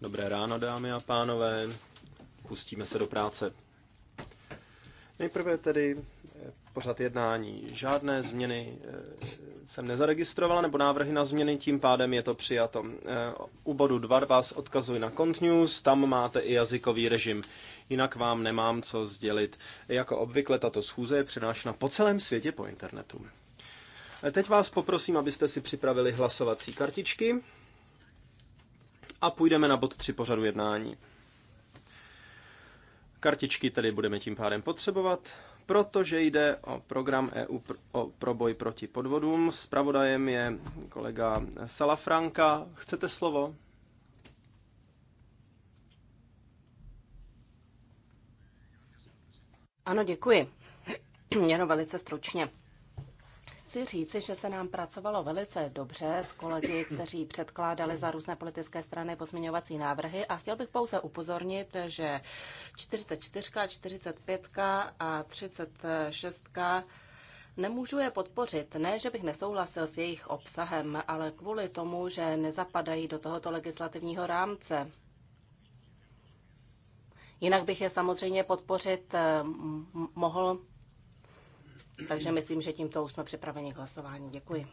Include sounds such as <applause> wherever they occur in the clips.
Dobré ráno, dámy a pánové. Pustíme se do práce. Nejprve tedy eh, pořad jednání. Žádné změny eh, jsem nezaregistrovala, nebo návrhy na změny, tím pádem je to přijato. Eh, u bodu 2 vás odkazuji na Contnews, tam máte i jazykový režim. Jinak vám nemám co sdělit. Jako obvykle tato schůze je přenášena po celém světě po internetu. Teď vás poprosím, abyste si připravili hlasovací kartičky a půjdeme na bod 3 pořadu jednání. Kartičky tedy budeme tím pádem potřebovat, protože jde o program EU pr- o, proboj proti podvodům. Spravodajem je kolega Salafranka. Chcete slovo? Ano, děkuji. Jenom velice stručně. Chci říci, že se nám pracovalo velice dobře s kolegy, <coughs> kteří předkládali za různé politické strany pozměňovací návrhy a chtěl bych pouze upozornit, že 44, 45 a 36 Nemůžu je podpořit, ne, že bych nesouhlasil s jejich obsahem, ale kvůli tomu, že nezapadají do tohoto legislativního rámce. Jinak bych je samozřejmě podpořit eh, mohl takže myslím, že tímto už jsme připraveni k hlasování. Děkuji.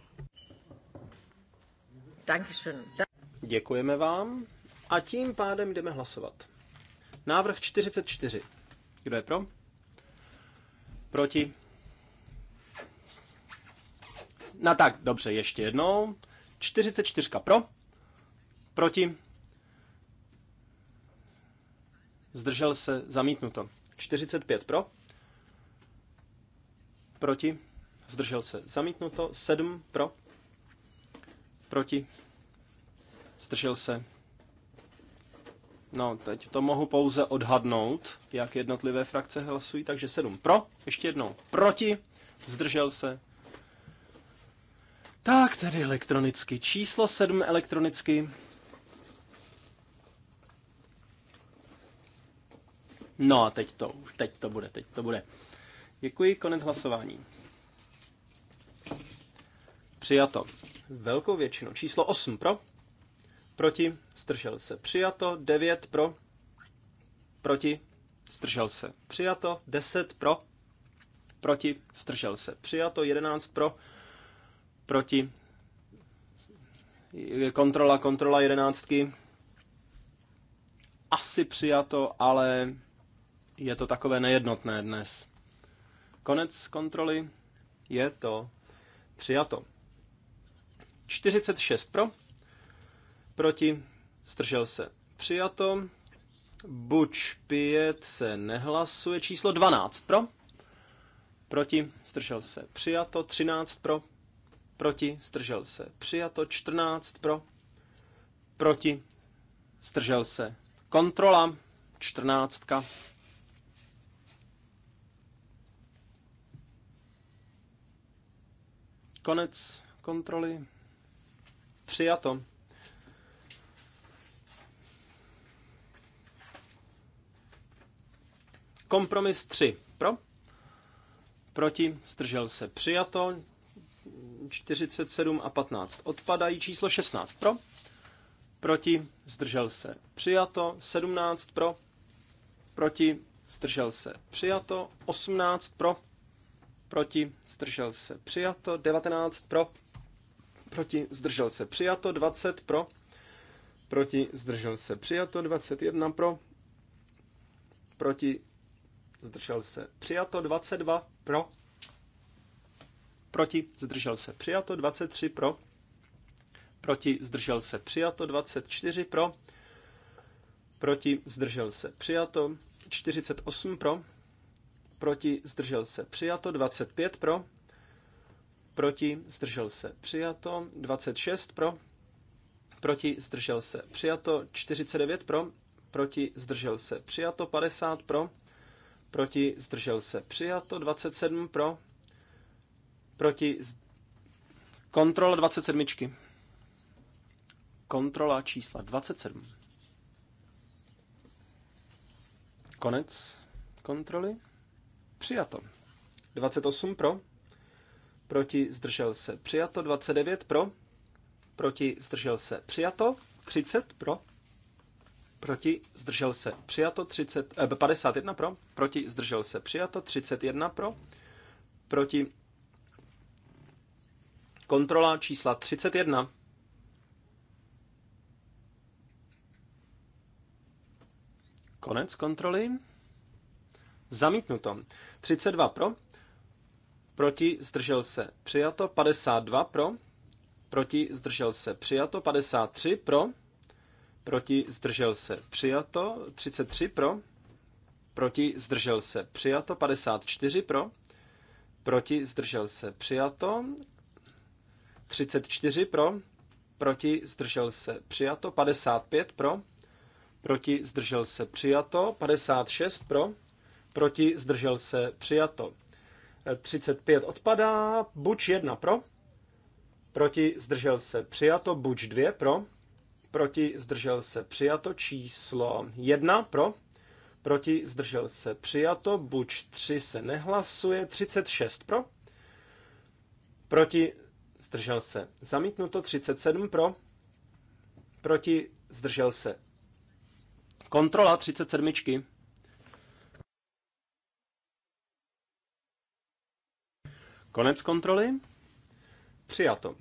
Děkujeme vám a tím pádem jdeme hlasovat. Návrh 44. Kdo je pro? Proti? No tak, dobře, ještě jednou. 44 pro? Proti? Zdržel se zamítnuto. 45 pro? proti, zdržel se zamítnuto, 7 pro, proti, zdržel se. No, teď to mohu pouze odhadnout, jak jednotlivé frakce hlasují, takže 7 pro, ještě jednou proti, zdržel se. Tak, tedy elektronicky. Číslo 7 elektronicky. No a teď to, teď to bude, teď to bude. Děkuji, konec hlasování. Přijato. Velkou většinou. Číslo 8 pro. Proti. Stržel se. Přijato. 9 pro. Proti. Stržel se. Přijato. 10 pro. Proti. Stržel se. Přijato. 11 pro. Proti. Kontrola, kontrola jedenáctky. Asi přijato, ale je to takové nejednotné dnes. Konec kontroly. Je to přijato. 46 pro, proti, stržel se. Přijato. Buč 5 se nehlasuje. Číslo 12 pro, proti, stržel se. Přijato. 13 pro, proti, stržel se. Přijato. 14 pro, proti, stržel se. Kontrola. 14. Konec kontroly. Přijato. Kompromis 3. Pro. Proti. Stržel se. Přijato. 47 a 15 odpadají. Číslo 16 pro. Proti. Zdržel se. Přijato. 17 pro. Proti. Zdržel se. Přijato. 18 pro proti, zdržel se přijato, 19 pro, proti, zdržel se přijato, 20 pro, proti, zdržel se přijato, 21 pro, proti, zdržel se přijato, 22 pro, proti, zdržel se přijato, 23 pro, proti, zdržel se přijato, 24 pro, proti, zdržel se přijato, 48 pro, proti, zdržel se, přijato. 25 pro, proti, zdržel se, přijato. 26 pro, proti, zdržel se, přijato. 49 pro, proti, zdržel se, přijato. 50 pro, proti, zdržel se, přijato. 27 pro, proti, kontrola 27. Kontrola čísla 27. Konec kontroly. Přijato. 28 pro. Proti zdržel se. Přijato. 29 pro. Proti zdržel se. Přijato. 30 pro. Proti zdržel se. Přijato. 30, eh, 51 pro. Proti zdržel se. Přijato. 31 pro. Proti kontrola čísla 31. Konec kontroly. Zamítnuto. 32 pro. Proti zdržel se přijato. 52 pro. Proti zdržel se přijato. 53 pro. Proti zdržel se přijato. 33 pro. Proti zdržel se přijato. 54 pro. Proti zdržel se přijato. 34 pro. Proti zdržel se přijato. 55 pro. Proti zdržel se přijato. 56 pro proti, zdržel se, přijato. 35 e, odpadá, buď 1 pro, proti, zdržel se, přijato, buď 2 pro, proti, zdržel se, přijato, číslo 1 pro, proti, zdržel se, přijato, buď 3 se nehlasuje, 36 pro, proti, zdržel se, zamítnuto, 37 pro, proti, zdržel se. Kontrola 37. Konec kontroly. Přijato.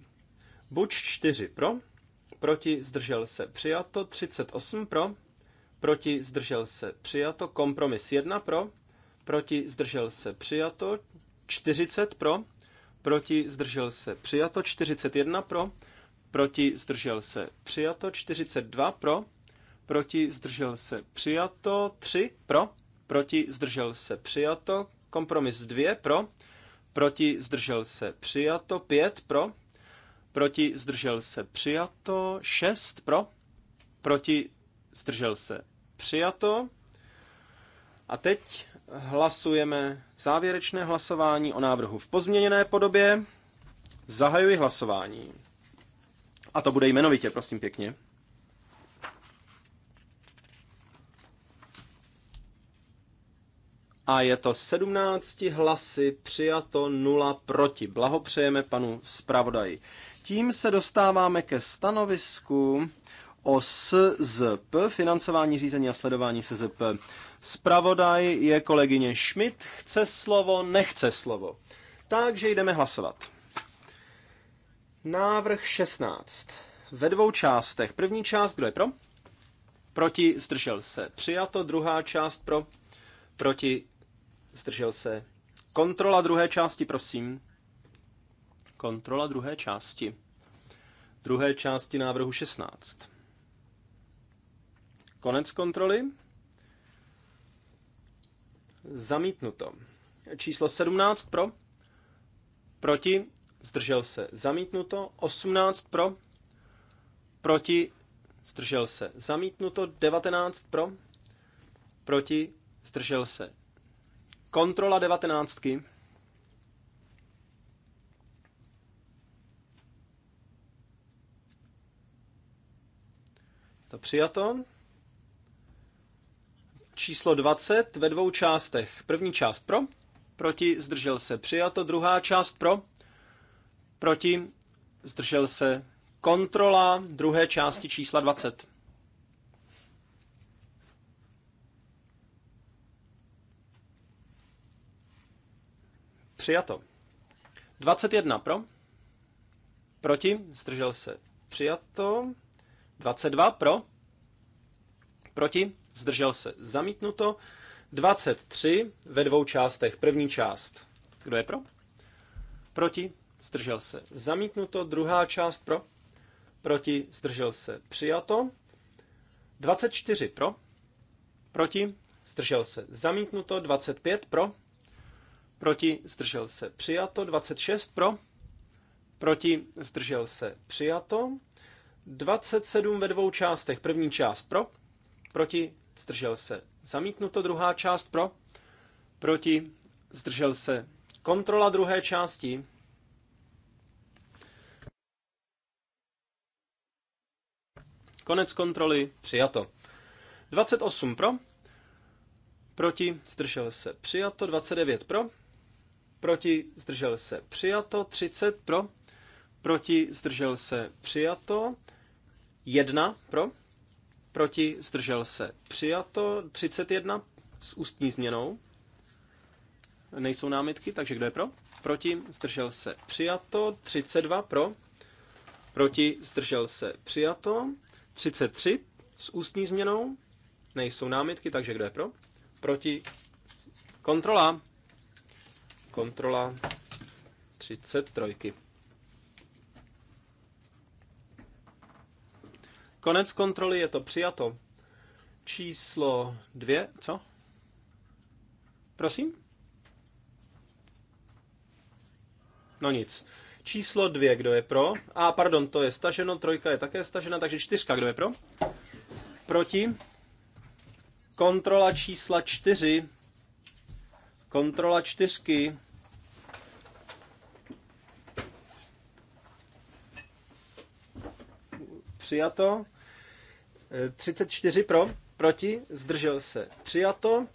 Buč 4 pro, proti zdržel se přijato, 38 pro, proti zdržel se přijato, kompromis 1 pro, proti zdržel se přijato, 40 pro, proti zdržel se přijato, 41 pro, proti zdržel se přijato, 42 pro, proti zdržel se přijato, 3 pro, proti zdržel se přijato, kompromis 2 pro, proti zdržel se přijato, pět pro, proti zdržel se přijato, šest pro, proti zdržel se přijato. A teď hlasujeme závěrečné hlasování o návrhu v pozměněné podobě. Zahajuji hlasování. A to bude jmenovitě, prosím pěkně. a je to 17 hlasy přijato 0 proti. Blahopřejeme panu zpravodaji. Tím se dostáváme ke stanovisku o SZP, financování řízení a sledování SZP. Spravodaj je kolegyně Schmidt, chce slovo, nechce slovo. Takže jdeme hlasovat. Návrh 16. Ve dvou částech. První část, kdo je pro? Proti, zdržel se. Přijato. Druhá část pro? Proti, zdržel se. Kontrola druhé části, prosím. Kontrola druhé části. Druhé části návrhu 16. Konec kontroly. Zamítnuto. Číslo 17 pro. Proti. Zdržel se. Zamítnuto. 18 pro. Proti. Zdržel se. Zamítnuto. 19 pro. Proti. Zdržel se. Kontrola devatenáctky. To přijato. Číslo 20 ve dvou částech. První část pro, proti, zdržel se, přijato. Druhá část pro, proti, zdržel se, kontrola druhé části čísla 20. Přijato. 21 pro. Proti. Zdržel se. Přijato. 22 pro. Proti. Zdržel se. Zamítnuto. 23 ve dvou částech. První část. Kdo je pro? Proti. Zdržel se. Zamítnuto. Druhá část pro. Proti. Zdržel se. Přijato. 24 pro. Proti. Zdržel se. Zamítnuto. 25 pro proti, zdržel se, přijato. 26 pro, proti, zdržel se, přijato. 27 ve dvou částech. První část pro, proti, zdržel se, zamítnuto. Druhá část pro, proti, zdržel se. Kontrola druhé části. Konec kontroly, přijato. 28 pro, proti, zdržel se, přijato. 29 pro, proti, zdržel se, přijato. 30 pro, proti, zdržel se, přijato. 1 pro, proti, zdržel se, přijato. 31 s ústní změnou. Nejsou námitky, takže kdo je pro? Proti, zdržel se, přijato. 32 pro, proti, zdržel se, přijato. 33 s ústní změnou. Nejsou námitky, takže kdo je pro? Proti, kontrola kontrola 33. Konec kontroly je to přijato. Číslo 2, co? Prosím? No nic. Číslo dvě, kdo je pro? A ah, pardon, to je staženo, trojka je také stažena, takže čtyřka, kdo je pro? Proti? Kontrola čísla čtyři. Kontrola čtyřky. přijato. 34 e, pro, proti, zdržel se, přijato.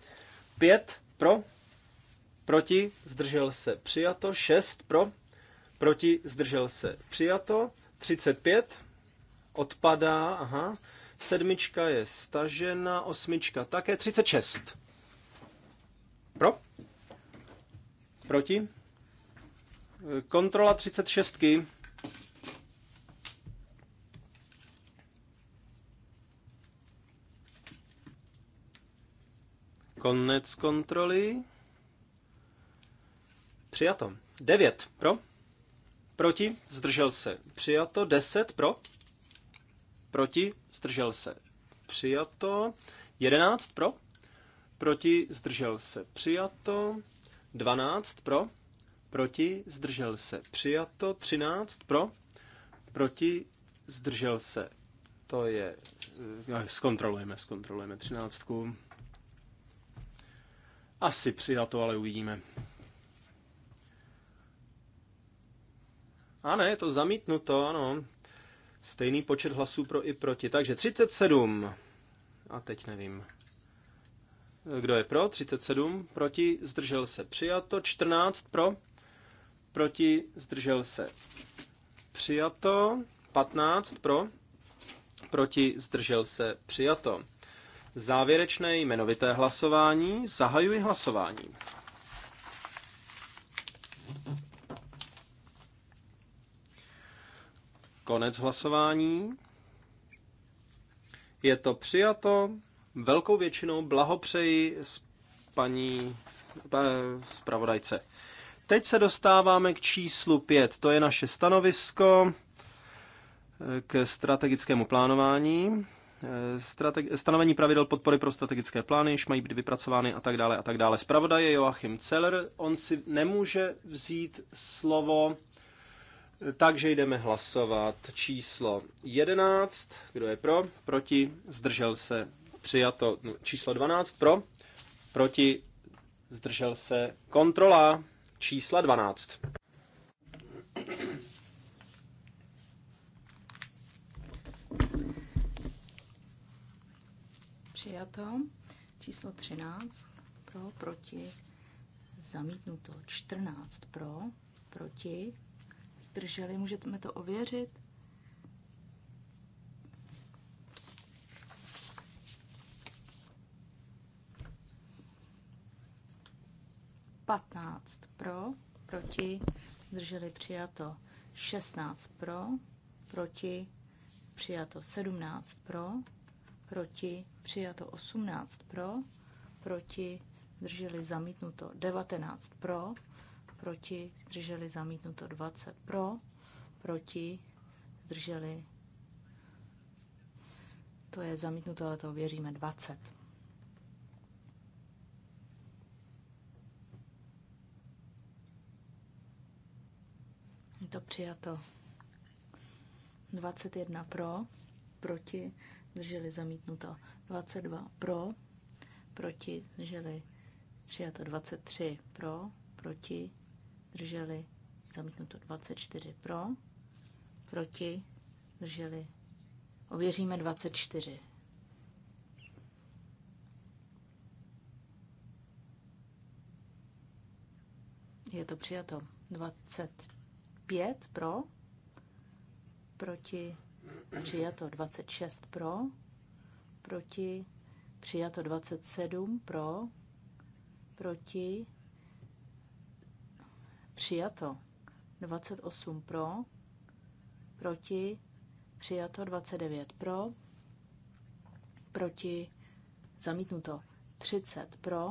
5 pro, proti, zdržel se, přijato. 6 pro, proti, zdržel se, přijato. 35 odpadá, aha. Sedmička je stažena, osmička také, 36. Pro? Proti? E, kontrola 36. Konec kontroly. Přijato. 9 pro. Proti. Zdržel se. Přijato. 10 pro. Proti. Zdržel se. Přijato. 11 pro. Proti. Zdržel se. Přijato. 12 pro. Proti. Zdržel se. Přijato. 13 pro. Proti. Zdržel se. To je... Eh, no, zkontrolujeme, zkontrolujeme třináctku. Asi přijato, ale uvidíme. A ne, je to zamítnuto, ano. Stejný počet hlasů pro i proti. Takže 37. A teď nevím. Kdo je pro? 37. Proti? Zdržel se. Přijato. 14. Pro? Proti? Zdržel se. Přijato. 15. Pro? Proti? Zdržel se. Přijato. Závěrečné jmenovité hlasování. Zahajuji hlasování. Konec hlasování. Je to přijato. Velkou většinou blahopřeji s paní eh, zpravodajce. Teď se dostáváme k číslu 5. To je naše stanovisko eh, k strategickému plánování stanovení pravidel podpory pro strategické plány, již mají být vypracovány a tak dále a tak dále. Spravodaj je Joachim Celer, on si nemůže vzít slovo, takže jdeme hlasovat. Číslo 11, kdo je pro, proti, zdržel se, přijato. No, číslo 12, pro, proti, zdržel se, kontrola, čísla 12. Přijato. Číslo 13 pro, proti, zamítnuto. 14 pro, proti, zdrželi. Můžeme to ověřit? Patnáct pro, proti, zdrželi přijato šestnáct pro, proti, přijato sedmnáct pro, proti, přijato 18 pro, proti drželi zamítnuto 19 pro, proti drželi zamítnuto 20 pro, proti drželi to je zamítnuto, ale to věříme 20. Je to přijato. 21 pro, proti drželi zamítnuto 22 pro, proti drželi přijato 23 pro, proti drželi zamítnuto 24 pro, proti drželi ověříme 24. Je to přijato 25 pro, proti přijato 26 pro, proti, přijato 27 pro, proti, přijato 28 pro, proti, přijato 29 pro, proti, zamítnuto 30 pro,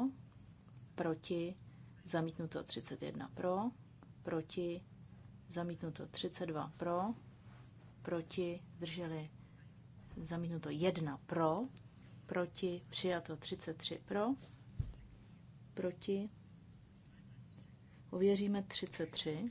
proti, zamítnuto 31 pro, proti, zamítnuto 32 pro, proti, zdrželi zamítnuto 1 pro, proti, přijato 33 pro, proti, ověříme 33,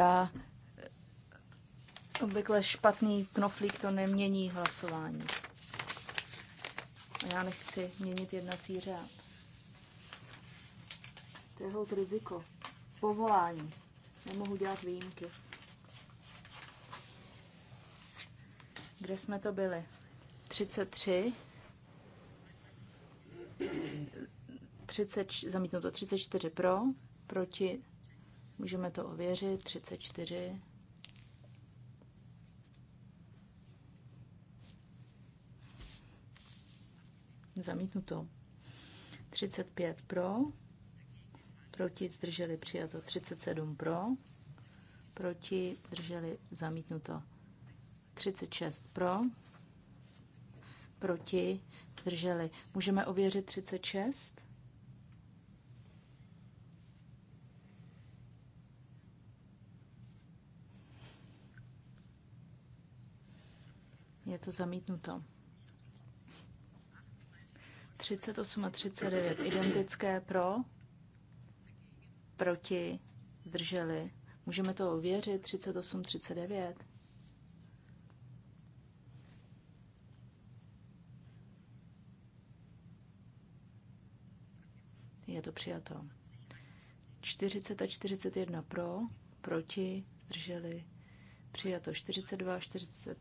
Já eh, obvykle špatný knoflík to nemění hlasování. A já nechci měnit jednací řád. To je hod riziko. Povolání. Nemohu dělat výjimky. Kde jsme to byli? 33. 30, zamítnuto 34 pro, proti Můžeme to ověřit. 34. Zamítnuto. 35 pro, proti zdrželi přijato 37 pro, proti zdrželi zamítnuto 36 pro, proti zdrželi. Můžeme ověřit 36? to zamítnuto. 38 a 39 identické pro, proti, drželi. Můžeme to ověřit, 38, 39. Je to přijato. 40 a 41 pro, proti, drželi. Přijato 42, 40,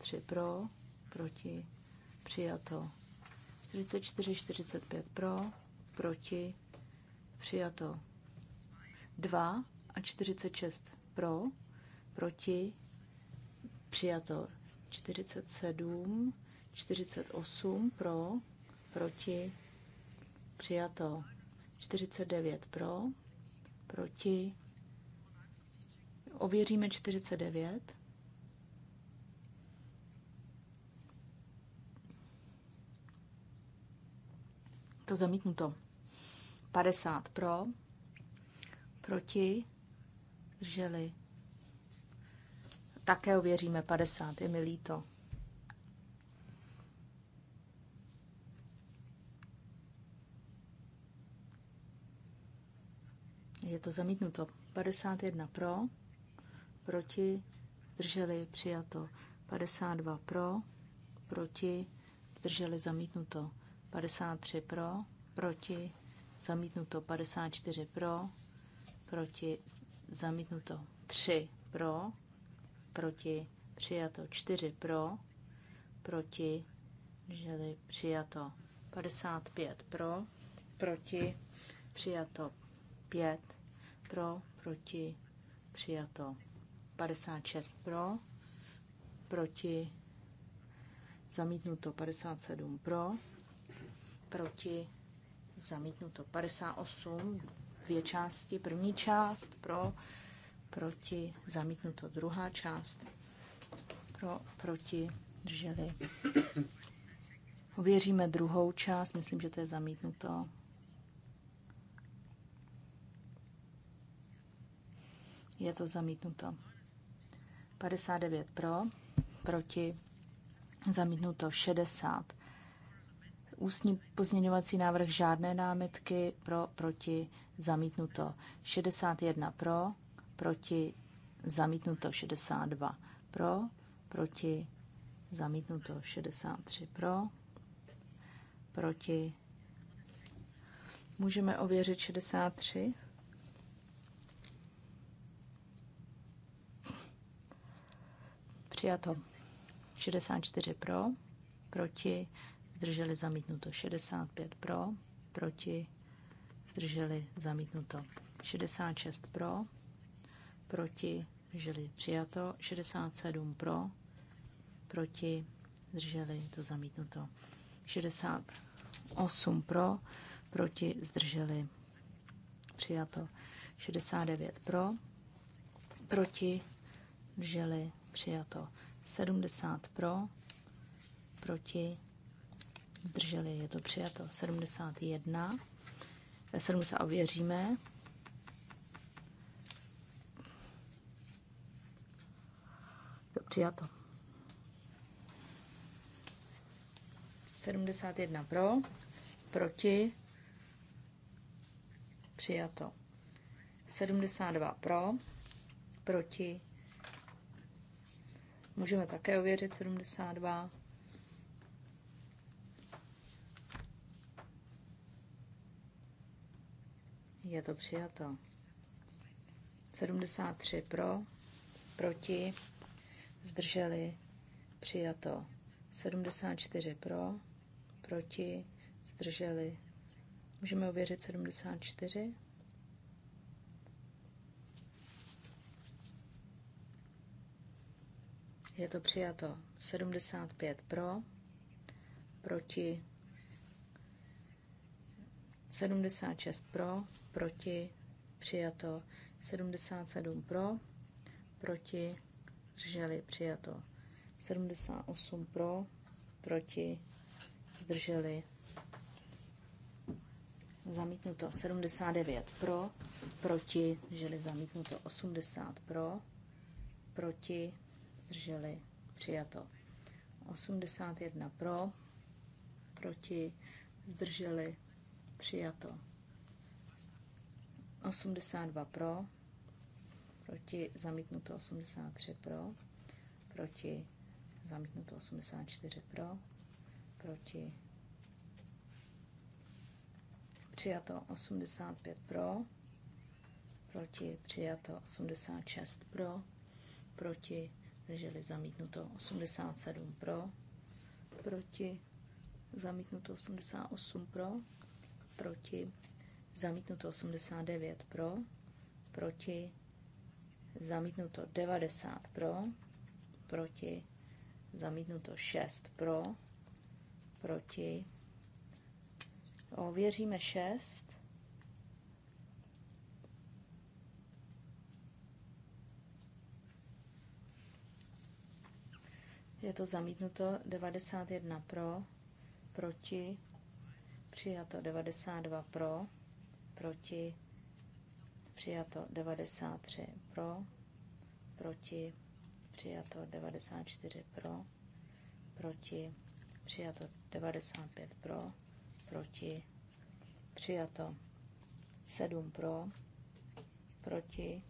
3 pro, proti, přijato. 44, 45 pro, proti, přijato. 2 a 46 pro, proti, přijato. 47, 48 pro, proti, přijato. 49 pro, proti, ověříme 49. to zamítnuto. 50 pro, proti, drželi. Také ověříme 50, je mi líto. Je to zamítnuto. 51 pro, proti, drželi, přijato. 52 pro, proti, drželi, zamítnuto. 53 pro, proti, zamítnuto 54 pro, proti, zamítnuto 3 pro, proti, přijato 4 pro, proti, želi přijato 55 pro, proti, přijato 5 pro, proti, přijato 56 pro, proti, zamítnuto 57 pro, proti, zamítnuto 58, dvě části, první část pro, proti, zamítnuto druhá část, pro, proti, drželi. Ověříme druhou část, myslím, že to je zamítnuto. Je to zamítnuto. 59 pro, proti, zamítnuto 60 Ústní pozměňovací návrh žádné námitky pro, proti zamítnuto 61 pro, proti zamítnuto 62 pro, proti zamítnuto 63 pro, proti můžeme ověřit 63. Přijato 64 pro, proti zdrželi zamítnuto 65 pro, proti, zdrželi zamítnuto 66 pro, proti, zdrželi přijato 67 pro, proti, zdrželi to zamítnuto 68 pro, proti, zdrželi přijato 69 pro, proti, zdrželi přijato 70 pro, proti, zdrželi, je to přijato. 71, 70 eh, ověříme. To přijato. 71 pro, proti, přijato. 72 pro, proti, můžeme také ověřit 72. Je to přijato. 73 pro, proti, zdrželi, přijato. 74 pro, proti, zdrželi. Můžeme ověřit 74? Je to přijato. 75 pro, proti, 76 pro, proti, přijato. 77 pro, proti, zdrželi, přijato. 78 pro, proti, zdrželi, zamítnuto. 79 pro, proti, zdrželi, zamítnuto. 80 pro, proti, zdrželi, přijato. 81 pro, proti, zdrželi, Přijato. 82 pro, proti zamítnuto 83 pro, proti zamítnuto 84 pro, proti přijato 85 pro, proti přijato 86 pro, proti drželi zamítnuto 87 pro, proti zamítnuto 88 pro, proti, zamítnuto 89 pro, proti, zamítnuto 90 pro, proti, zamítnuto 6 pro, proti, ověříme 6, Je to zamítnuto 91 pro, proti přijato 92 pro, proti, přijato 93 pro, proti, přijato 94 pro, proti, přijato 95 pro, proti, přijato 7 pro, proti,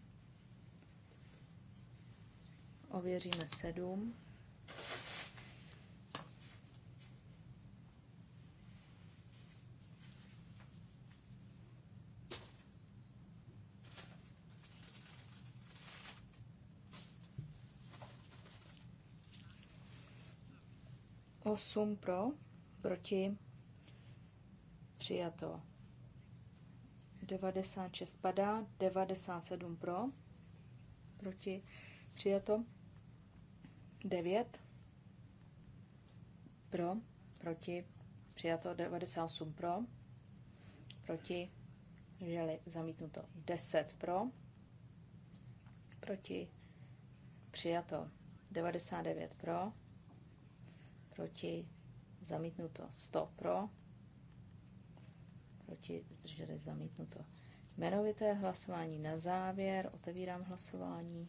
ověříme 7, 8 pro, proti, přijato. 96 padá, 97 pro, proti, přijato. 9 pro, proti, přijato. 98 pro, proti, želi, zamítnuto. 10 pro, proti, přijato. 99 pro, proti, zamítnuto 100 pro, proti, zdrželi zamítnuto. Jmenovité hlasování na závěr, otevírám hlasování.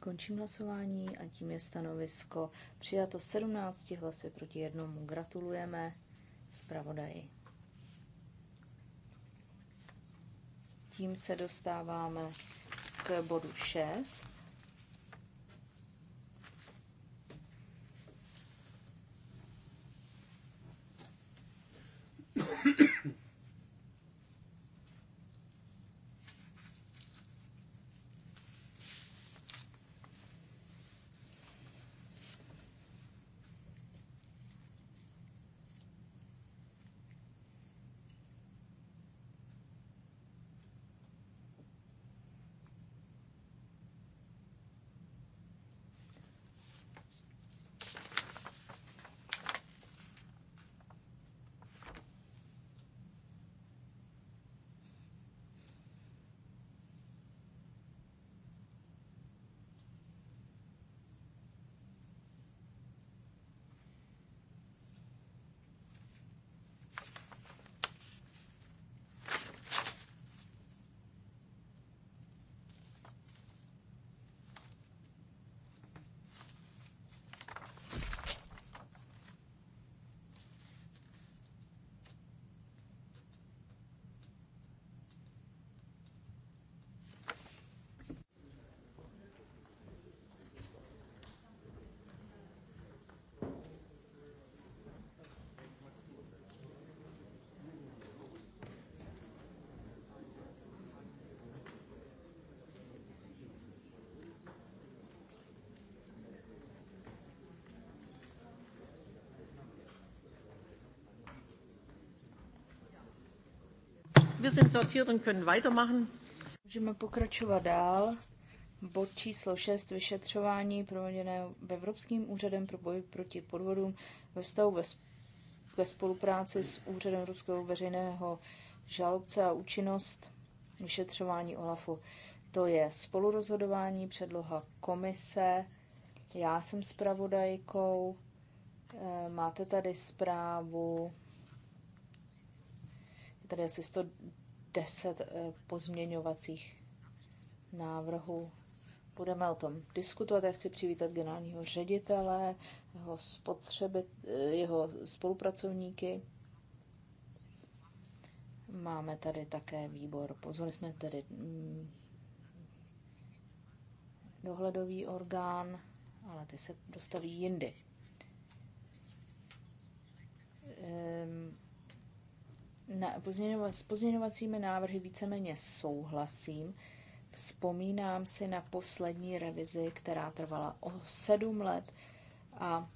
Končím hlasování a tím je stanovisko přijato 17 hlasy proti jednomu. Gratulujeme zpravodaji. Tím se dostáváme k bodu 6. Můžeme pokračovat dál. Bod číslo 6. Vyšetřování provedené Evropským úřadem pro boj proti podvodům ve vztahu ve, ve spolupráci s Úřadem Evropského veřejného žalobce a účinnost vyšetřování OLAFu. To je spolurozhodování, předloha komise. Já jsem zpravodajkou. Eh, máte tady zprávu tady asi 110 eh, pozměňovacích návrhů. Budeme o tom diskutovat. Já chci přivítat generálního ředitele, jeho, spotřeby, eh, jeho spolupracovníky. Máme tady také výbor. Pozvali jsme tedy mm, dohledový orgán, ale ty se dostaví jindy. Um, na pozměňova, s pozměňovacími návrhy víceméně souhlasím. Vzpomínám si na poslední revizi, která trvala o sedm let a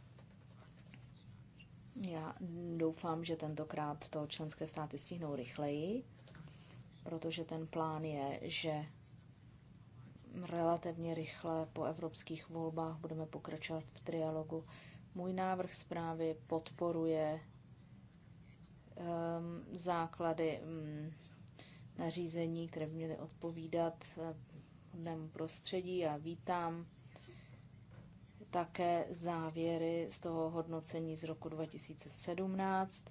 já doufám, že tentokrát to členské státy stihnou rychleji, protože ten plán je, že relativně rychle po evropských volbách budeme pokračovat v trialogu. Můj návrh zprávy podporuje Um, základy um, nařízení, které by měly odpovídat hodnému eh, prostředí. a vítám také závěry z toho hodnocení z roku 2017,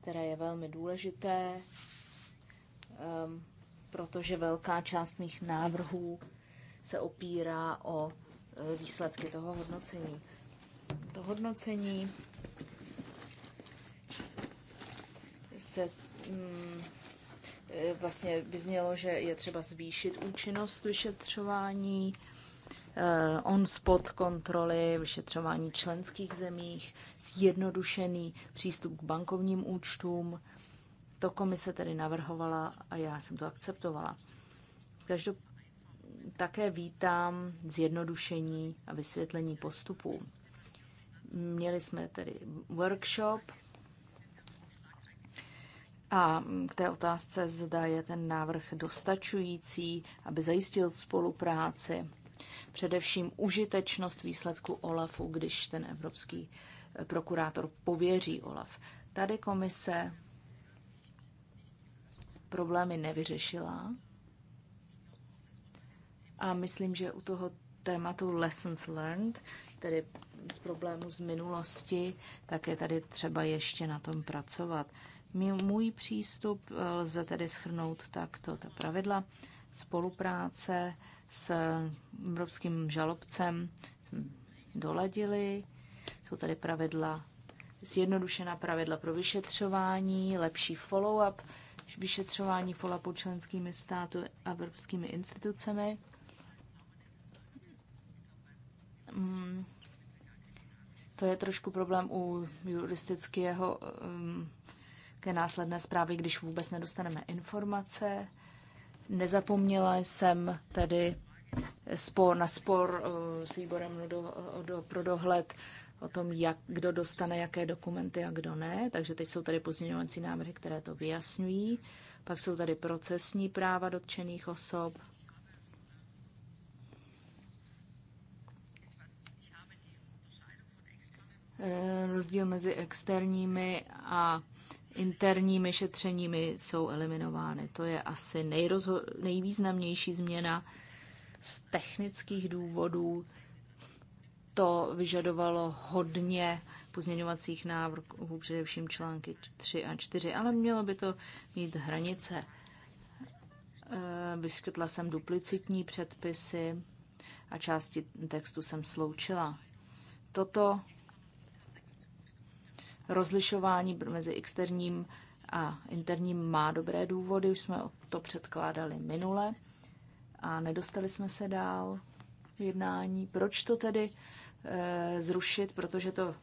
které je velmi důležité, um, protože velká část mých návrhů se opírá o eh, výsledky toho hodnocení. To hodnocení se mm, e, vlastně by znělo, že je třeba zvýšit účinnost vyšetřování, e, on-spot kontroly, vyšetřování členských zemích, zjednodušený přístup k bankovním účtům. To komise tedy navrhovala a já jsem to akceptovala. Každop... Také vítám zjednodušení a vysvětlení postupů. Měli jsme tedy workshop a k té otázce, zda je ten návrh dostačující, aby zajistil spolupráci, především užitečnost výsledku OLAFu, když ten evropský eh, prokurátor pověří OLAF. Tady komise problémy nevyřešila a myslím, že u toho tématu lessons learned, tedy z problému z minulosti, tak je tady třeba ještě na tom pracovat. Můj přístup eh, lze tedy schrnout takto ta pravidla spolupráce s evropským žalobcem doladili. Jsou tady pravidla, zjednodušená pravidla pro vyšetřování, lepší follow-up, vyšetřování follow up členskými státy a evropskými institucemi. Mm, to je trošku problém u juristického um, ke následné zprávě, když vůbec nedostaneme informace. Nezapomněla jsem tedy spor, na spor eh, s výborem do, do, pro dohled o tom, jak, kdo dostane jaké dokumenty a kdo ne. Takže teď jsou tady pozměňovací návrhy, které to vyjasňují. Pak jsou tady procesní práva dotčených osob. Eh, rozdíl mezi externími a interními šetřeními jsou eliminovány. To je asi nejrozho- nejvýznamnější změna z technických důvodů. To vyžadovalo hodně pozměňovacích návrhů, především články 3 a 4, ale mělo by to mít hranice. Eh, vyskytla jsem duplicitní předpisy a části textu jsem sloučila. Toto rozlišování mezi externím a interním má dobré důvody, už jsme to předkládali minule a nedostali jsme se dál jednání. Proč to tedy e, zrušit? Protože to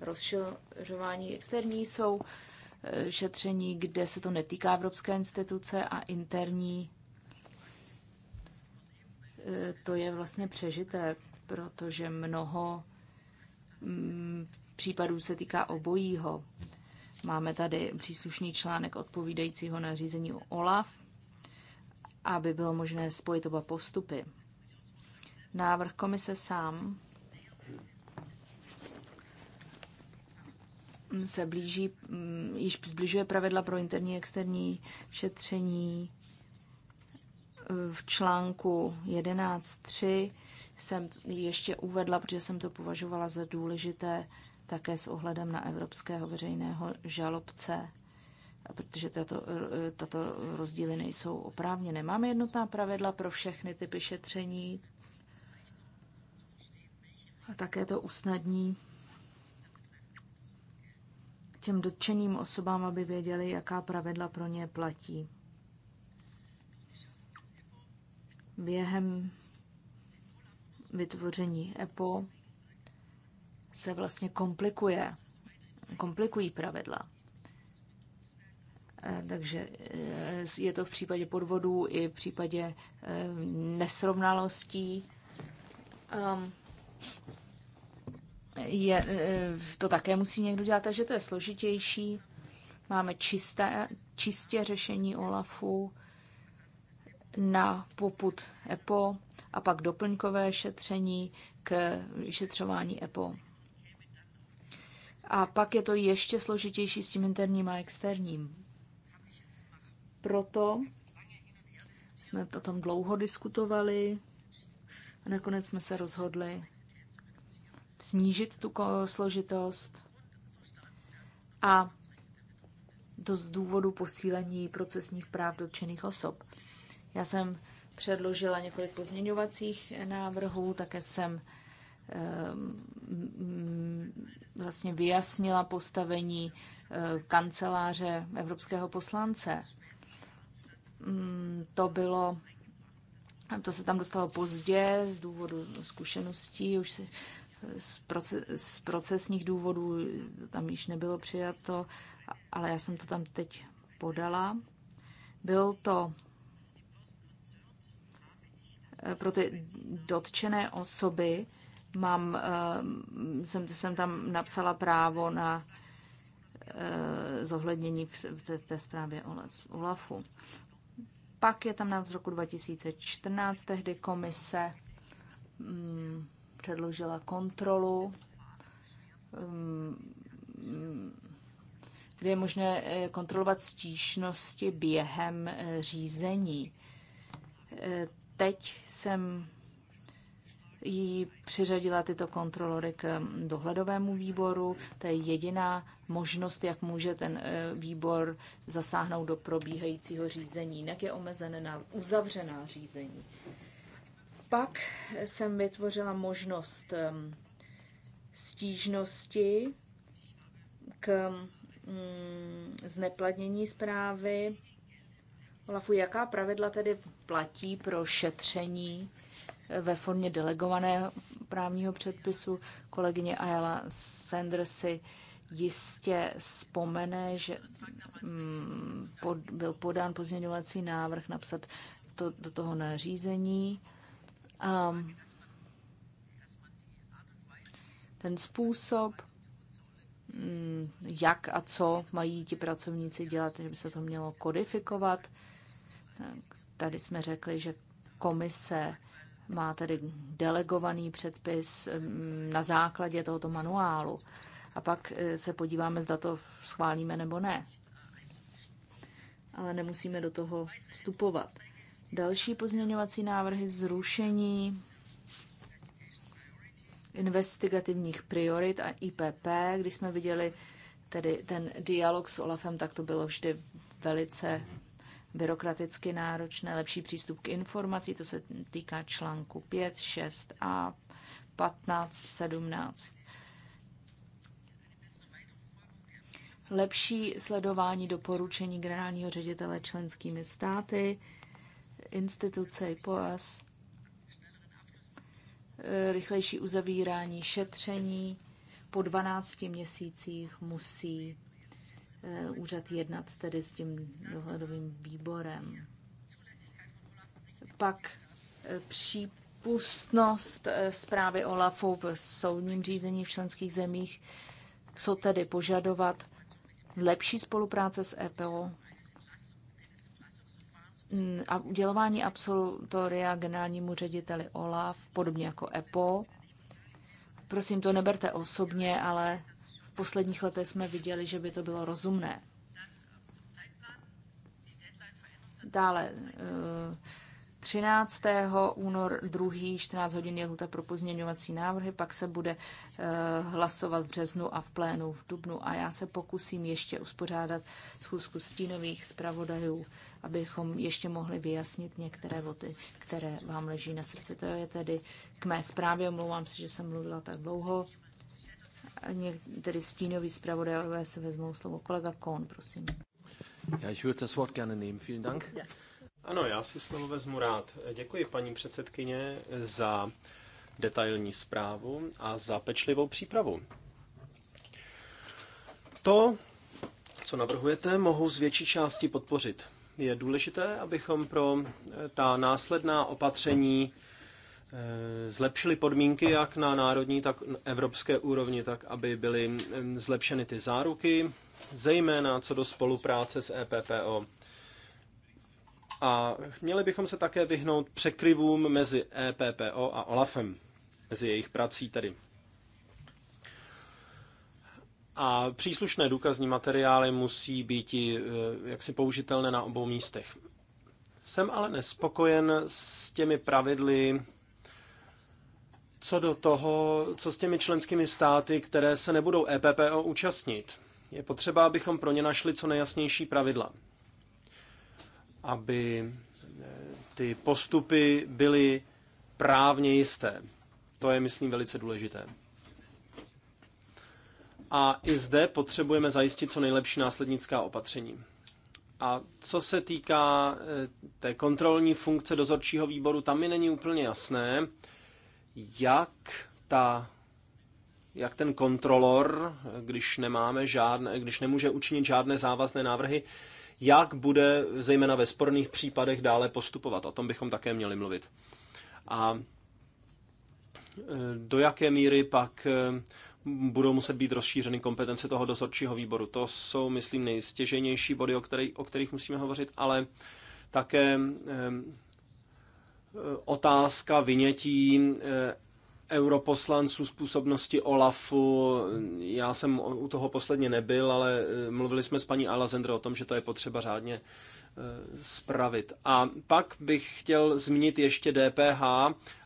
rozšiřování externí jsou e, šetření, kde se to netýká Evropské instituce a interní e, to je vlastně přežité, protože mnoho mm, případů se týká obojího. Máme tady příslušný článek odpovídajícího nařízení řízení OLAF, aby bylo možné spojit oba postupy. Návrh komise sám se blíží, mm, již zbližuje pravidla pro interní a externí šetření. V článku 11.3 jsem ještě uvedla, protože jsem to považovala za důležité, také s ohledem na evropského veřejného žalobce, protože tato, tato rozdíly nejsou oprávněné. Máme jednotná pravidla pro všechny typy šetření a také to usnadní těm dotčeným osobám, aby věděli, jaká pravidla pro ně platí. Během vytvoření EPO se vlastně komplikuje, komplikují pravidla. Eh, takže eh, je to v případě podvodů i v případě eh, nesrovnalostí. Ehm, je, to také musí někdo dělat, takže to je složitější. Máme čisté, čistě řešení OLAFu na poput EPO a pak doplňkové šetření k vyšetřování EPO. A pak je to ještě složitější s tím interním a externím. Proto jsme o tom dlouho diskutovali a nakonec jsme se rozhodli snížit tu složitost a to z důvodu posílení procesních práv dotčených osob. Já jsem předložila několik pozměňovacích návrhů, také jsem ehm, vlastně vyjasnila postavení eh, kanceláře evropského poslance. Mm, to bylo, to se tam dostalo pozdě z důvodu zkušeností, už z, proces, z procesních důvodů tam již nebylo přijato, ale já jsem to tam teď podala. Byl to eh, pro ty dotčené osoby, Mám, eh, jsem, jsem tam napsala právo na eh, zohlednění v té, té zprávě OLAFu. Pak je tam návrh z roku 2014, tehdy komise um, předložila kontrolu, um, kde je možné eh, kontrolovat stížnosti během řízení. Teď jsem jí přiřadila tyto kontrolory k mm, dohledovému výboru. To je jediná možnost, jak může ten e, výbor zasáhnout do probíhajícího řízení. Jinak je omezené na uzavřená řízení. Pak jsem vytvořila možnost e, mm, stížnosti k mm, zneplatnění zprávy. Olafu, jaká pravidla tedy platí pro šetření ve formě delegovaného právního předpisu. Kolegyně Ayala Sanders si jistě vzpomene, že mm, pod, byl podán pozměňovací návrh napsat to, do toho nařízení. A ten způsob, mm, jak a co mají ti pracovníci dělat, že by se to mělo kodifikovat. Tak tady jsme řekli, že komise má tedy delegovaný předpis mm, na základě tohoto manuálu. A pak e, se podíváme, zda to schválíme nebo ne. Ale nemusíme do toho vstupovat. Další pozměňovací návrhy zrušení investigativních priorit a IPP. Když jsme viděli tedy ten dialog s Olafem, tak to bylo vždy velice byrokraticky náročné, lepší přístup k informací, to se týká článku 5, 6 a 15, 17. Lepší sledování doporučení generálního ředitele členskými státy, instituce i POAS, rychlejší uzavírání šetření po 12 měsících musí Eh, úřad jednat tedy s tím dohledovým výborem. Pak eh, přípustnost eh, zprávy OLAFu v soudním řízení v členských zemích, co tedy požadovat, lepší spolupráce s EPO a udělování absolutoria generálnímu řediteli OLAF, podobně jako EPO. Prosím, to neberte osobně, ale v posledních letech jsme viděli, že by to bylo rozumné. Dále 13. Eh, únor 2. 14 hodin je lhuta pro pozměňovací návrhy, pak se bude eh, hlasovat v březnu a v plénu v dubnu a já se pokusím ještě uspořádat schůzku stínových zpravodajů, abychom ještě mohli vyjasnit některé voty, které vám leží na srdci. To je tedy k mé zprávě, omlouvám se, že jsem mluvila tak dlouho tedy stínový zpravodajové se vezmou slovo. Kolega Kohn, prosím. Já ja, würde das Wort gerne nehmen. Vielen Dank. Ano, já si slovo vezmu rád. Děkuji paní předsedkyně za detailní zprávu a za pečlivou přípravu. To, co navrhujete, mohu z větší části podpořit. Je důležité, abychom pro ta následná opatření Eh, zlepšili podmínky jak na národní, tak na evropské úrovni, tak aby byly zlepšeny ty záruky, zejména co do spolupráce s EPPO. A měli bychom se také vyhnout překryvům mezi EPPO a OLAFem, mezi jejich prací tedy. A příslušné důkazní materiály musí být eh, jaksi použitelné na obou místech. Jsem ale nespokojen s těmi pravidly co do toho, co s těmi členskými státy, které se nebudou EPPO účastnit. Je potřeba, abychom pro ně našli co nejjasnější pravidla. Aby eh, ty postupy byly právně jisté. To je, myslím, velice důležité. A i zde potřebujeme zajistit co nejlepší následnická opatření. A co se týká eh, té kontrolní funkce dozorčího výboru, tam mi není úplně jasné, jak ta jak ten kontrolor, když nemáme žádné, když nemůže učinit žádné závazné návrhy, jak bude zejména ve sporných případech dále postupovat. O tom bychom také měli mluvit. A e, do jaké míry pak e, budou muset být rozšířeny kompetence toho dozorčího výboru. To jsou, myslím, nejstěžejnější body, o, který, o kterých musíme hovořit, ale také e, otázka vynětí eh, europoslanců z působnosti OLAFu. Já jsem u toho posledně nebyl, ale eh, mluvili jsme s paní Alazendro o tom, že to je potřeba řádně eh, spravit. A pak bych chtěl zmínit ještě DPH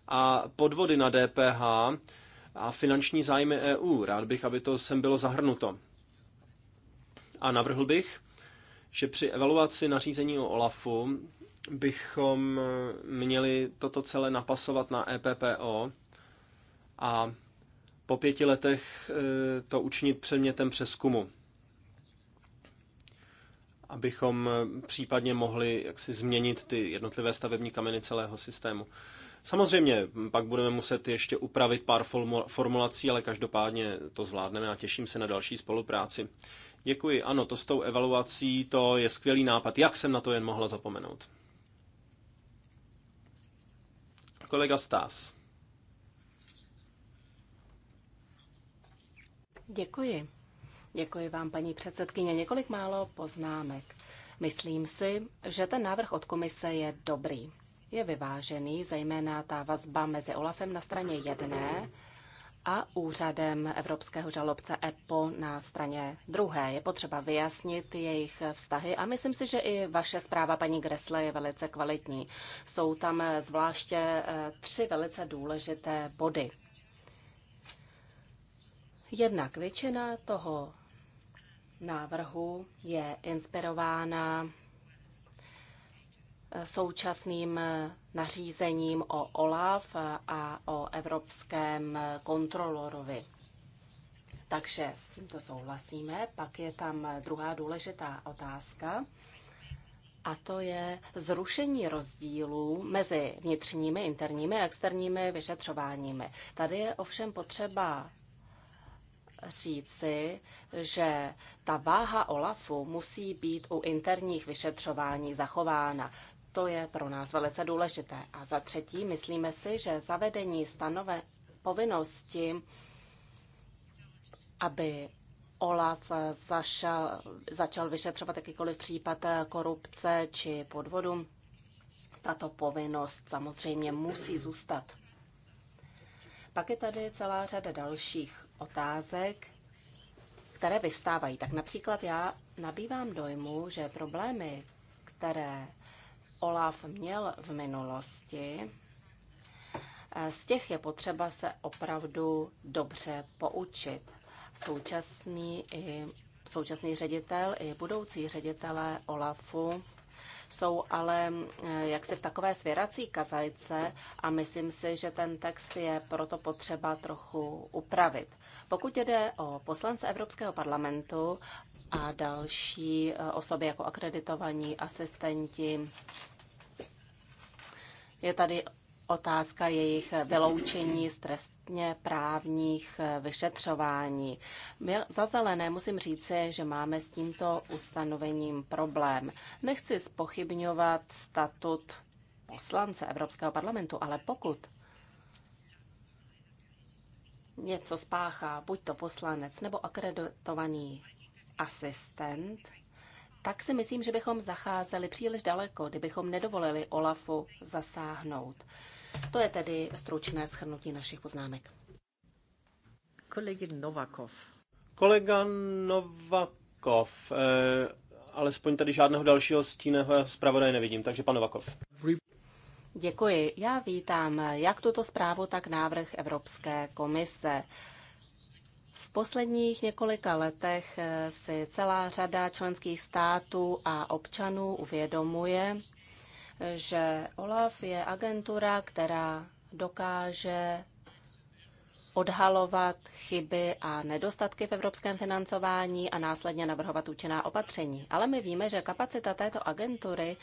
a podvody na DPH a finanční zájmy EU. Rád bych, aby to sem bylo zahrnuto. A navrhl bych, že při evaluaci nařízení o OLAFu bychom eh, měli toto celé napasovat na EPPO a po pěti letech eh, to učinit předmětem přeskumu, abychom eh, případně mohli jaksi změnit ty jednotlivé stavební kameny celého systému. Samozřejmě, pak budeme muset ještě upravit pár formulací, ale každopádně to zvládneme a těším se na další spolupráci. Děkuji, ano, to s tou evaluací, to je skvělý nápad, jak jsem na to jen mohla zapomenout. Kolega Stás. Děkuji. Děkuji vám, paní předsedkyně. Několik málo poznámek. Myslím si, že ten návrh od komise je dobrý. Je vyvážený, zejména ta vazba mezi Olafem na straně jedné a úřadem Evropského žalobce EPO na straně druhé. Je potřeba vyjasnit jejich vztahy a myslím si, že i vaše zpráva, paní Gresle, je velice kvalitní. Jsou tam eh, zvláště eh, tři velice důležité body. Jednak většina toho návrhu je inspirována současným eh, nařízením o OLAF eh, a o evropském eh, kontrolorovi. Takže s tímto souhlasíme. Pak je tam druhá důležitá otázka, a to je zrušení rozdílů mezi vnitřními, interními a externími vyšetřováními. Tady je ovšem potřeba říci, že ta váha OLAFu musí být u interních vyšetřování zachována. To je pro nás velice důležité. A za třetí, myslíme si, že zavedení stanové povinnosti, aby Olaf zašel, začal vyšetřovat jakýkoliv případ korupce či podvodu, tato povinnost samozřejmě musí zůstat. Pak je tady celá řada dalších otázek, které vyvstávají. Tak například já nabývám dojmu, že problémy, které OLAF měl v minulosti, eh, z těch je potřeba se opravdu dobře poučit. Současný, i, současný ředitel i budoucí ředitelé OLAFu jsou ale eh, jaksi v takové svěrací kazajce a myslím si, že ten text je proto potřeba trochu upravit. Pokud jde o poslance Evropského parlamentu, a další e, osoby jako akreditovaní asistenti. Je tady otázka jejich vyloučení z trestně právních e, vyšetřování. My za zelené musím říci, že máme s tímto ustanovením problém. Nechci spochybňovat statut poslance Evropského parlamentu, ale pokud něco spáchá buď to poslanec nebo akreditovaný asistent, tak si myslím, že bychom zacházeli příliš daleko, kdybychom nedovolili Olafu zasáhnout. To je tedy stručné schrnutí našich poznámek. Kolegin Novakov. Kolega Novakov. Eh, alespoň tady žádného dalšího stíného zpravodaje nevidím, takže pan Novakov. Děkuji. Já vítám jak tuto zprávu, tak návrh Evropské komise. Eh, v posledních několika letech eh, si celá řada členských států a občanů uvědomuje, že OLAF je agentura, která dokáže odhalovat chyby a nedostatky v evropském financování a následně navrhovat účinná opatření. Ale my víme, že kapacita této agentury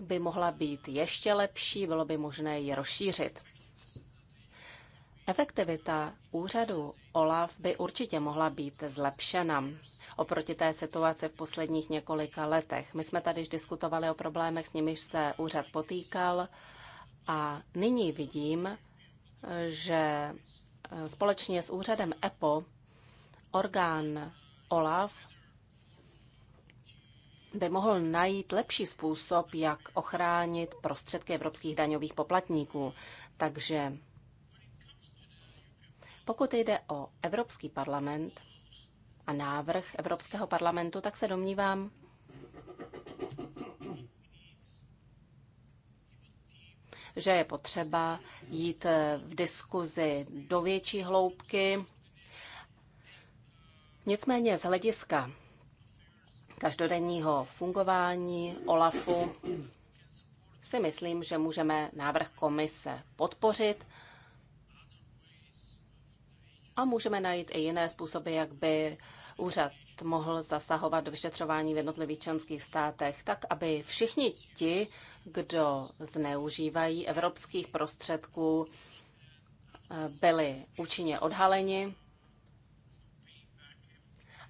by mohla být ještě lepší, bylo by možné ji rozšířit. Efektivita úřadu OLAF by určitě mohla být zlepšena oproti té situaci v posledních několika letech. My jsme tady diskutovali o problémech, s nimiž se úřad potýkal a nyní vidím, že eh, společně s úřadem EPO orgán OLAF by mohl najít lepší způsob, jak ochránit prostředky evropských daňových poplatníků. Takže pokud jde o Evropský parlament a návrh Evropského parlamentu, tak se domnívám, že je potřeba jít v diskuzi do větší hloubky. Nicméně z hlediska každodenního fungování OLAFu si myslím, že můžeme návrh komise podpořit a můžeme najít i jiné způsoby, jak by úřad mohl zasahovat do vyšetřování v jednotlivých členských státech, tak aby všichni ti, kdo zneužívají evropských prostředků, byli účinně odhaleni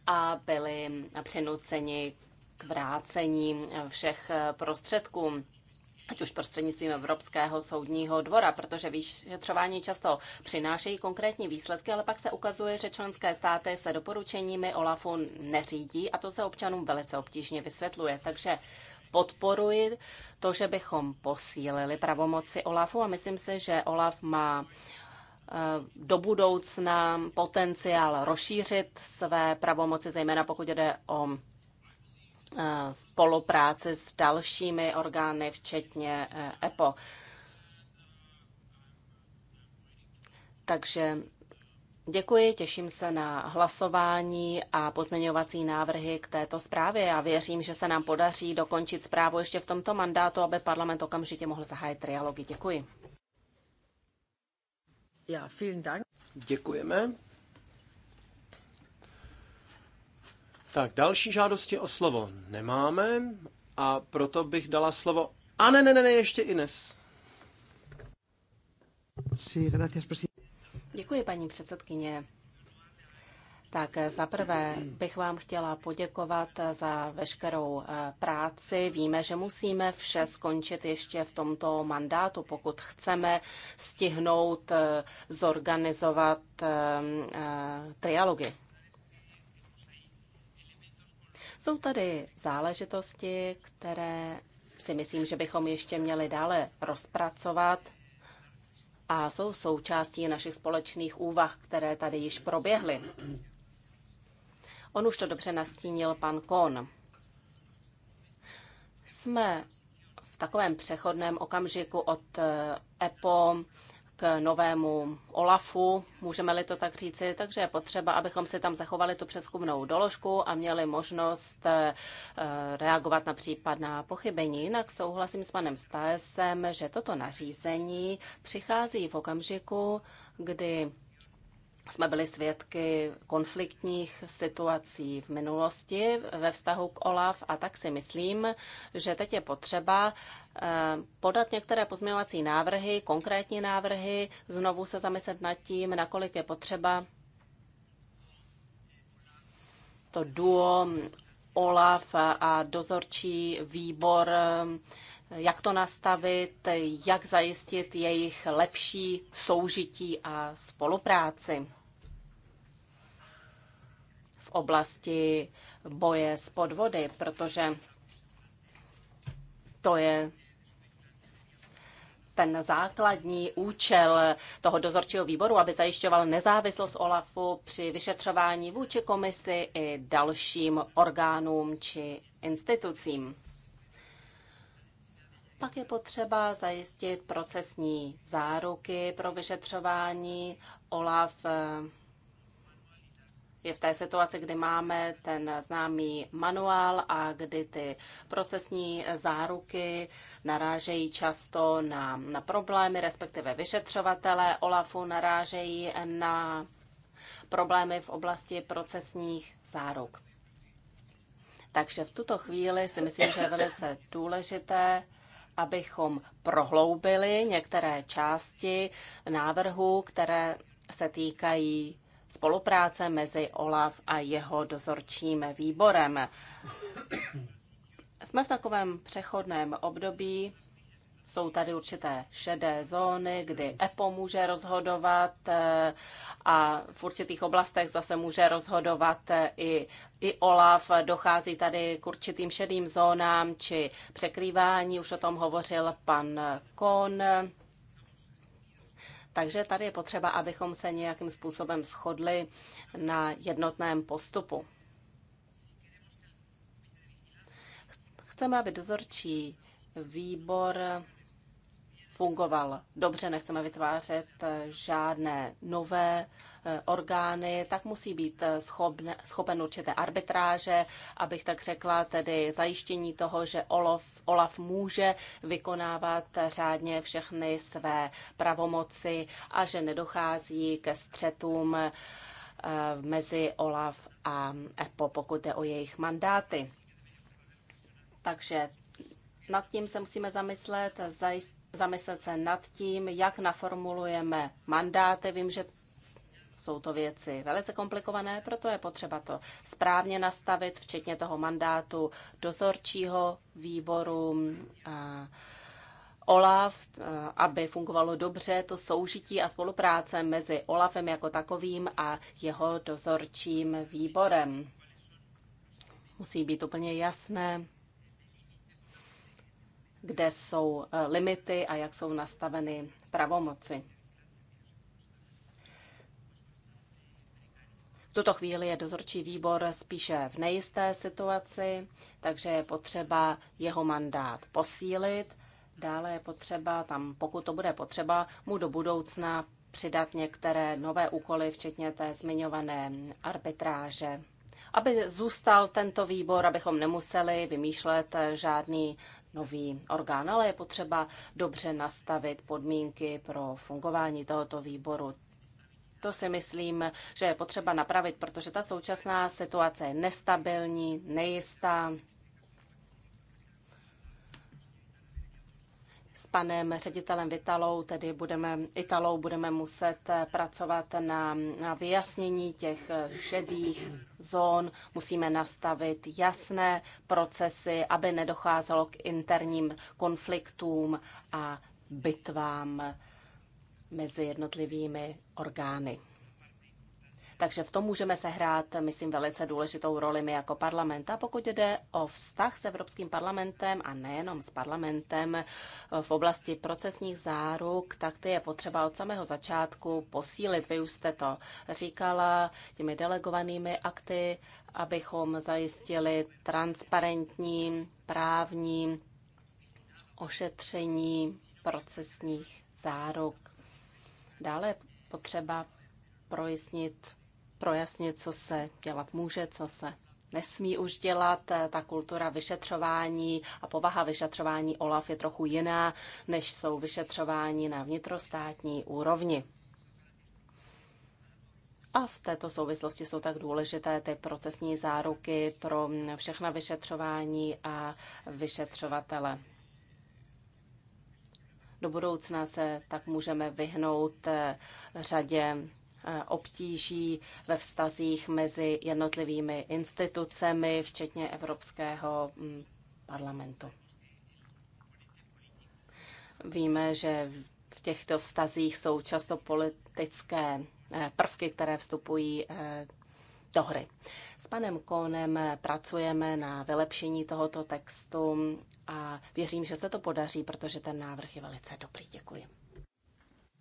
a byli přinuceni k vrácení všech prostředků ať už prostřednictvím Evropského soudního dvora, protože vyšetřování často přinášejí konkrétní výsledky, ale pak se ukazuje, že členské státy se doporučeními OLAFu neřídí a to se občanům velice obtížně vysvětluje. Takže podporuji to, že bychom posílili pravomoci OLAFu a myslím si, že OLAF má eh, do budoucna potenciál rozšířit své pravomoci, zejména pokud jde o Eh, spolupráce s dalšími orgány, včetně eh, EPO. Takže děkuji, těším se na hlasování a pozměňovací návrhy k této zprávě a věřím, že se nám podaří dokončit zprávu ještě v tomto mandátu, aby parlament okamžitě mohl zahájit trialogy. Děkuji. Ja, vielen Dank. Děkujeme. Tak, další žádosti o slovo nemáme a proto bych dala slovo... A ne, ne, ne, ne ještě Ines. Děkuji, paní předsedkyně. Tak zaprvé bych vám chtěla poděkovat za veškerou eh, práci. Víme, že musíme vše skončit ještě v tomto mandátu, pokud chceme stihnout eh, zorganizovat eh, trialogy jsou tady záležitosti, které si myslím, že bychom ještě měli dále rozpracovat a jsou součástí našich společných úvah, které tady již proběhly. On už to dobře nastínil pan Kon. Jsme v takovém přechodném okamžiku od eh, EPO novému OLAFu, můžeme-li to tak říci, takže je potřeba, abychom si tam zachovali tu přeskumnou doložku a měli možnost eh, reagovat na případná pochybení. Jinak souhlasím s panem Stajesem, že toto nařízení přichází v okamžiku, kdy jsme byli svědky konfliktních situací v minulosti ve vztahu k OLAF a tak si myslím, že teď je potřeba eh, podat některé pozměňovací návrhy, konkrétní návrhy, znovu se zamyslet nad tím, nakolik je potřeba to duo OLAF a dozorčí výbor eh, jak to nastavit, jak zajistit jejich lepší soužití a spolupráci v oblasti boje s podvody, protože to je ten základní účel toho dozorčího výboru, aby zajišťoval nezávislost OLAFu při vyšetřování vůči komisi i dalším orgánům či institucím. Pak je potřeba zajistit procesní záruky pro vyšetřování. OLAF eh, je v té situaci, kdy máme ten známý manuál a kdy ty procesní záruky narážejí často na, na problémy, respektive vyšetřovatele OLAFu narážejí na problémy v oblasti procesních záruk. Takže v tuto chvíli si myslím, že je velice důležité abychom prohloubili některé části návrhu, které se týkají spolupráce mezi OLAF a jeho dozorčím výborem. Jsme v takovém přechodném období, jsou tady určité šedé zóny, kdy EPO může rozhodovat eh, a v určitých oblastech zase může rozhodovat eh, i, i OLAF. Dochází tady k určitým šedým zónám či překrývání, už o tom hovořil pan Kon. Takže tady je potřeba, abychom se nějakým způsobem shodli na jednotném postupu. Chceme, aby dozorčí výbor fungoval dobře, nechceme vytvářet eh, žádné nové eh, orgány, tak musí být eh, schopen, schopen určité arbitráže, abych tak řekla, tedy zajištění toho, že Olaf, Olaf může vykonávat řádně všechny své pravomoci a že nedochází ke střetům mezi Olaf a EPO, pokud jde o jejich mandáty. Takže nad tím se musíme zamyslet, zajistit zamyslet se nad tím, jak naformulujeme mandáty. Vím, že jsou to věci velice komplikované, proto je potřeba to správně nastavit, včetně toho mandátu dozorčího výboru. A OLAF, aby fungovalo dobře to soužití a spolupráce mezi OLAFem jako takovým a jeho dozorčím výborem. Musí být úplně jasné, kde jsou eh, limity a jak jsou nastaveny pravomoci. V tuto chvíli je dozorčí výbor spíše v nejisté situaci, takže je potřeba jeho mandát posílit. Dále je potřeba tam, pokud to bude potřeba, mu do budoucna přidat některé nové úkoly, včetně té zmiňované arbitráže. Aby zůstal tento výbor, abychom nemuseli vymýšlet eh, žádný nový orgán, ale je potřeba dobře nastavit podmínky pro fungování tohoto výboru. To si myslím, že je potřeba napravit, protože ta současná situace je nestabilní, nejistá s panem ředitelem Vitalou, tedy budeme, Italou, budeme muset pracovat na, na vyjasnění těch šedých zón. Musíme nastavit jasné procesy, aby nedocházelo k interním konfliktům a bitvám mezi jednotlivými orgány. Takže v tom můžeme sehrát, myslím, velice důležitou roli my jako parlament. A pokud jde o vztah s Evropským parlamentem a nejenom s parlamentem v oblasti procesních záruk, tak ty je potřeba od samého začátku posílit. Vy už jste to říkala těmi delegovanými akty, abychom zajistili transparentní právní ošetření procesních záruk. Dále potřeba projistnit projasnit, co se dělat může, co se nesmí už dělat. Ta kultura vyšetřování a povaha vyšetřování OLAF je trochu jiná, než jsou vyšetřování na vnitrostátní úrovni. A v této souvislosti jsou tak důležité ty procesní záruky pro všechna vyšetřování a vyšetřovatele. Do budoucna se tak můžeme vyhnout eh, řadě Eh, obtíží ve vztazích mezi jednotlivými institucemi, včetně Evropského mm, parlamentu. Víme, že v těchto vztazích jsou často politické eh, prvky, které vstupují eh, do hry. S panem Kónem pracujeme na vylepšení tohoto textu a věřím, že se to podaří, protože ten návrh je velice dobrý. Děkuji.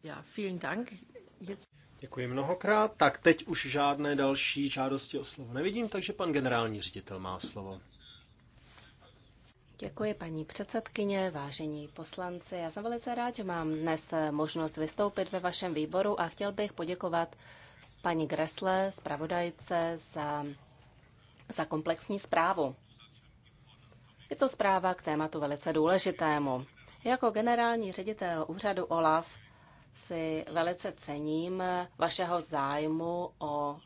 Ja, vielen Dank. Jetzt... Děkuji mnohokrát. Tak teď už žádné další žádosti o slovo nevidím, takže pan generální ředitel má slovo. Děkuji paní předsedkyně, vážení poslanci. Já jsem velice rád, že mám dnes možnost vystoupit ve vašem výboru a chtěl bych poděkovat paní Gresle, zpravodajce, za, za komplexní zprávu. Je to zpráva k tématu velice důležitému. Jako generální ředitel úřadu OLAF si velice cením vašeho zájmu o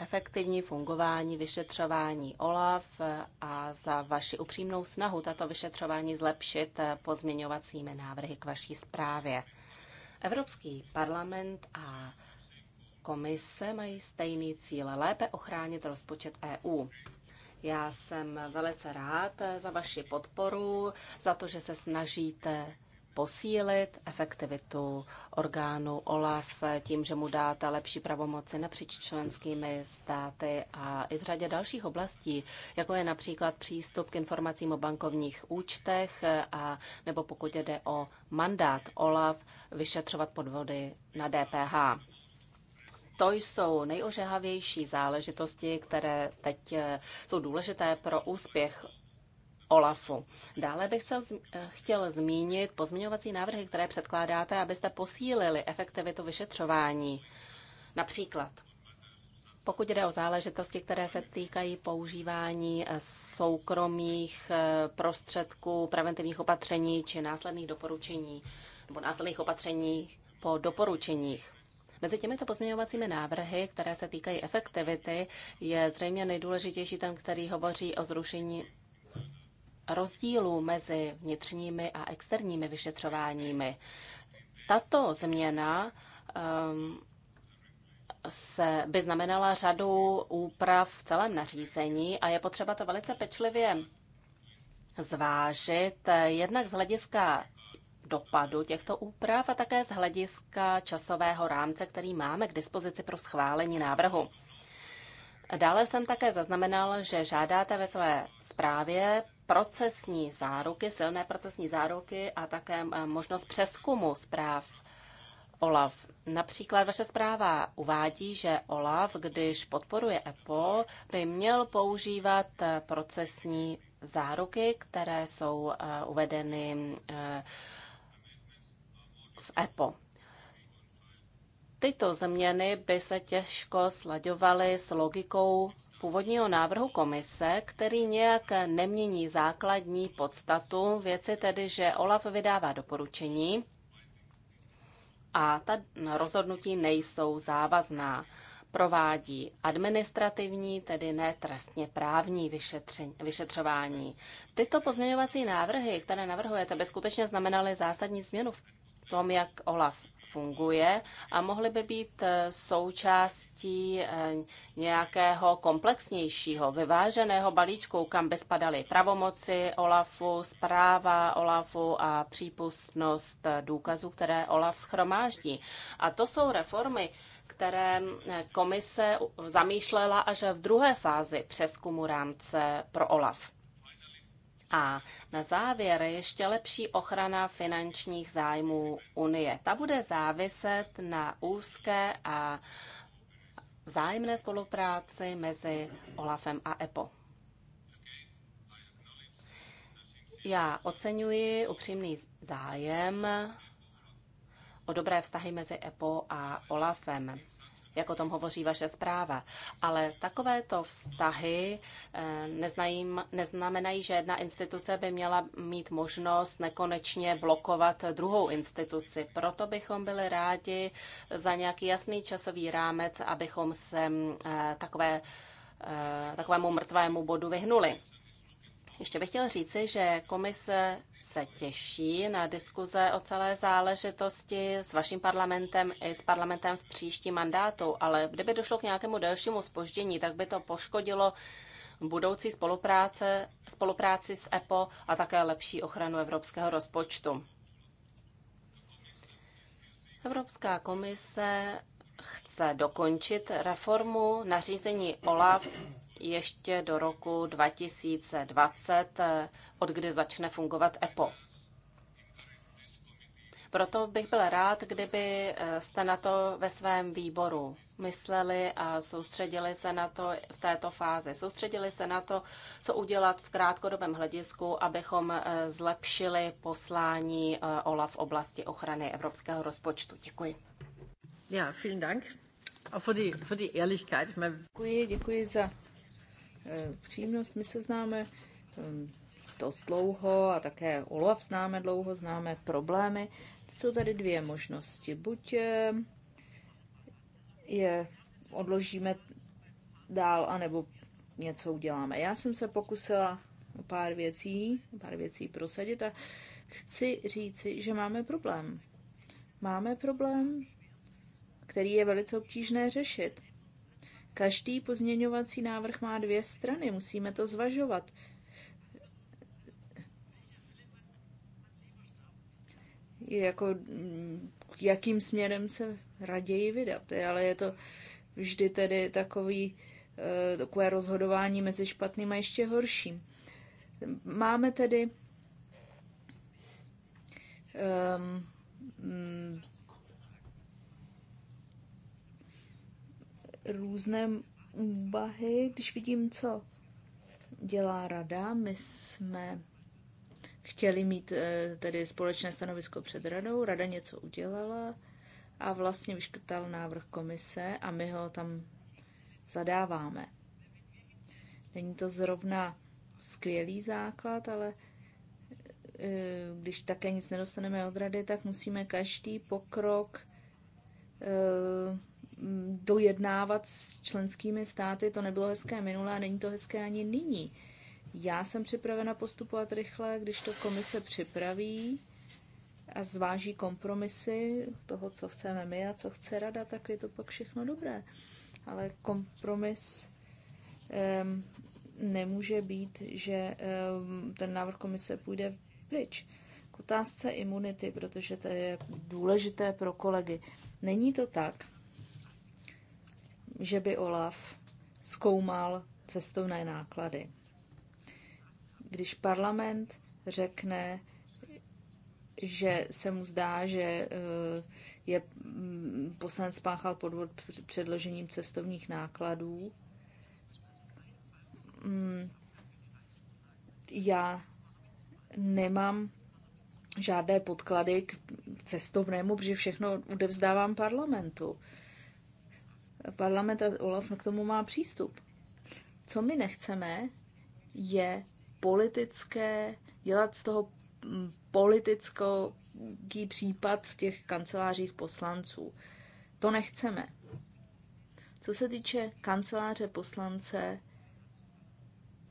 efektivní fungování vyšetřování OLAF a za vaši upřímnou snahu tato vyšetřování zlepšit pozměňovacími návrhy k vaší zprávě. Evropský parlament a komise mají stejný cíl lépe ochránit rozpočet EU. Já jsem velice rád za vaši podporu, za to, že se snažíte posílit efektivitu orgánu OLAF tím, že mu dáte lepší pravomoci napříč členskými státy a i v řadě dalších oblastí, jako je například přístup k informacím o bankovních účtech a nebo pokud jde o mandát OLAF vyšetřovat podvody na DPH. To jsou nejožehavější záležitosti, které teď eh, jsou důležité pro úspěch OLAFu. Dále bych chcel, chtěl zmínit pozměňovací návrhy, které předkládáte, abyste posílili efektivitu vyšetřování. Například pokud jde o záležitosti, které se týkají používání eh, soukromých eh, prostředků, preventivních opatření či následných doporučení nebo následných opatření po doporučeních. Mezi těmito pozměňovacími návrhy, které se týkají efektivity, je zřejmě nejdůležitější ten, který hovoří o zrušení rozdílů mezi vnitřními a externími vyšetřováními. Tato změna um, se by znamenala řadu úprav v celém nařízení a je potřeba to velice pečlivě zvážit, eh, jednak z hlediska dopadu těchto úprav a také z hlediska časového rámce, který máme k dispozici pro schválení návrhu. Dále jsem také zaznamenal, že žádáte ve své zprávě procesní záruky, silné procesní záruky a také eh, možnost přeskumu zpráv OLAF. Například vaše zpráva uvádí, že OLAF, když podporuje EPO, by měl používat eh, procesní záruky, které jsou eh, uvedeny v EPO. Tyto změny by se těžko slaďovaly s logikou původního návrhu komise, který nějak nemění základní podstatu věci, tedy že OLAF vydává doporučení a ta rozhodnutí nejsou závazná. Provádí administrativní, tedy ne trestně právní vyšetřování. Tyto pozměňovací návrhy, které navrhujete, by skutečně znamenaly zásadní změnu v tom, jak OLAF funguje a mohly by být eh, součástí eh, nějakého komplexnějšího, vyváženého balíčku, kam by spadaly pravomoci OLAFu, zpráva OLAFu a přípustnost eh, důkazů, které OLAF schromáždí. A to jsou reformy, které komise zamýšlela až v druhé fázi přeskumu rámce pro OLAF. A na závěr ještě lepší ochrana finančních zájmů Unie. Ta bude záviset na úzké a vzájemné spolupráci mezi OLAFem a EPO. Já oceňuji upřímný zájem o dobré vztahy mezi EPO a OLAFem jak o tom hovoří vaše zpráva. Ale takovéto vztahy eh, neznají, neznamenají, že jedna instituce by měla mít možnost nekonečně blokovat druhou instituci. Proto bychom byli rádi za nějaký jasný časový rámec, abychom se eh, takové, eh, takovému mrtvému bodu vyhnuli. Ještě bych chtěl říci, že komise se těší na diskuze o celé záležitosti s vaším parlamentem i s parlamentem v příští mandátu, ale kdyby došlo k nějakému delšímu spoždění, tak by to poškodilo budoucí spolupráce, spolupráci s EPO a také lepší ochranu evropského rozpočtu. Evropská komise chce dokončit reformu nařízení OLAF ještě do roku 2020, eh, od kdy začne fungovat EPO. Proto bych byl rád, kdyby eh, jste na to ve svém výboru mysleli a soustředili se na to v této fázi. Soustředili se na to, co udělat v krátkodobém hledisku, abychom eh, zlepšili poslání OLA v oblasti ochrany evropského rozpočtu. Děkuji. Ja, vielen Dank. Auch für die, für die Ehrlichkeit. Děkuji, děkuji za Eh, přímnost. My se známe ehm, to dlouho a také Olaf známe dlouho, známe problémy. Teď jsou tady dvě možnosti. Buď eh, je odložíme dál, anebo něco uděláme. Já jsem se pokusila o pár věcí, pár věcí prosadit a chci říci, že máme problém. Máme problém, který je velice obtížné řešit. Každý pozměňovací návrh má dvě strany, musíme to zvažovat. Jako, jakým směrem se raději vydat. Ale je to vždy tedy takový, eh, takové rozhodování mezi špatným a ještě horším. Máme tedy um, různé úvahy, když vidím, co dělá rada. My jsme chtěli mít eh, tedy společné stanovisko před radou, rada něco udělala a vlastně vyškrtal návrh komise a my ho tam zadáváme. Není to zrovna skvělý základ, ale eh, když také nic nedostaneme od rady, tak musíme každý pokrok eh, Mm, dojednávat s členskými státy, to nebylo hezké minulé a není to hezké ani nyní. Já jsem připravena postupovat rychle, když to komise připraví a zváží kompromisy toho, co chceme my a co chce rada, tak je to pak všechno dobré. Ale kompromis um, nemůže být, že um, ten návrh komise půjde pryč. K otázce imunity, protože to je důležité pro kolegy. Není to tak, že by OLAF zkoumal cestovné náklady. Když parlament řekne, že se mu zdá, že eh, je mm, poslanec spáchal podvod předložením cestovních nákladů. Mm, já nemám žádné podklady k cestovnému, protože všechno odevzdávám parlamentu. Parlament a Olaf k tomu má přístup. Co my nechceme, je politické, dělat z toho mm, politický případ v těch kancelářích poslanců. To nechceme. Co se týče kanceláře poslance,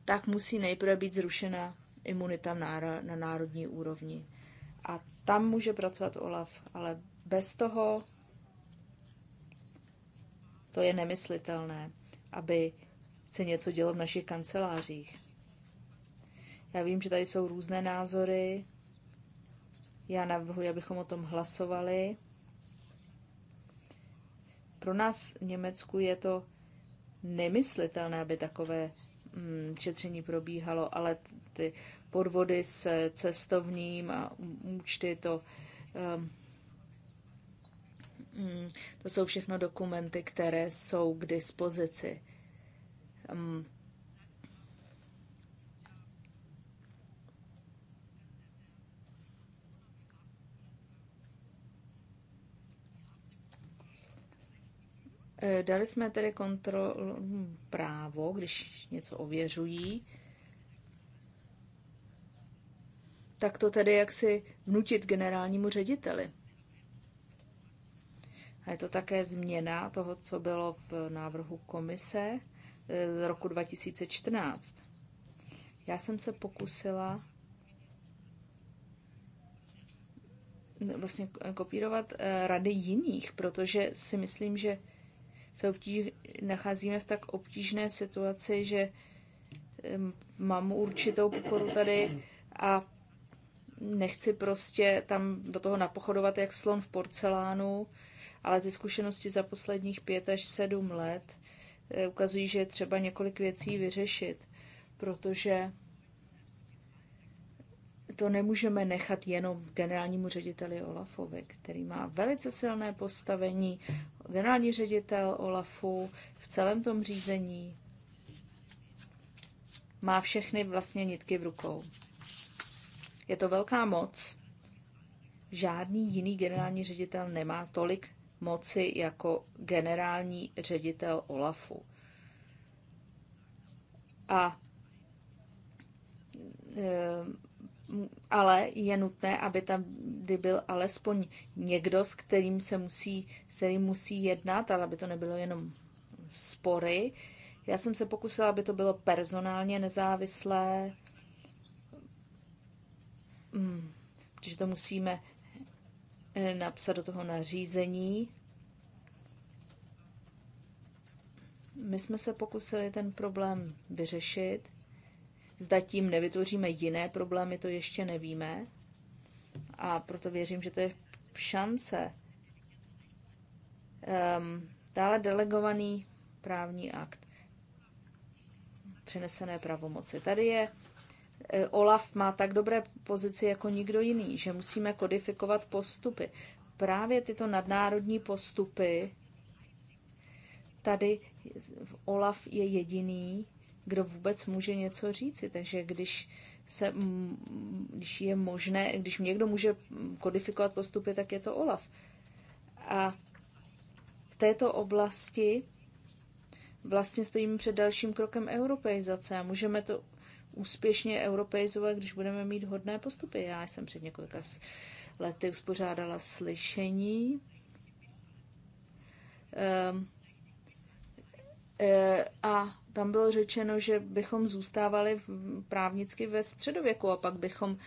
tak musí nejprve být zrušena imunita na národní úrovni. A tam může pracovat OLAF, ale bez toho to je nemyslitelné, aby se něco dělo v našich kancelářích. Já vím, že tady jsou různé názory. Já navrhuji, abychom o tom hlasovali. Pro nás v Německu je to nemyslitelné, aby takové mm, šetření probíhalo, ale ty podvody s cestovním a účty to ehm, Mm, to jsou všechno dokumenty, které jsou k dispozici. Mm. Eh, dali jsme tedy kontrol hm, právo, když něco ověřují, tak to tedy jaksi vnutit generálnímu řediteli. A je to také změna toho, co bylo v návrhu komise eh, z roku 2014. Já jsem se pokusila vlastně kopírovat eh, rady jiných, protože si myslím, že se obtíž, nacházíme v tak obtížné situaci, že mám určitou pokoru tady a nechci prostě tam do toho napochodovat jak slon v porcelánu, ale ty zkušenosti za posledních pět až sedm let eh, ukazují, že je třeba několik věcí vyřešit, protože to nemůžeme nechat jenom generálnímu řediteli Olafovi, který má velice silné postavení, generální ředitel Olafu v celém tom řízení má všechny vlastně nitky v rukou. Je to velká moc. Žádný jiný generální ředitel nemá tolik moci jako generální ředitel OLAFu. A eh, ale je nutné, aby tam kdy byl alespoň někdo, s kterým se musí, s kterým musí jednat, ale aby to nebylo jenom spory. Já jsem se pokusila, aby to bylo personálně nezávislé, hmm, protože to musíme Eh, napsat do toho nařízení. My jsme se pokusili ten problém vyřešit. Zda tím nevytvoříme jiné problémy, to ještě nevíme. A proto věřím, že to je šance. Um, dále delegovaný právní akt. Přenesené pravomoci. Tady je Eh, Olaf má tak dobré pozici jako nikdo jiný, že musíme kodifikovat postupy. Právě tyto nadnárodní postupy tady Olaf je jediný, kdo vůbec může něco říci. Takže když se, když je možné, když někdo může kodifikovat postupy, tak je to Olaf. A v této oblasti vlastně stojíme před dalším krokem europeizace a můžeme to úspěšně europeizovat, když budeme mít hodné postupy. Já jsem před několika lety uspořádala slyšení. Um, a tam bylo řečeno, že bychom zůstávali právnicky ve středověku a pak bychom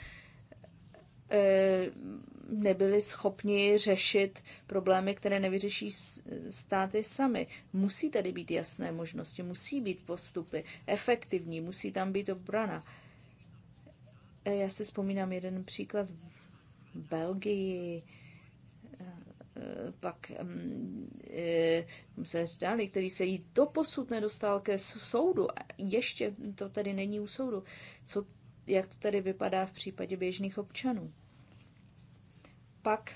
eh, nebyli schopni řešit problémy, které nevyřeší státy sami. Musí tady být jasné možnosti, musí být postupy efektivní, musí tam být obrana. E, já si vzpomínám jeden příklad v Belgii, e, pak mm, e, se dali, který se jí doposud nedostal ke soudu. Ještě to tady není u soudu. Co, jak to tady vypadá v případě běžných občanů? pak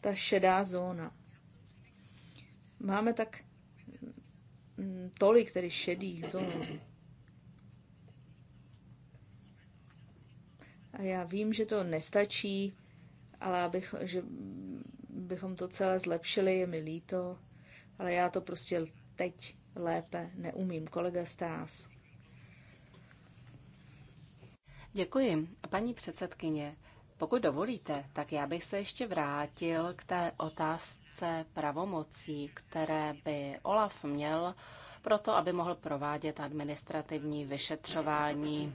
ta šedá zóna. Máme tak mm, tolik tedy šedých zón. A já vím, že to nestačí, ale abych, že bychom to celé zlepšili, je mi líto, ale já to prostě teď lépe neumím. Kolega Stás. Děkuji. Paní předsedkyně, pokud dovolíte, tak já bych se ještě vrátil k té otázce pravomocí, které by Olaf měl pro to, aby mohl provádět administrativní vyšetřování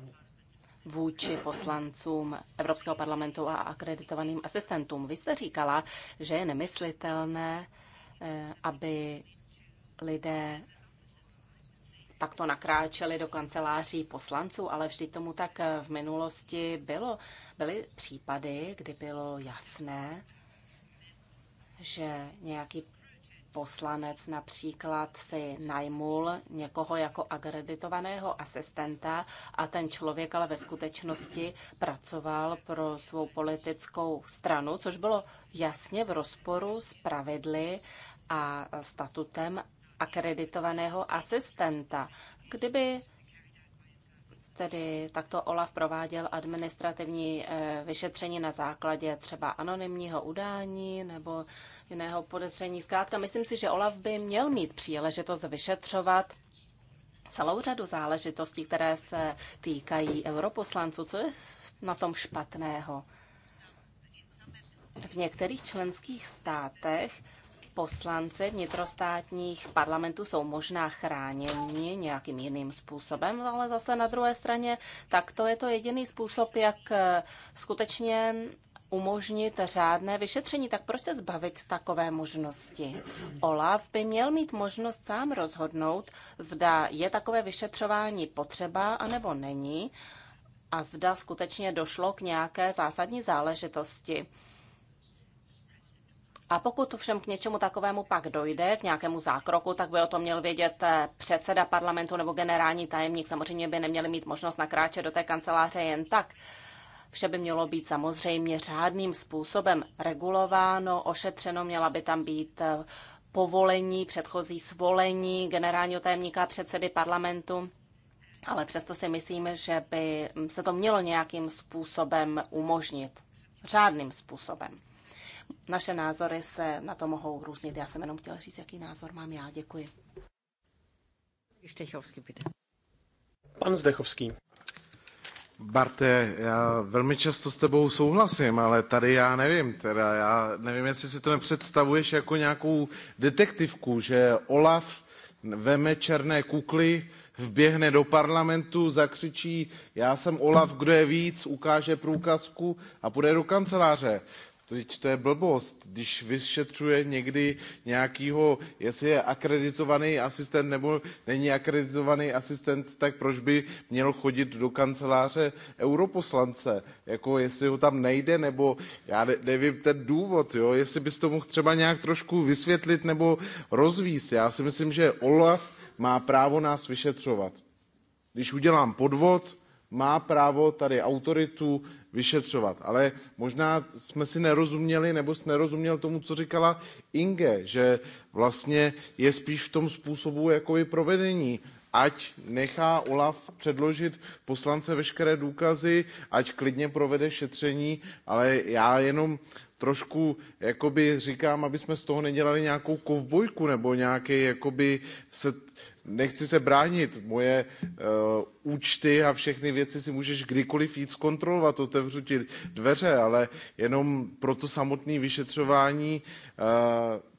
vůči poslancům Evropského parlamentu a akreditovaným asistentům. Vy jste říkala, že je nemyslitelné, eh, aby lidé takto nakráčeli do kanceláří poslanců, ale vždy tomu tak eh, v minulosti bylo. Byly případy, kdy bylo jasné, že nějaký poslanec například si najmul někoho jako akreditovaného asistenta a ten člověk ale ve skutečnosti pracoval pro svou politickou stranu, což bylo jasně v rozporu s pravidly a statutem akreditovaného asistenta. Kdyby tedy takto OLAF prováděl administrativní eh, vyšetření na základě třeba anonymního udání nebo jiného podezření. Zkrátka, myslím si, že OLAF by měl mít příležitost vyšetřovat celou řadu záležitostí, které se týkají europoslanců. Co je na tom špatného? V některých členských státech poslanci vnitrostátních parlamentů jsou možná chráněni nějakým jiným způsobem, ale zase na druhé straně, tak to je to jediný způsob, jak eh, skutečně umožnit řádné vyšetření, tak proč se zbavit takové možnosti? Olaf by měl mít možnost sám rozhodnout, zda je takové vyšetřování potřeba, anebo není, a zda skutečně došlo k nějaké zásadní záležitosti. A pokud všem k něčemu takovému pak dojde, k nějakému zákroku, tak by o tom měl vědět eh, předseda parlamentu nebo generální tajemník. Samozřejmě by neměli mít možnost nakráčet do té kanceláře jen tak. Vše by mělo být samozřejmě řádným způsobem regulováno, ošetřeno, měla by tam být eh, povolení, předchozí svolení generálního tajemníka předsedy parlamentu. Ale přesto si myslím, že by se to mělo nějakým způsobem umožnit. Řádným způsobem naše názory se na to mohou různit. Já jsem jenom chtěla říct, jaký názor mám já. Děkuji. Štechovský, bitte. Pan Zdechovský. Barte, já velmi často s tebou souhlasím, ale tady já nevím, teda já nevím, jestli si to nepředstavuješ jako nějakou detektivku, že Olaf veme černé kukly, vběhne do parlamentu, zakřičí, já jsem Olaf, kdo je víc, ukáže průkazku a půjde do kanceláře. Teď to je blbost, když vyšetřuje někdy nějakýho, jestli je akreditovaný asistent nebo není akreditovaný asistent, tak proč by měl chodit do kanceláře europoslance? Jako jestli ho tam nejde, nebo já nevím ten důvod, jo? jestli bys to mohl třeba nějak trošku vysvětlit nebo rozvíst. Já si myslím, že OLAF má právo nás vyšetřovat. Když udělám podvod, má právo tady autoritu vyšetřovat. Ale možná jsme si nerozuměli, nebo jsi nerozuměl tomu, co říkala Inge, že vlastně je spíš v tom způsobu jakoby provedení ať nechá Olaf předložit poslance veškeré důkazy, ať klidně provede šetření, ale já jenom trošku jakoby říkám, aby jsme z toho nedělali nějakou kovbojku nebo nějaký jakoby se nechci se bránit, moje uh, účty a všechny věci si můžeš kdykoliv jít zkontrolovat, otevřu ti dveře, ale jenom pro to samotné vyšetřování uh,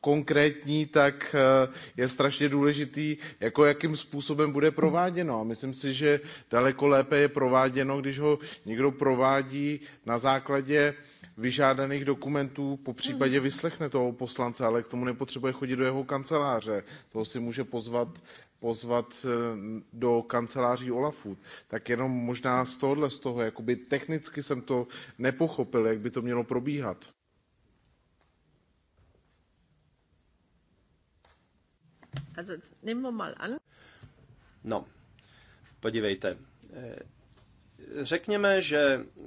konkrétní, tak uh, je strašně důležitý, jako jakým způsobem bude prováděno. A myslím si, že daleko lépe je prováděno, když ho někdo provádí na základě vyžádaných dokumentů, po případě vyslechne toho poslance, ale k tomu nepotřebuje chodit do jeho kanceláře. Toho si může pozvat pozvat eh, do kanceláří OLAFu. Tak jenom možná z tohohle, z toho, jakoby technicky jsem to nepochopil, jak by to mělo probíhat. Also, nehmen wir mal an. No, podívejte. Eh, řekněme, že eh,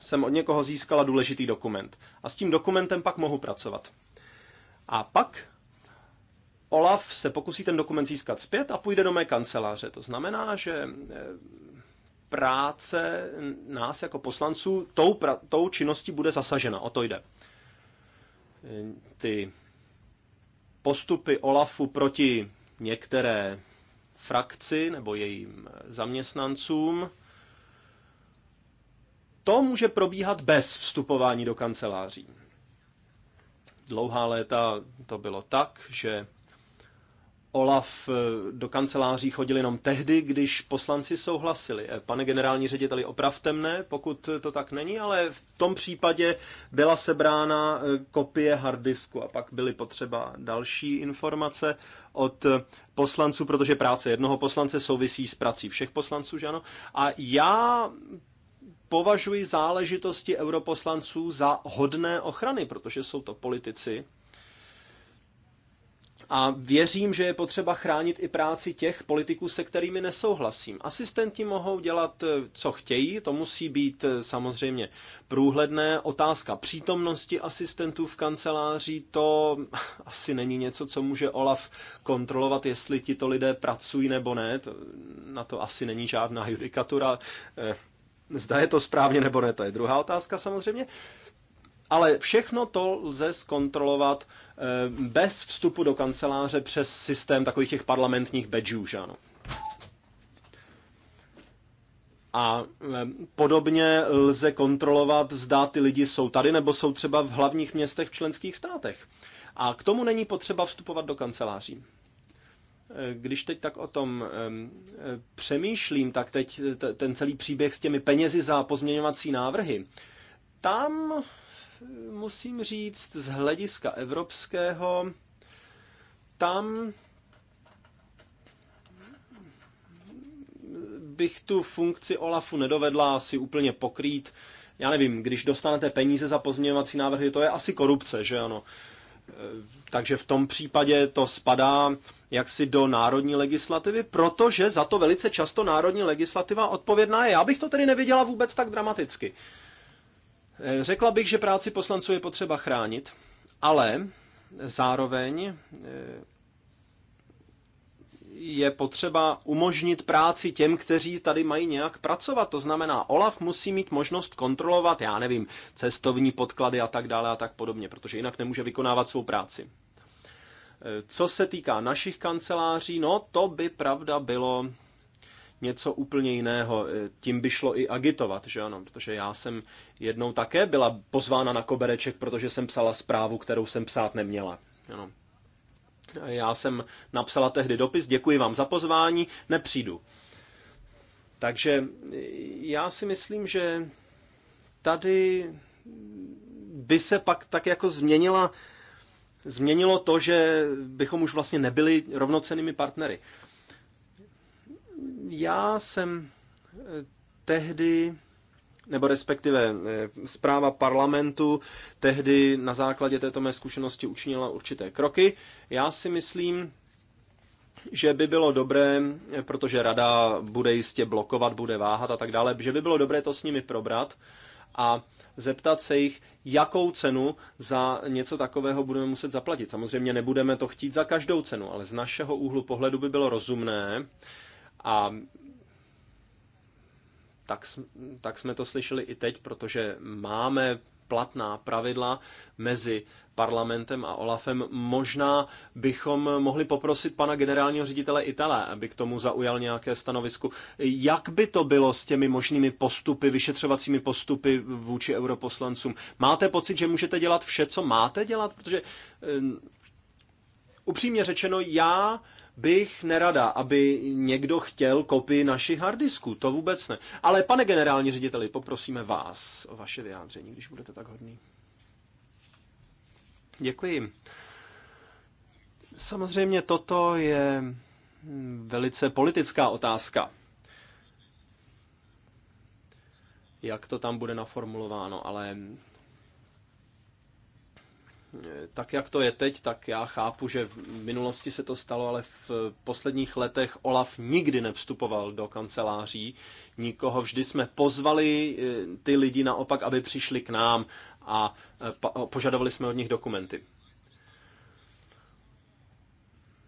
jsem od někoho získala důležitý dokument a s tím dokumentem pak mohu pracovat. A pak Olaf se pokusí ten dokument získat zpět a půjde do mé kanceláře. To znamená, že eh, práce nás jako poslanců tou, pra, tou činností bude zasažena. O to jde. Ty postupy Olafu proti některé frakci nebo jejím zaměstnancům, to může probíhat bez vstupování do kanceláří. Dlouhá léta to bylo tak, že Olaf eh, do kanceláří chodil jenom tehdy, když poslanci souhlasili. Eh, pane generální řediteli, opravte mne, pokud eh, to tak není, ale v tom případě byla sebrána kopie harddisku a pak byly potřeba další informace od poslanců, protože práce jednoho poslance souvisí s prací všech poslanců, že ano? A já považuji záležitosti europoslanců za hodné ochrany, protože jsou to politici, a věřím, že je potřeba chránit i práci těch politiků, se kterými nesouhlasím. Asistenti mohou dělat, eh, co chtějí, to musí být eh, samozřejmě průhledné. Otázka přítomnosti asistentů v kanceláři, to <laughs> asi není něco, co může Olaf kontrolovat, jestli tito lidé pracují nebo ne. na to asi není žádná judikatura. Eh, zda je to správně nebo ne, to je druhá otázka samozřejmě. Ale všechno to lze zkontrolovat eh, bez vstupu do kanceláře přes systém takových těch parlamentních badgeů, že ano. A eh, podobně lze kontrolovat, zda ty lidi jsou tady nebo jsou třeba v hlavních městech v členských státech. A k tomu není potřeba vstupovat do kanceláří. Eh, když teď tak o tom přemýšlím, tak teď ten celý příběh s těmi penězi za pozměňovací návrhy, tam musím říct, z hlediska evropského, tam bych tu funkci Olafu nedovedla asi úplně pokrýt. Já nevím, když dostanete peníze za pozměňovací návrhy, to je asi korupce, že ano. Takže v tom případě to spadá jaksi do národní legislativy, protože za to velice často národní legislativa odpovědná je. Já bych to tedy neviděla vůbec tak dramaticky. Eh, řekla bych, že práci poslanců je potřeba chránit, ale zároveň eh, je potřeba umožnit práci těm, kteří tady mají nějak pracovat. To znamená, Olaf musí mít možnost kontrolovat, já nevím, cestovní podklady a tak dále a tak podobně, protože jinak nemůže vykonávat svou práci. Eh, co se týká našich kanceláří, no to by pravda bylo něco úplně jiného. E, tím by šlo i agitovat, že ano? Protože já jsem jednou také byla pozvána na kobereček, protože jsem psala zprávu, kterou jsem psát neměla. Ano. Já jsem napsala tehdy dopis, děkuji vám za pozvání, nepřijdu. Takže e, já si myslím, že tady by se pak tak jako změnila, změnilo to, že bychom už vlastně nebyli rovnocenými partnery. Já jsem eh, tehdy nebo respektive eh, zpráva parlamentu tehdy na základě této mé zkušenosti učinila určité kroky. Já si myslím, že by bylo dobré, eh, protože rada bude jistě blokovat, bude váhat a tak dále, že by bylo dobré to s nimi probrat a zeptat se jich, jakou cenu za něco takového budeme muset zaplatit. Samozřejmě nebudeme to chtít za každou cenu, ale z našeho úhlu pohledu by bylo rozumné, a tak, tak jsme to slyšeli i teď, protože máme platná pravidla mezi parlamentem a Olafem. Možná bychom mohli poprosit pana generálního ředitele Itala, aby k tomu zaujal nějaké stanovisko. Jak by to bylo s těmi možnými postupy, vyšetřovacími postupy vůči europoslancům? Máte pocit, že můžete dělat vše, co máte dělat? Protože um, upřímně řečeno, já bych nerada, aby někdo chtěl kopii našich harddisků. To vůbec ne. Ale pane generální řediteli, poprosíme vás o vaše vyjádření, když budete tak hodný. Děkuji. Samozřejmě toto je velice politická otázka. Jak to tam bude naformulováno, ale tak jak to je teď, tak já chápu, že v minulosti se to stalo, ale v posledních letech Olaf nikdy nevstupoval do kanceláří nikoho. Vždy jsme pozvali eh, ty lidi naopak, aby přišli k nám a eh, požadovali jsme od nich dokumenty.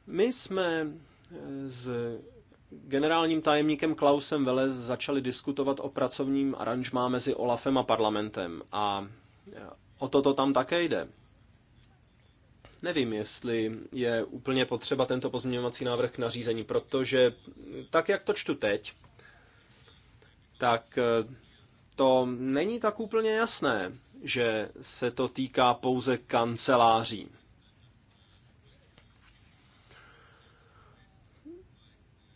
My jsme eh, s generálním tajemníkem Klausem Vele začali diskutovat o pracovním aranžmá mezi Olafem a parlamentem a o toto tam také jde Nevím, jestli je úplně potřeba tento pozměňovací návrh k nařízení, protože tak, jak to čtu teď, tak eh, to není tak úplně jasné, že se to týká pouze kanceláří.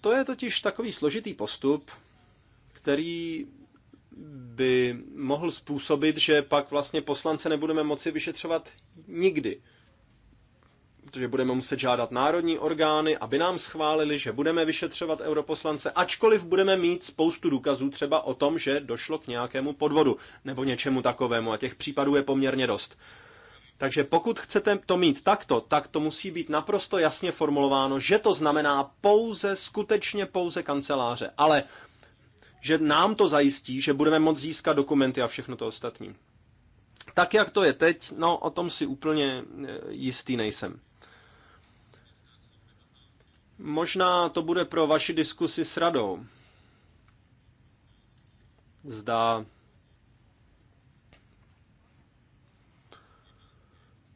To je totiž takový složitý postup, který by mohl způsobit, že pak vlastně poslance nebudeme moci vyšetřovat nikdy protože budeme muset žádat národní orgány, aby nám schválili, že budeme vyšetřovat europoslance, ačkoliv budeme mít spoustu důkazů třeba o tom, že došlo k nějakému podvodu nebo něčemu takovému a těch případů je poměrně dost. Takže pokud chcete to mít takto, tak to musí být naprosto jasně formulováno, že to znamená pouze, skutečně pouze kanceláře, ale že nám to zajistí, že budeme moct získat dokumenty a všechno to ostatní. Tak, jak to je teď, no o tom si úplně e, jistý nejsem. Možná to bude pro vaši diskusi s radou. Zdá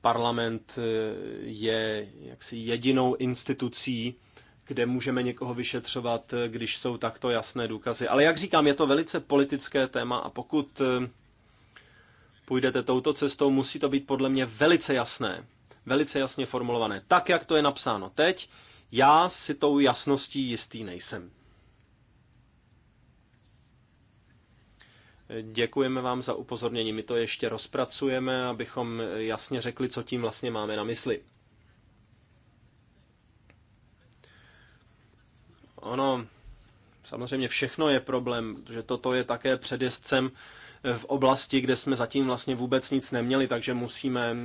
parlament eh, je jaksi jedinou institucí, kde můžeme někoho vyšetřovat, eh, když jsou takto jasné důkazy. Ale jak říkám, je to velice politické téma a pokud eh, půjdete touto cestou, musí to být podle mě velice jasné, velice jasně formulované. Tak, jak to je napsáno teď, já si tou jasností jistý nejsem. Děkujeme vám za upozornění. My to ještě rozpracujeme, abychom jasně řekli, co tím vlastně máme na mysli. Ono, samozřejmě všechno je problém, že toto je také předjezdcem v oblasti, kde jsme zatím vlastně vůbec nic neměli, takže musíme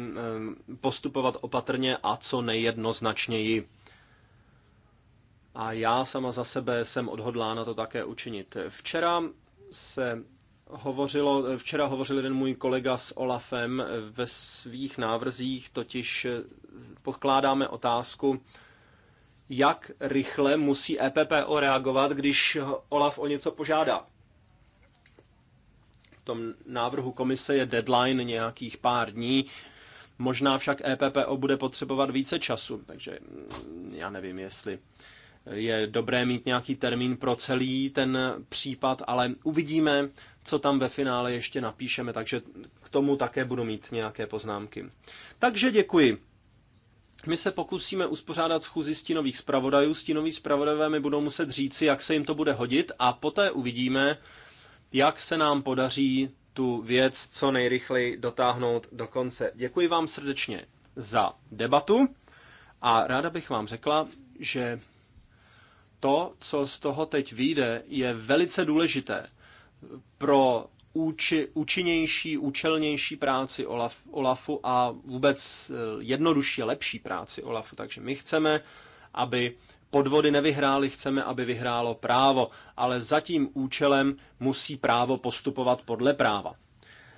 eh, postupovat opatrně a co nejjednoznačněji a já sama za sebe jsem odhodlána to také učinit. Včera se hovořilo, včera hovořil jeden můj kolega s Olafem ve svých návrzích, totiž pokládáme otázku, jak rychle musí EPPO reagovat, když Olaf o něco požádá. V tom návrhu komise je deadline nějakých pár dní, možná však EPPO bude potřebovat více času, takže já nevím, jestli je dobré mít nějaký termín pro celý ten případ, ale uvidíme, co tam ve finále ještě napíšeme, takže k tomu také budu mít nějaké poznámky. Takže děkuji. My se pokusíme uspořádat schůzi stínových zpravodajů. Stínoví zpravodajové mi budou muset říci, jak se jim to bude hodit a poté uvidíme, jak se nám podaří tu věc co nejrychleji dotáhnout do konce. Děkuji vám srdečně za debatu a ráda bych vám řekla, že to, co z toho teď vyjde, je velice důležité pro úči, účinnější, účelnější práci Olaf, Olafu a vůbec eh, jednodušší, lepší práci Olafu. Takže my chceme, aby podvody nevyhrály, chceme, aby vyhrálo právo, ale za tím účelem musí právo postupovat podle práva.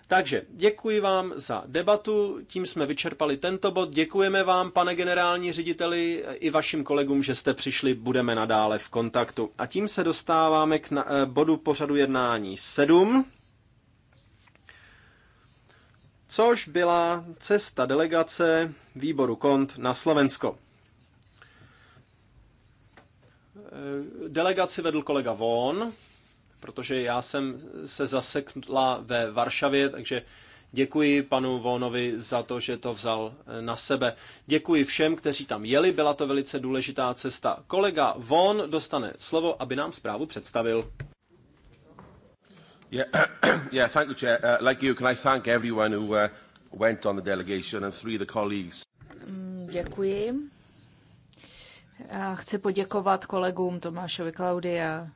Takže děkuji vám za debatu, tím jsme vyčerpali tento bod. Děkujeme vám, pane generální řediteli, i vašim kolegům, že jste přišli, budeme nadále v kontaktu. A tím se dostáváme k na, eh, bodu pořadu jednání 7, což byla cesta delegace výboru KONT na Slovensko. Eh, delegaci vedl kolega Von, protože já jsem se zasekla ve Varšavě, takže děkuji panu Vonovi za to, že to vzal eh, na sebe. Děkuji všem, kteří tam jeli, byla to velice důležitá cesta. Kolega Von dostane slovo, aby nám zprávu představil. Yeah, <clears throat> yeah, thank you, Chair. Uh, like you, can I thank everyone who uh, went on the delegation and three of the colleagues. Mm, děkuji. Já chci poděkovat kolegům Tomášovi a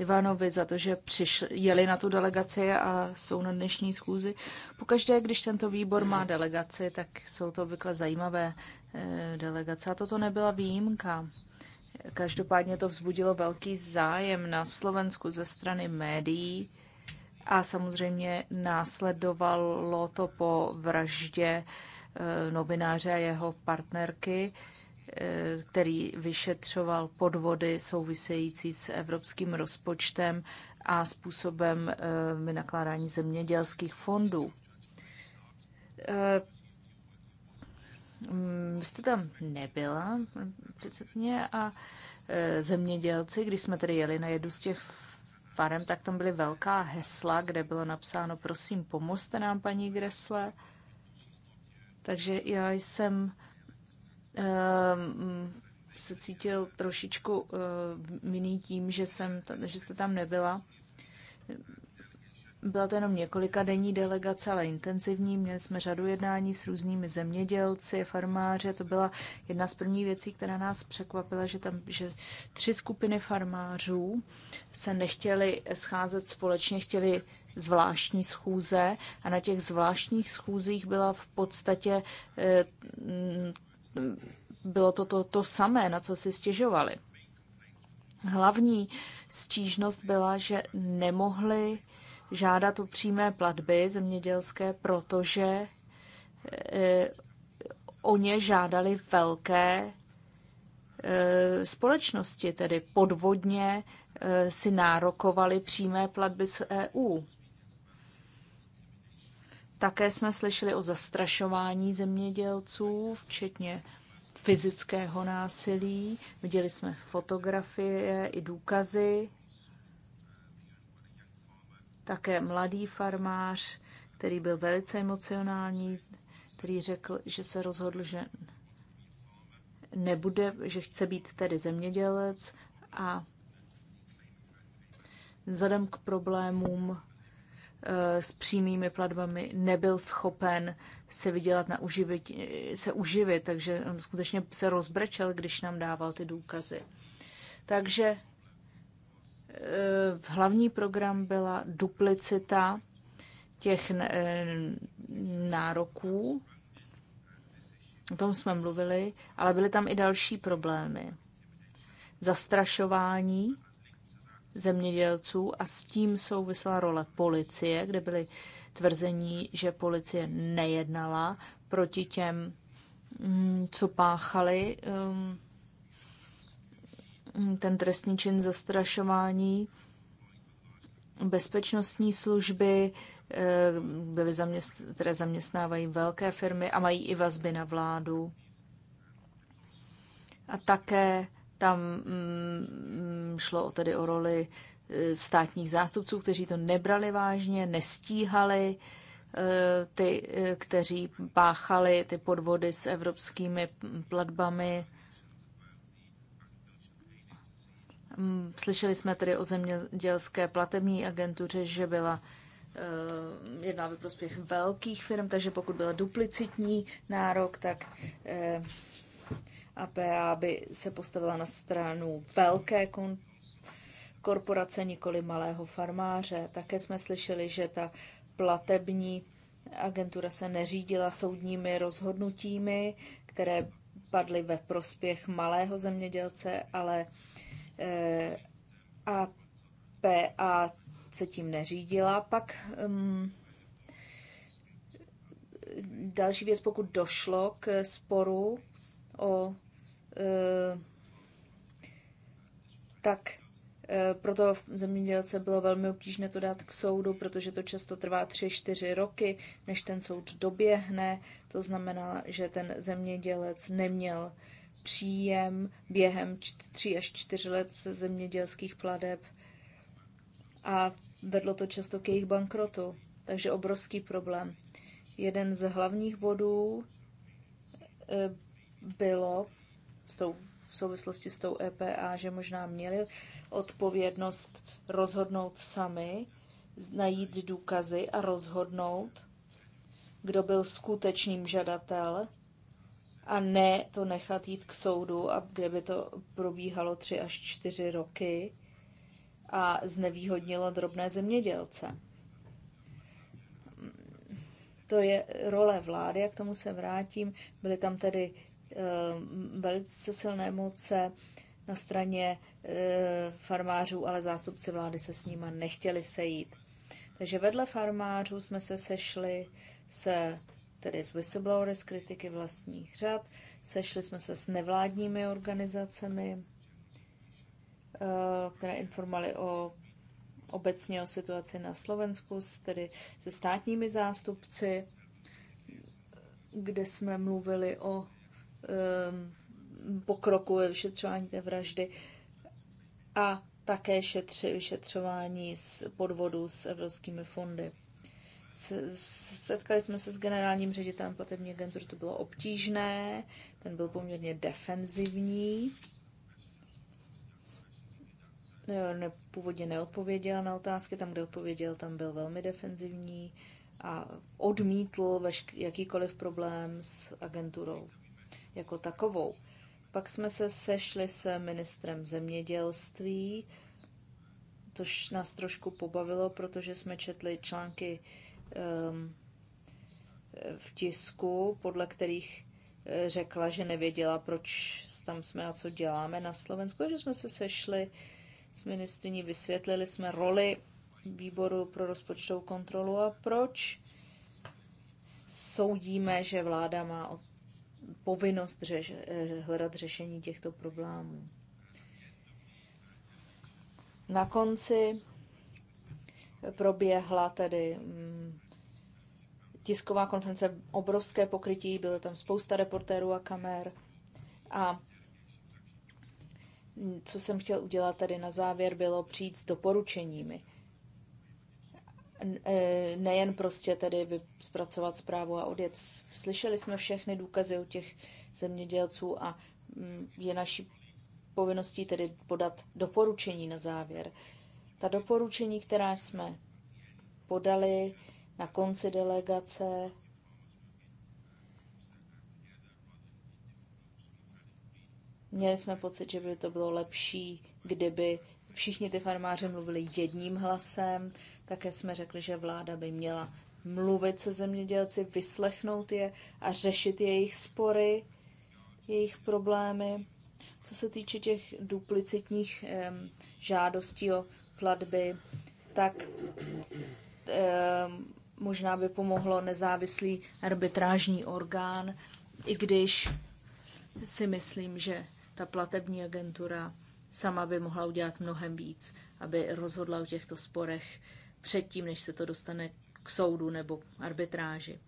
Ivanovi za to, že přišli, jeli na tu delegaci a jsou na dnešní schůzi. Pokaždé, když tento výbor má delegaci, tak jsou to obvykle zajímavé eh, delegace. A toto nebyla výjimka. Každopádně to vzbudilo velký zájem na Slovensku ze strany médií a samozřejmě následovalo to po vraždě eh, novináře a jeho partnerky. Eh, který vyšetřoval podvody související s evropským rozpočtem a způsobem eh, vynakládání zemědělských fondů. Eh, mm, vy jste tam nebyla, předsedně, a zemědělci, když jsme tedy jeli na jednu z těch farem, tak tam byly velká hesla, kde bylo napsáno, prosím, pomozte nám, paní Gresle. Takže já jsem Ehm, se cítil trošičku miný eh, tím, že, jsem, že jste tam nebyla. Byla to jenom několika denní delegace, ale intenzivní. Měli jsme řadu jednání s různými zemědělci, farmáři. To byla jedna z prvních věcí, která nás překvapila, že tam že tři skupiny farmářů se nechtěli scházet společně, chtěli zvláštní schůze a na těch zvláštních schůzích byla v podstatě eh, bylo to to, to samé, na co si stěžovali. Hlavní stížnost byla, že nemohli žádat o přímé platby zemědělské, protože e, o ně žádali velké e, společnosti, tedy podvodně e, si nárokovali přímé platby z EU. Také jsme slyšeli o zastrašování zemědělců, včetně fyzického násilí. Viděli jsme fotografie i důkazy. Také mladý farmář, který byl velice emocionální, který řekl, že se rozhodl, že nebude, že chce být tedy zemědělec a vzhledem k problémům s přímými platbami nebyl schopen se vydělat na uživit, se uživit, takže on skutečně se rozbrečel, když nám dával ty důkazy. Takže e, v hlavní program byla duplicita těch e, nároků, o tom jsme mluvili, ale byly tam i další problémy. Zastrašování, zemědělců a s tím souvisela role policie, kde byly tvrzení, že policie nejednala proti těm, mm, co páchali um, ten trestní čin zastrašování. Bezpečnostní služby, eh, byly zaměst, které zaměstnávají velké firmy a mají i vazby na vládu. A také tam mm, šlo tedy o roli eh, státních zástupců, kteří to nebrali vážně, nestíhali eh, ty, eh, kteří páchali ty podvody s evropskými platbami. Mm, slyšeli jsme tedy o zemědělské platební agentuře, že byla jedná ve prospěch velkých firm, takže pokud byl duplicitní nárok, tak a PA by se postavila na stranu velké kon- korporace, nikoli malého farmáře. Také jsme slyšeli, že ta platební agentura se neřídila soudními rozhodnutími, které padly ve prospěch malého zemědělce, ale eh, PA se tím neřídila. Pak um, další věc, pokud došlo k sporu o Eh, tak eh, proto zemědělce bylo velmi obtížné to dát k soudu, protože to často trvá 3-4 roky, než ten soud doběhne. To znamená, že ten zemědělec neměl příjem během 3 až 4 let ze zemědělských pladeb a vedlo to často k jejich bankrotu. Takže obrovský problém. Jeden z hlavních bodů eh, bylo s tou, v souvislosti s tou EPA, že možná měli odpovědnost rozhodnout sami, najít důkazy a rozhodnout, kdo byl skutečným žadatel a ne to nechat jít k soudu, a kde by to probíhalo tři až čtyři roky a znevýhodnilo drobné zemědělce. To je role vlády, jak tomu se vrátím. Byly tam tedy Eh, velice silné moce na straně eh, farmářů, ale zástupci vlády se s nima nechtěli sejít. Takže vedle farmářů jsme se sešli se tedy z whistleblowery, z kritiky vlastních řad. Sešli jsme se s nevládními organizacemi, eh, které informovaly o obecně o situaci na Slovensku, tedy se státními zástupci, kde jsme mluvili o Um, pokroku ve vyšetřování té vraždy a také šetři, vyšetřování z podvodu s evropskými fondy. Setkali jsme se s generálním ředitelem platební agentury, to bylo obtížné, ten byl poměrně defenzivní, ne, původně neodpověděl na otázky, tam, kde odpověděl, tam byl velmi defenzivní a odmítl jakýkoliv problém s agenturou jako takovou. Pak jsme se sešli s ministrem zemědělství, což nás trošku pobavilo, protože jsme četli články um, v tisku, podle kterých eh, řekla, že nevěděla, proč tam jsme a co děláme na Slovensku, že jsme se sešli s ministriní, vysvětlili jsme roli výboru pro rozpočtovou kontrolu a proč soudíme, že vláda má povinnost řeš, hledat řešení těchto problémů. Na konci proběhla tedy mm, tisková konference, obrovské pokrytí, bylo tam spousta reportérů a kamer. A co jsem chtěl udělat tady na závěr, bylo přijít s doporučeními E, nejen prostě tedy zpracovat zprávu a odjet. Slyšeli jsme všechny důkazy u těch zemědělců a mm, je naší povinností tedy podat doporučení na závěr. Ta doporučení, která jsme podali na konci delegace, měli jsme pocit, že by to bylo lepší, kdyby všichni ty farmáři mluvili jedním hlasem, také jsme řekli, že vláda by měla mluvit se zemědělci, vyslechnout je a řešit jejich spory, jejich problémy. Co se týče těch duplicitních um, žádostí o platby, tak um, možná by pomohlo nezávislý arbitrážní orgán, i když si myslím, že ta platební agentura sama by mohla udělat mnohem víc, aby rozhodla o těchto sporech předtím, než se to dostane k soudu nebo arbitráži.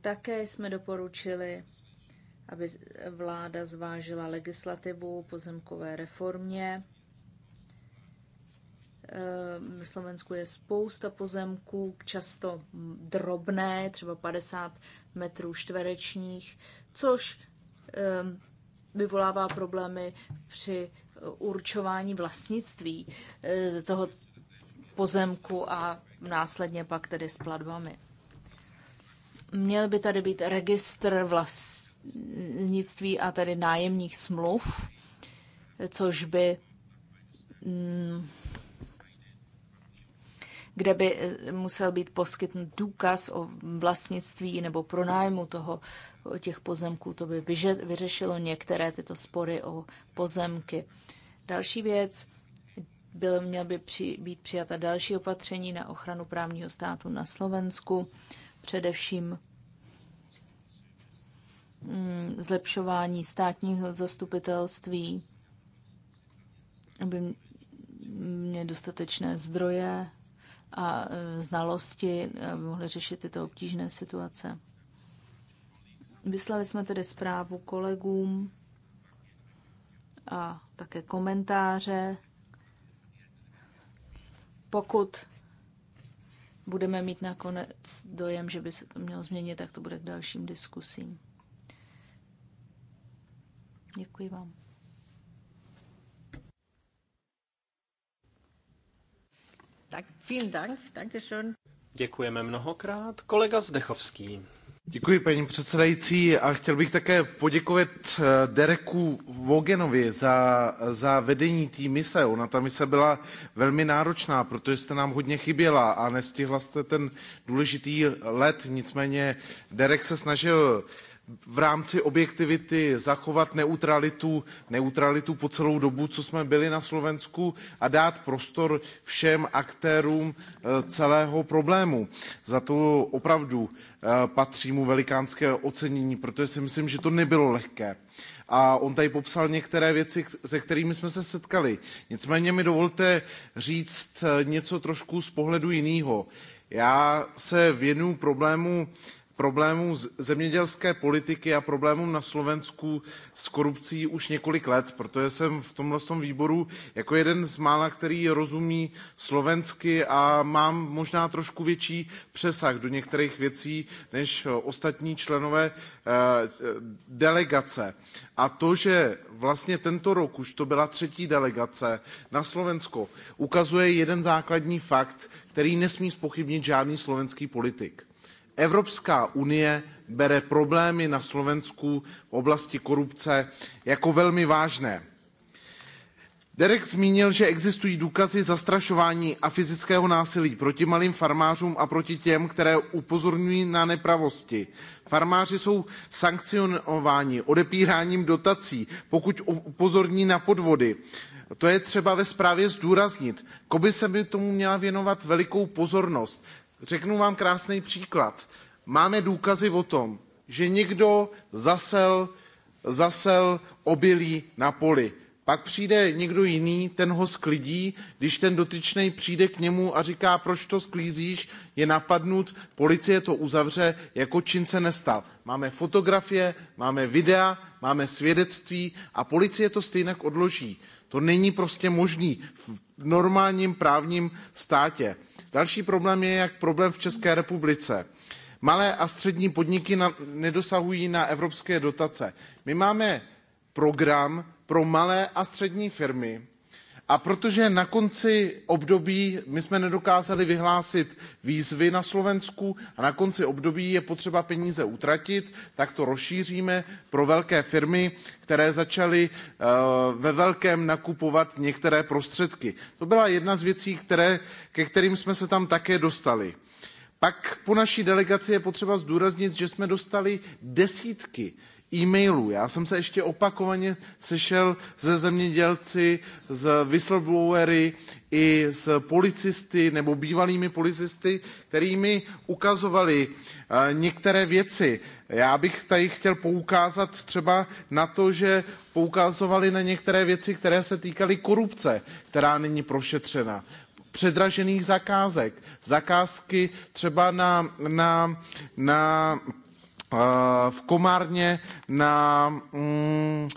Také jsme doporučili, aby vláda zvážila legislativu pozemkové reformě. Ehm, v Slovensku je spousta pozemků, často drobné, třeba 50 metrů čtverečních, což ehm, vyvolává problémy při eh, určování vlastnictví eh, toho pozemku a následně pak tedy s platbami. Měl by tady být registr vlastnictví a tedy nájemních smluv, což by mm, kde by eh, musel být poskytnut důkaz o vlastnictví nebo pronájmu toho, těch pozemků. To by vyřešilo některé tyto spory o pozemky. Další věc, byl, měl by při, být přijata další opatření na ochranu právního státu na Slovensku, především mm, zlepšování státního zastupitelství, aby mě dostatečné zdroje a e, znalosti e, mohli řešit tyto obtížné situace. Vyslali jsme tedy zprávu kolegům a také komentáře. Pokud budeme mít nakonec dojem, že by se to mělo změnit, tak to bude k dalším diskusím. Děkuji vám. Tak, vielen Dank, schön. Děkujeme mnohokrát. Kolega Zdechovský. Děkuji, paní předsedající, a chtěl bych také poděkovat eh, Dereku Vogenovi za, za vedení té mise. Ona ta mise byla velmi náročná, protože jste nám hodně chyběla a nestihla jste ten důležitý let. Nicméně Derek se snažil uh, v rámci objektivity zachovat neutralitu, neutralitu po celou dobu, co jsme byli na Slovensku a dát prostor všem aktérům eh, celého problému. Za to opravdu eh, patří mu velikánské ocenění, protože si myslím, že to nebylo lehké. A on tady popsal některé věci, se kterými jsme se setkali. Nicméně mi dovolte říct eh, něco trošku z pohledu jiného. Já se věnuju problému problémů zemědělské politiky a problémům na Slovensku s korupcí už několik let, protože jsem v tomhle tom výboru jako jeden z mála, který rozumí slovensky a mám možná trošku větší přesah do některých věcí než ostatní členové eh, delegace. A to, že vlastně tento rok už to byla třetí delegace na Slovensko, ukazuje jeden základní fakt, který nesmí spochybnit žádný slovenský politik. Evropská unie bere problémy na Slovensku v oblasti korupce jako velmi vážné. Derek zmínil, že existují důkazy zastrašování a fyzického násilí proti malým farmářům a proti těm, které upozorňují na nepravosti. Farmáři jsou sankcionováni odepíráním dotací, pokud upozorní na podvody. To je třeba ve zprávě zdůraznit. Koby se by tomu měla věnovat velikou pozornost. Řeknu vám krásný příklad. Máme důkazy o tom, že někdo zasel, zasel obilí na poli. Pak přijde někdo jiný, ten ho sklidí, když ten dotyčný přijde k němu a říká, proč to sklízíš, je napadnut, policie to uzavře, jako čin se nestal. Máme fotografie, máme videa, máme svědectví a policie to stejně odloží. To není prostě možný v normálním právním státě. Další problém je jak problém v České republice. Malé a střední podniky na, nedosahují na evropské dotace. My máme program pro malé a střední firmy, a protože na konci období my jsme nedokázali vyhlásit výzvy na slovensku a na konci období je potřeba peníze utratit tak to rozšíříme pro velké firmy které začaly eh, ve velkém nakupovat některé prostředky. to byla jedna z věcí které, ke kterým jsme se tam také dostali. pak po naší delegaci je potřeba zdůraznit že jsme dostali desítky e-mailů. Já jsem se ještě opakovaně sešel se zemědělci, z whistleblowery i s policisty nebo bývalými policisty, kterými mi ukazovali eh, některé věci. Já bych tady chtěl poukázat třeba na to, že poukazovali na některé věci, které se týkaly korupce, která není prošetřena předražených zakázek, zakázky třeba na, na, na Eh, v Komárně na mm,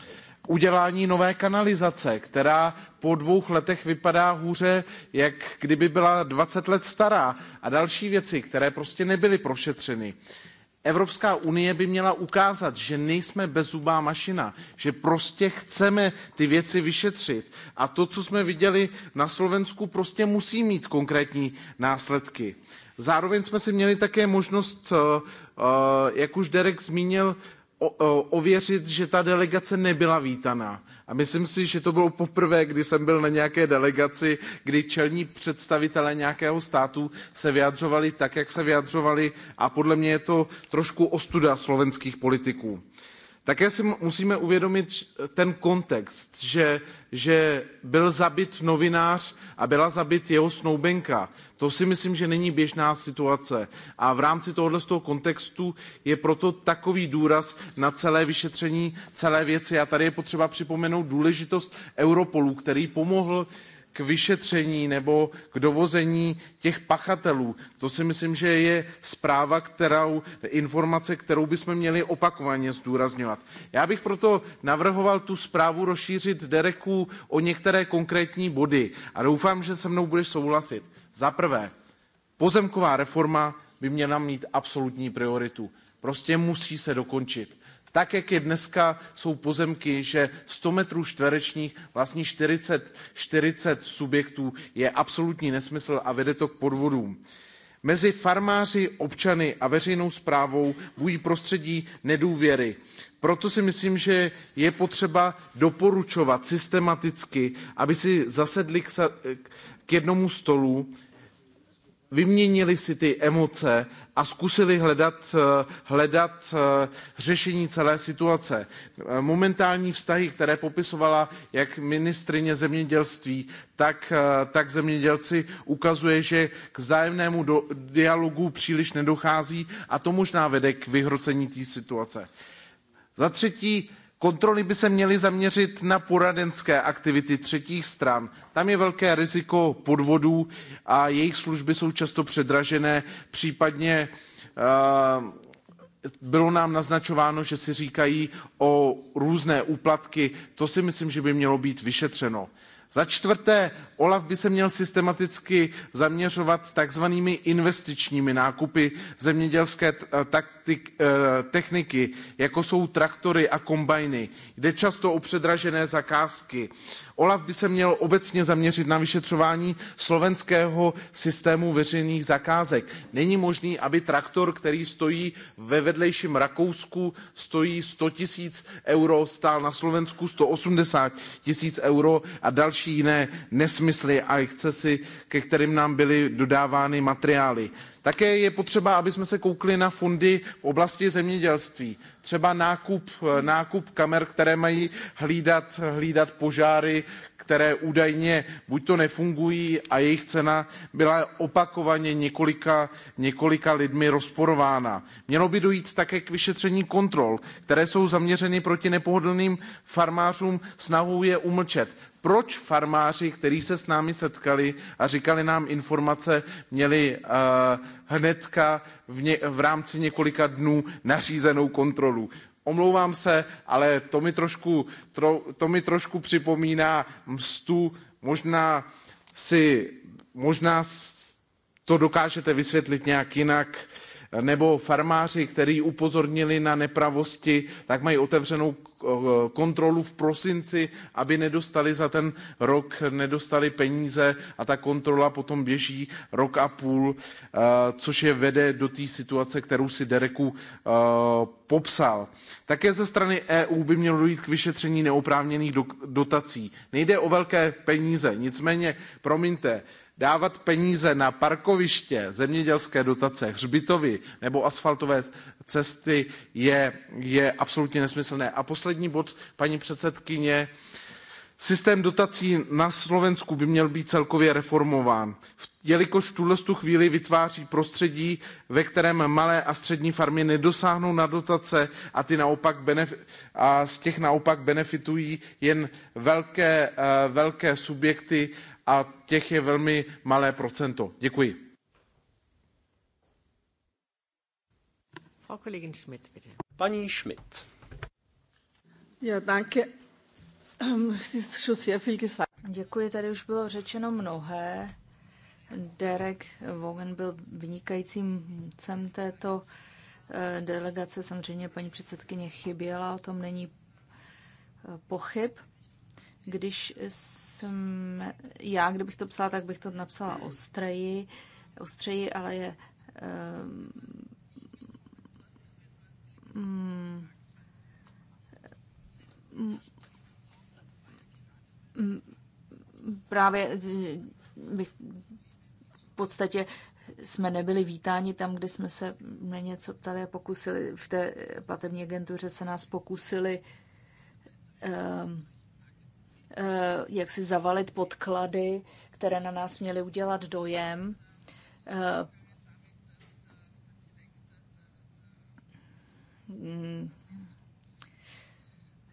udělání nové kanalizace, která po dvou letech vypadá hůře, jak kdyby byla 20 let stará a další věci, které prostě nebyly prošetřeny. Evropská unie by měla ukázat, že nejsme bezzubá mašina, že prostě chceme ty věci vyšetřit. A to, co jsme viděli na Slovensku, prostě musí mít konkrétní následky. Zároveň jsme si měli také možnost, eh, eh, jak už Derek zmínil, eh, ověřit, že ta delegace nebyla vítaná a myslím si, že to bylo poprvé, kdy jsem byl na nějaké delegaci, kdy čelní představitelé nějakého státu se vyjadřovali tak, jak se vyjadřovali a podle mě je to trošku ostuda slovenských politiků. Také si musíme uvědomit ten kontext, že, že byl zabit novinář a byla zabit jeho snoubenka. To si myslím, že není běžná situace. A v rámci tohoto z toho kontextu je proto takový důraz na celé vyšetření celé věci. A tady je potřeba připomenout důležitost Europolu, který pomohl uh, k vyšetření nebo k dovození těch pachatelů. To si myslím, že je zpráva, kterou, informace, kterou bychom měli opakovaně zdůrazňovat. Já bych proto navrhoval tu zprávu rozšířit Dereku o některé konkrétní body a doufám, že se mnou budeš souhlasit. Za prvé, pozemková reforma by měla mít absolutní prioritu. Prostě musí se dokončit tak jak je dneska jsou pozemky že 100 metrů čtverečních vlastní 40, 40 subjektů je absolutní nesmysl a vede to k podvodům. Mezi farmáři, občany a veřejnou správou bují prostředí nedůvěry. Proto si myslím, že je potřeba doporučovat systematicky, aby si zasedli k, k jednomu stolu, vyměnili si ty emoce a zkusili eh, hledat, hledat eh, řešení celé situace. Eh, momentální vztahy, které popisovala jak ministrině zemědělství, tak, tak zemědělci, ukazuje, že k vzájemnému do, dialogu příliš nedochází a to možná vede k vyhrocení té situace. Za třetí, kontroly by se měly zaměřit na poradenské aktivity třetích stran tam je velké riziko podvodů a jejich služby jsou často předražené případně eh, bylo nám naznačováno že si říkají o různé úplatky to si myslím že by mělo být vyšetřeno. Za čtvrté, OLAF by se měl systematicky zaměřovat takzvanými investičními nákupy zemědělské eh, taktik, eh, techniky, jako jsou traktory a kombajny. Jde často o předražené zakázky olaf by se měl obecně zaměřit na vyšetřování slovenského systému veřejných zakázek. není možné aby traktor který stojí ve vedlejším rakousku stojí sto tisíc eur stál na slovensku sto osmdesát tisíc eur a další jiné nesmysly a excesy ke kterým nám byly dodávány materiály také je potřeba abychom se koukli na fondy v oblasti zemědělství třeba nákup eh, kamer které mají hlídat požáry které údajně to nefungují a jejich cena byla opakovaně několika lidmi rozporována. mělo by dojít také k vyšetření kontrol které jsou zaměřeny proti nepohodlným farmářům snahou je umlčet proč farmáři, kteří se s námi setkali a říkali nám informace, měli uh, hnedka v, ně, v rámci několika dnů nařízenou kontrolu. Omlouvám se, ale to mi trošku, tro, to mi trošku připomíná mstu. Možná si, možná to dokážete vysvětlit nějak jinak. Uh, nebo farmáři, kteří upozornili na nepravosti, tak mají otevřenou eh, kontrolu v prosinci, aby nedostali za ten rok nedostali peníze a ta kontrola potom běží rok a půl, eh, což je vede do té situace, kterou si Dereku eh, popsal. Také ze strany EU by mělo dojít k vyšetření neoprávněných dotací. Nejde o velké peníze, nicméně, promiňte, dávat peníze na parkoviště, zemědělské dotace, hřbitovy nebo asfaltové cesty je, je absolutně nesmyslné. A poslední bod, paní předsedkyně, Systém dotací na Slovensku by měl být celkově reformován, jelikož v tuhle chvíli vytváří prostředí, ve kterém malé a střední farmy nedosáhnou na dotace a, ty naopak a z těch naopak benefitují jen velké, eh, velké subjekty a těch je velmi malé procento. Děkuji. Frau Kollegin Schmidt, bitte. Paní Schmidt. Ja, danke. Děkuji, tady už bylo řečeno mnohé. Derek Vogen byl vynikajícím vůdcem této eh, delegace. Samozřejmě paní předsedkyně chyběla, o tom není eh, pochyb. Když jsem, já, kdybych to psala, tak bych to napsala ostreji, ostreji, ale je um, um, právě bych, v podstatě jsme nebyli vítáni tam, kde jsme se na něco ptali a pokusili, v té platební agentuře se nás pokusili um, Eh, jak si zavalit podklady, které na nás měly udělat dojem. Eh,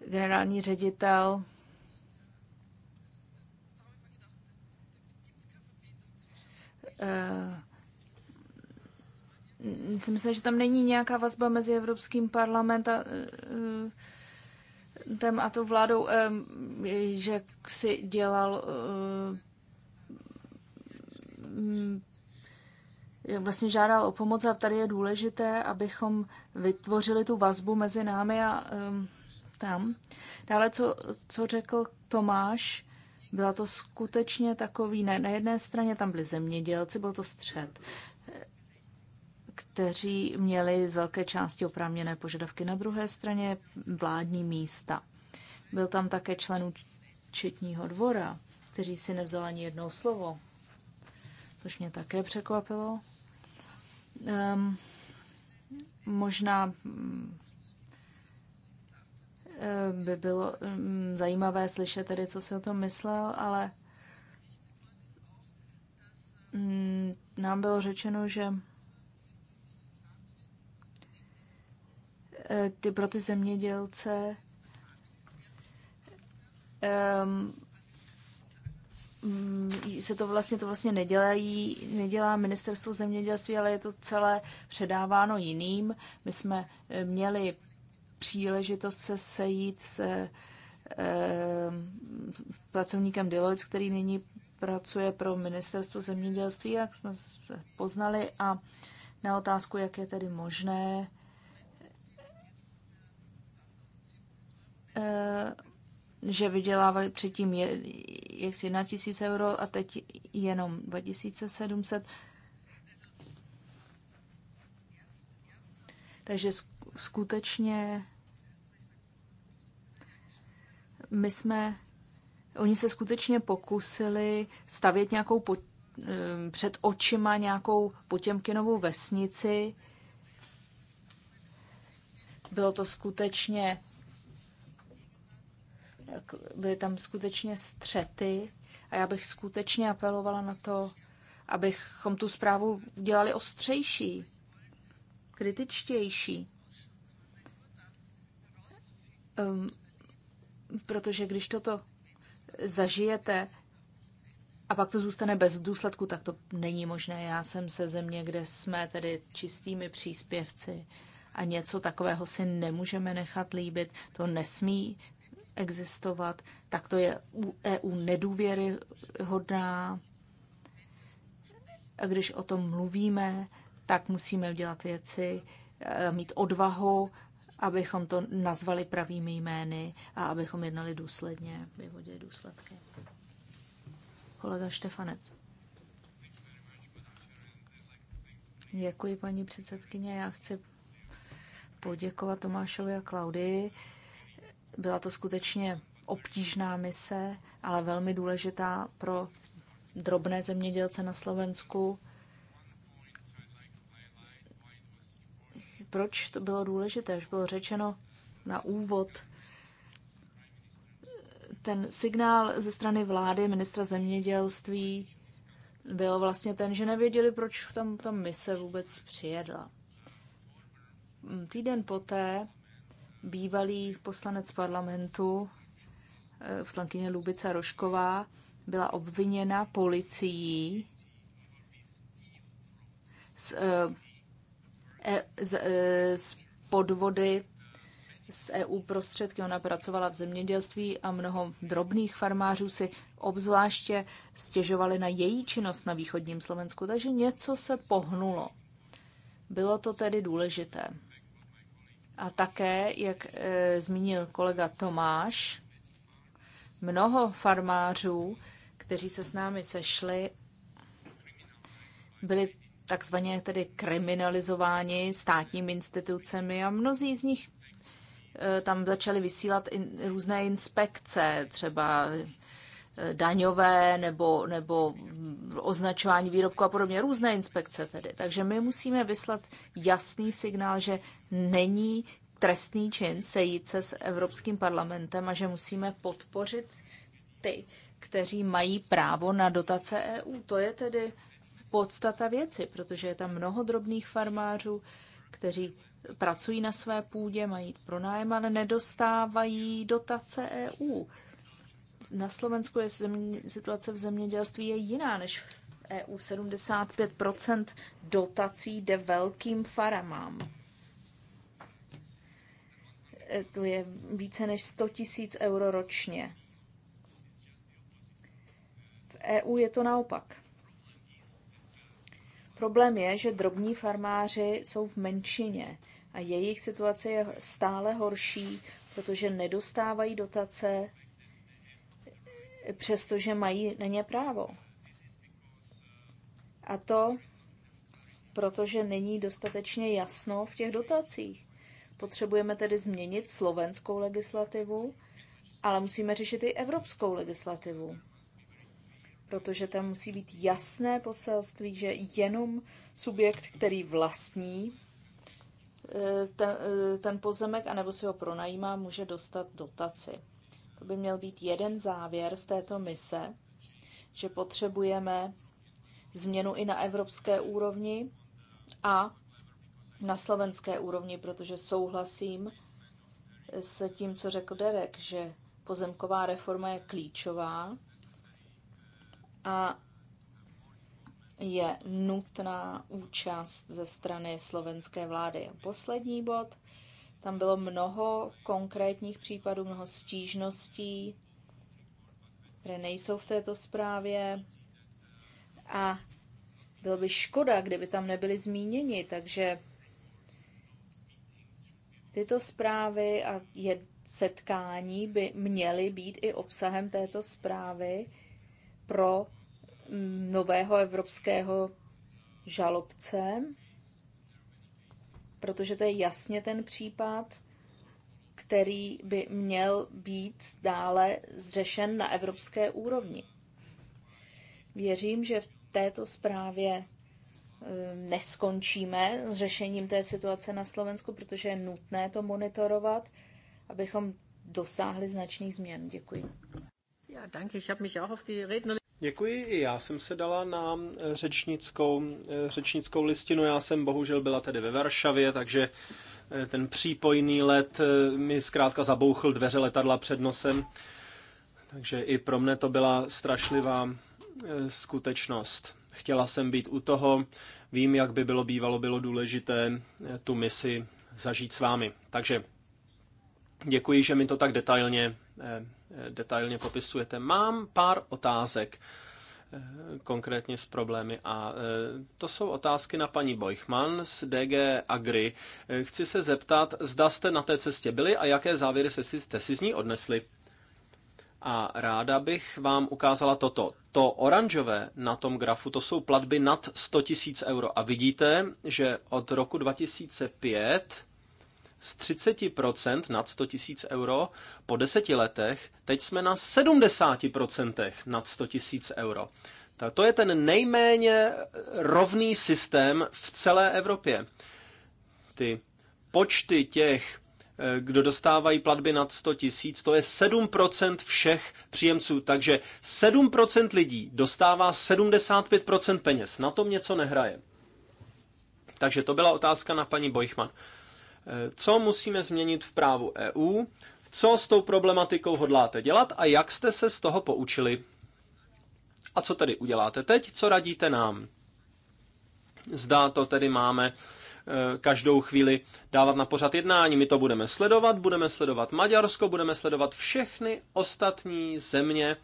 generální ředitel Uh, eh, myslím, že tam není nějaká vazba mezi Evropským parlamentem a tématu vládou, že si dělal eh, vlastně žádal o pomoc a tady je důležité, abychom vytvořili tu vazbu mezi námi a tam. Dále, co, co řekl Tomáš, byla to skutečně takový, ne, na jedné straně tam byli zemědělci, byl to střed kteří měli z velké části oprávněné požadavky. Na druhé straně vládní místa. Byl tam také člen Četního dvora, kteří si nevzal ani jednou slovo, což mě také překvapilo. Um, možná ehm, by bylo ehm, zajímavé slyšet tedy, co si o tom myslel, ale mm, nám bylo řečeno, že ty, pro ty zemědělce um, se to vlastně, to vlastně nedělají, nedělá ministerstvo zemědělství, ale je to celé předáváno jiným. My jsme eh, měli příležitost se sejít se ehm, pracovníkem Deloitte, který nyní pracuje pro ministerstvo zemědělství, jak jsme se poznali a na otázku, jak je tedy možné, Eh, že vydělávali předtím jak 11 tisíc euro a teď jenom 2700. Takže skutečně my jsme, oni se skutečně pokusili stavět nějakou po, eh, před očima nějakou potěmkinovou vesnici. Bylo to skutečně byly tam skutečně střety a já bych skutečně apelovala na to, abychom tu zprávu dělali ostřejší, kritičtější. Um, protože když toto zažijete a pak to zůstane bez důsledku, tak to není možné. Já jsem se země, kde jsme tedy čistými příspěvci a něco takového si nemůžeme nechat líbit. To nesmí existovat, tak to je EU e nedůvěryhodná. A když o tom mluvíme, tak musíme udělat věci, eh, mít odvahu, abychom to nazvali pravými jmény a abychom jednali důsledně, vyvodili důsledky. Kolega Štefanec. Děkuji, paní předsedkyně. Já chci poděkovat Tomášovi a Klaudii byla to skutečně obtížná mise, ale velmi důležitá pro drobné zemědělce na Slovensku. Proč to bylo důležité? Už bylo řečeno na úvod. Ten signál ze strany vlády ministra zemědělství byl vlastně ten, že nevěděli, proč tam ta mise vůbec přijedla. Týden poté Bývalý poslanec parlamentu, eh, poslankyně Lubica Rošková, byla obviněna policií z, eh, e, z, eh, z podvody z EU prostředky. Ona pracovala v zemědělství a mnoho drobných farmářů si obzvláště stěžovali na její činnost na východním Slovensku, takže něco se pohnulo. Bylo to tedy důležité. A také, jak e, zmínil kolega Tomáš, mnoho farmářů, kteří se s námi sešli, byli takzvaně tedy kriminalizováni státními institucemi a mnozí z nich e, tam začali vysílat in, různé inspekce, třeba Eh, daňové nebo, nebo označování výrobku a podobně, různé inspekce tedy. Takže my musíme vyslat jasný signál, že není trestný čin sejít se s Evropským parlamentem a že musíme podpořit ty, kteří mají právo na dotace EU. To je tedy podstata věci, protože je tam mnoho drobných farmářů, kteří pracují na své půdě, mají pronájem, ale nedostávají dotace EU. Na Slovensku je země, situace v zemědělství je jiná než v EU. 75% dotací jde velkým farmám. E, to je více než 100 tisíc euro ročně. V EU je to naopak. Problém je, že drobní farmáři jsou v menšině a jejich situace je stále horší, protože nedostávají dotace, přestože mají na ně právo. A to protože není dostatečně jasno v těch dotacích. Potřebujeme tedy změnit slovenskou legislativu, ale musíme řešit i evropskou legislativu. Protože tam musí být jasné poselství, že jenom subjekt, který vlastní eh, eh, ten pozemek anebo si ho pronajímá, může dostat dotaci. To by měl být jeden závěr z této mise, že potřebujeme změnu i na evropské úrovni a na slovenské úrovni, protože souhlasím s tím, co řekl Derek, že pozemková reforma je klíčová a je nutná účast ze strany slovenské vlády. Poslední bod. Tam bylo mnoho konkrétních případů, mnoho stížností, které nejsou v této zprávě. A bylo by škoda, kdyby tam nebyly zmíněni, takže tyto zprávy a setkání by měly být i obsahem této zprávy pro mm, nového evropského žalobce protože to je jasně ten případ, který by měl být dále zřešen na evropské úrovni. Věřím, že v této zprávě eh, neskončíme s řešením té situace na Slovensku, protože je nutné to monitorovat, abychom dosáhli značných změn. Děkuji. Ja, danke. Ich habe mich auch auf die Redner Děkuji, i já jsem se dala na eh, řečnickou, eh, řečnickou listinu. Já jsem bohužel byla tedy ve Varšavě, takže eh, ten přípojný let mi zkrátka zabouchl dveře letadla před nosem. Takže i pro mne to byla strašlivá skutečnost. Chtěla jsem být u toho, vím, jak by bylo bývalo bylo důležité tu misi zažít s vámi. Takže děkuji, že mi to tak detailně Eh, eh, detailně popisujete. Mám pár otázek eh, konkrétně s problémy. A to jsou otázky na paní Bojchman z DG Agri. Chci se zeptat, zda jste na té cestě byli a jaké závěry jste si z ní odnesli. A ráda bych vám ukázala toto. To oranžové na tom grafu, to jsou platby nad 100 000 euro. A vidíte, že od roku 2005 z 30% nad 100 tisíc euro po deseti letech, teď jsme na 70% nad 100 tisíc euro. Tak to je ten nejméně rovný systém v celé Evropě. Ty počty těch, eh, kdo dostávají platby nad 100 tisíc, to je 7% všech příjemců. Takže 7% lidí dostává 75% peněz. Na tom něco nehraje. Takže to byla otázka na paní Bojchman co musíme změnit v právu EU, co s tou problematikou hodláte dělat a jak jste se z toho poučili. A co tedy uděláte teď, co radíte nám? Zdá to tedy máme e, každou chvíli dávat na pořad jednání. My to budeme sledovat, budeme sledovat Maďarsko, budeme sledovat všechny ostatní země,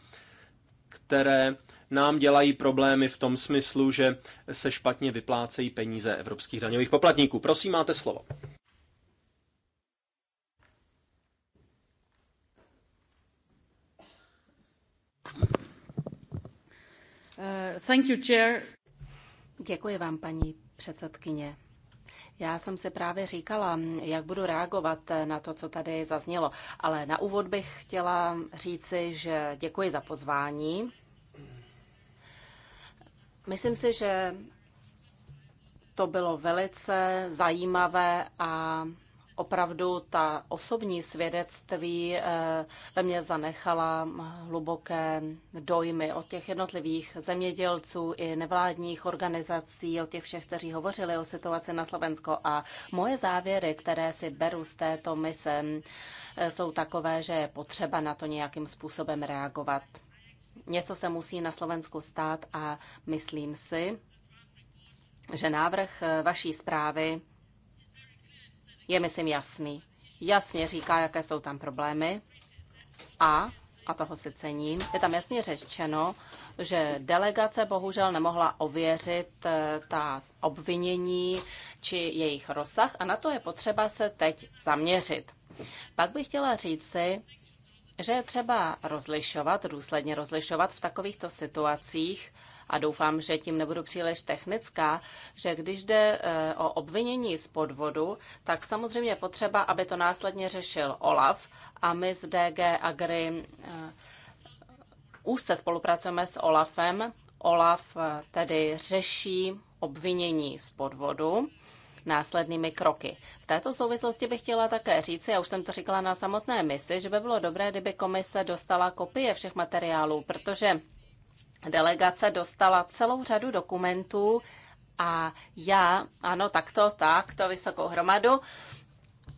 které nám dělají problémy v tom smyslu, že se špatně vyplácejí peníze evropských daňových poplatníků. Prosím, máte slovo. Uh, thank you, chair. Děkuji vám, paní předsedkyně. Já jsem se právě říkala, jak budu reagovat na to, co tady zaznělo, ale na úvod bych chtěla říci, že děkuji za pozvání. Myslím si, že to bylo velice zajímavé a opravdu ta osobní svědectví eh, ve mně zanechala hluboké dojmy od těch jednotlivých zemědělců i nevládních organizací, od těch všech, kteří hovořili o situaci na Slovensko. A moje závěry, které si beru z této mise, eh, jsou takové, že je potřeba na to nějakým způsobem reagovat. Něco se musí na Slovensku stát a myslím si, že návrh eh, vaší zprávy je, myslím, jasný. Jasně říká, jaké jsou tam problémy a, a toho si cením, je tam jasně řečeno, že delegace bohužel nemohla ověřit eh, ta obvinění či jejich rozsah a na to je potřeba se teď zaměřit. Pak bych chtěla říci, že je třeba rozlišovat, důsledně rozlišovat v takovýchto situacích a doufám, že tím nebudu příliš technická, že když jde eh, o obvinění z podvodu, tak samozřejmě je potřeba, aby to následně řešil OLAF a my z DG Agri eh, úzce spolupracujeme s OLAFem. OLAF eh, tedy řeší obvinění z podvodu následnými kroky. V této souvislosti bych chtěla také říci, já už jsem to říkala na samotné misi, že by bylo dobré, kdyby komise dostala kopie všech materiálů, protože delegace dostala celou řadu dokumentů a já, ano, takto, to vysokou hromadu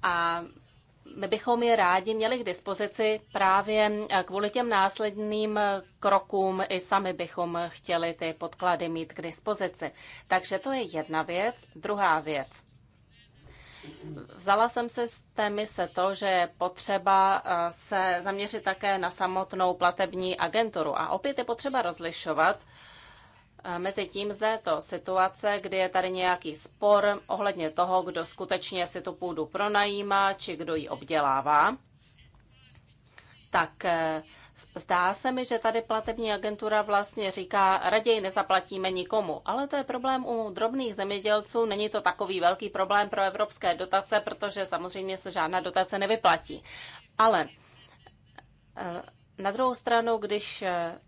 a my bychom je rádi měli k dispozici právě eh, kvůli těm následným eh, krokům. I sami bychom chtěli ty podklady mít k dispozici. Takže to je jedna věc. Druhá věc. Vzala jsem se z té mise to, že je potřeba eh, se zaměřit také na samotnou platební agenturu. A opět je potřeba rozlišovat eh, mezi tím zde je to situace, kdy je tady nějaký spor ohledně toho, kdo skutečně si tu půdu pronajímá či kdo ji obdělává tak eh, zdá se mi, že tady platební agentura vlastně říká, raději nezaplatíme nikomu. Ale to je problém u drobných zemědělců, není to takový velký problém pro evropské dotace, protože samozřejmě se žádná dotace nevyplatí. Ale eh, na druhou stranu, když eh,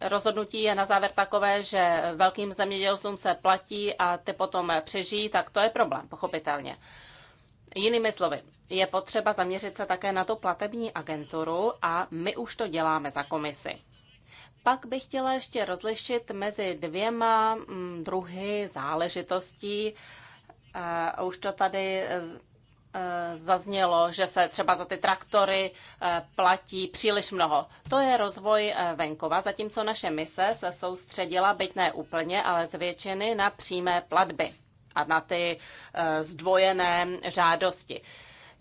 rozhodnutí je na závěr takové, že velkým zemědělcům se platí a ty potom přežijí, tak to je problém, pochopitelně. Jinými slovy, je potřeba zaměřit se také na to platební agenturu a my už to děláme za komisi. Pak bych chtěla ještě rozlišit mezi dvěma mm, druhy záležitostí. Eh, už to tady eh, eh, zaznělo, že se třeba za ty traktory platí příliš mnoho. To je rozvoj venkova, zatímco naše mise se soustředila, byť ne úplně, ale z většiny na přímé platby a na ty zdvojené žádosti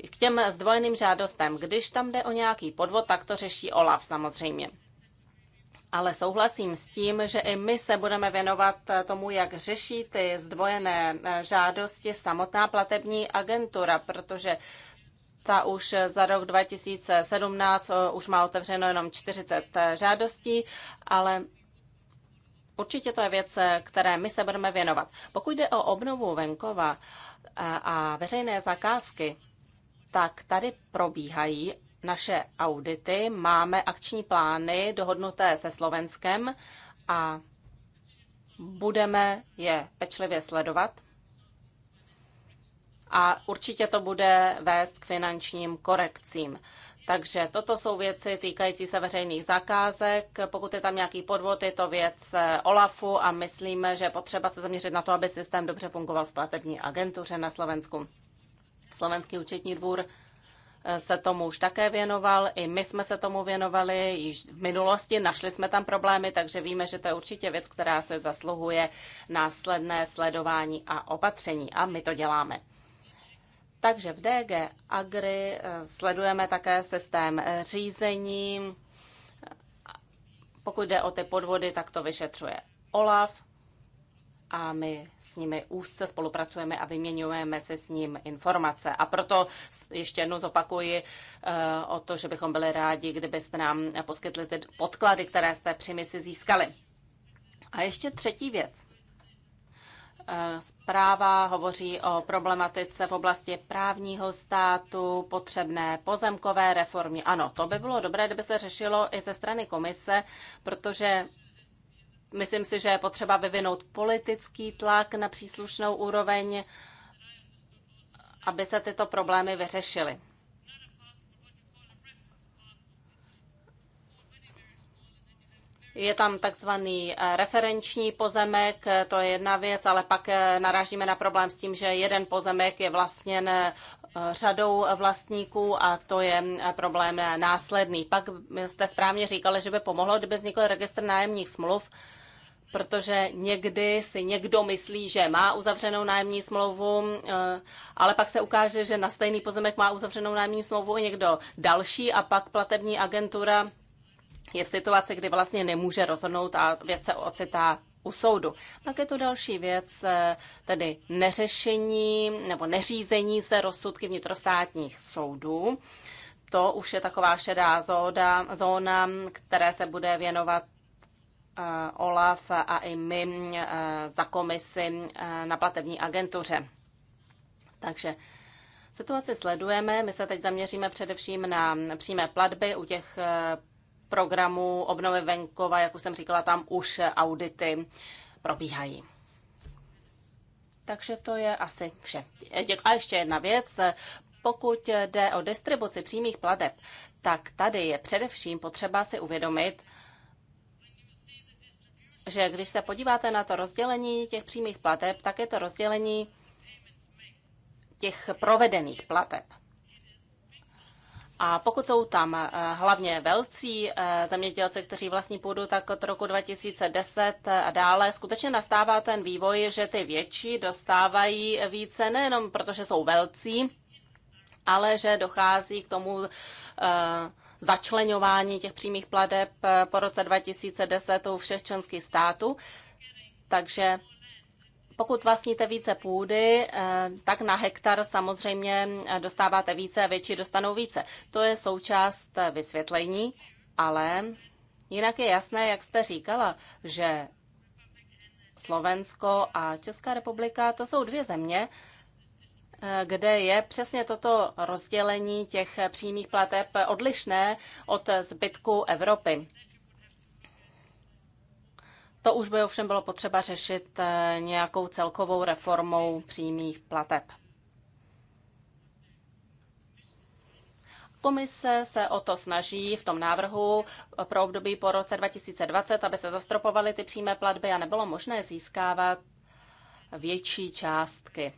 k těm zdvojeným žádostem. Když tam jde o nějaký podvod, tak to řeší OLAF samozřejmě. Ale souhlasím s tím, že i my se budeme věnovat tomu, jak řeší ty zdvojené eh, žádosti samotná platební agentura, protože ta už za rok 2017 eh, už má otevřeno jenom 40 eh, žádostí, ale určitě to je věc, které my se budeme věnovat. Pokud jde o obnovu venkova a veřejné zakázky, tak tady probíhají naše audity, máme akční plány dohodnuté se Slovenskem a budeme je pečlivě sledovat. A určitě to bude vést k finančním korekcím. Takže toto jsou věci týkající se veřejných zakázek. Pokud je tam nějaký podvod, je to věc eh, OLAFu a myslíme, že potřeba se zaměřit na to, aby systém dobře fungoval v platební agentuře na Slovensku. Slovenský účetní dvůr eh, se tomu už také věnoval, i my jsme se tomu věnovali již v minulosti, našli jsme tam problémy, takže víme, že to je určitě věc, která se zasluhuje následné sledování a opatření a my to děláme. Takže v DG Agri eh, sledujeme také systém řízení. Pokud jde o ty podvody, tak to vyšetřuje OLAF a my s nimi úzce spolupracujeme a vyměňujeme se s ním informace. A proto ještě jednou zopakuji eh, o to, že bychom byli rádi, kdybyste nám poskytli ty podklady, které jste při misi získali. A ještě třetí věc. Eh, zpráva hovoří o problematice v oblasti právního státu, potřebné pozemkové reformy. Ano, to by bylo dobré, kdyby se řešilo i ze strany komise, protože Myslím si, že je potřeba vyvinout politický tlak na příslušnou úroveň, aby se tyto problémy vyřešily. Je tam takzvaný eh, referenční pozemek, eh, to je jedna věc, ale pak eh, narážíme na problém s tím, že jeden pozemek je vlastněn řadou vlastníků a to je problém následný. Pak jste správně říkali, že by pomohlo, kdyby vznikl registr nájemních smluv, protože někdy si někdo myslí, že má uzavřenou nájemní smlouvu, eh, ale pak se ukáže, že na stejný pozemek má uzavřenou nájemní smlouvu i někdo další a pak platební agentura je v situaci, kdy vlastně nemůže rozhodnout a věc se ocitá u soudu. Pak je to další věc, eh, tedy neřešení nebo neřízení se rozsudky vnitrostátních soudů. To už je taková šedá zóda, zóna, které se bude věnovat Eh, OLAF a i my eh, za komisi eh, na platební agentuře. Takže situaci sledujeme. My se teď zaměříme především na přímé platby u těch programů obnovy venkova, jak už jsem říkala, tam už audity probíhají. Takže to je asi vše. A ještě jedna věc. Pokud jde o distribuci přímých plateb, tak tady je především potřeba si uvědomit, že když se podíváte na to rozdělení těch přímých plateb, tak je to rozdělení těch provedených plateb. A pokud jsou tam eh, hlavně velcí eh, zemědělci, kteří vlastní půdu, tak od roku 2010 eh, a dále skutečně nastává ten vývoj, že ty větší dostávají více nejenom protože jsou velcí, ale že dochází k tomu začlenování těch přímých pladeb eh, po roce 2010 u všech členských států. Takže pokud vlastníte více půdy, eh, tak na hektar samozřejmě eh, dostáváte více a větší dostanou více. To je součást vysvětlení, ale jinak je jasné, jak jste říkala, že Slovensko a Česká republika to jsou dvě země, kde je přesně toto rozdělení těch přímých plateb odlišné od zbytku Evropy. To už by ovšem bylo potřeba řešit eh, nějakou celkovou reformou přímých plateb. Komise se o to snaží v tom návrhu pro období po roce 2020, aby se zastropovaly ty přímé platby a nebylo možné získávat větší částky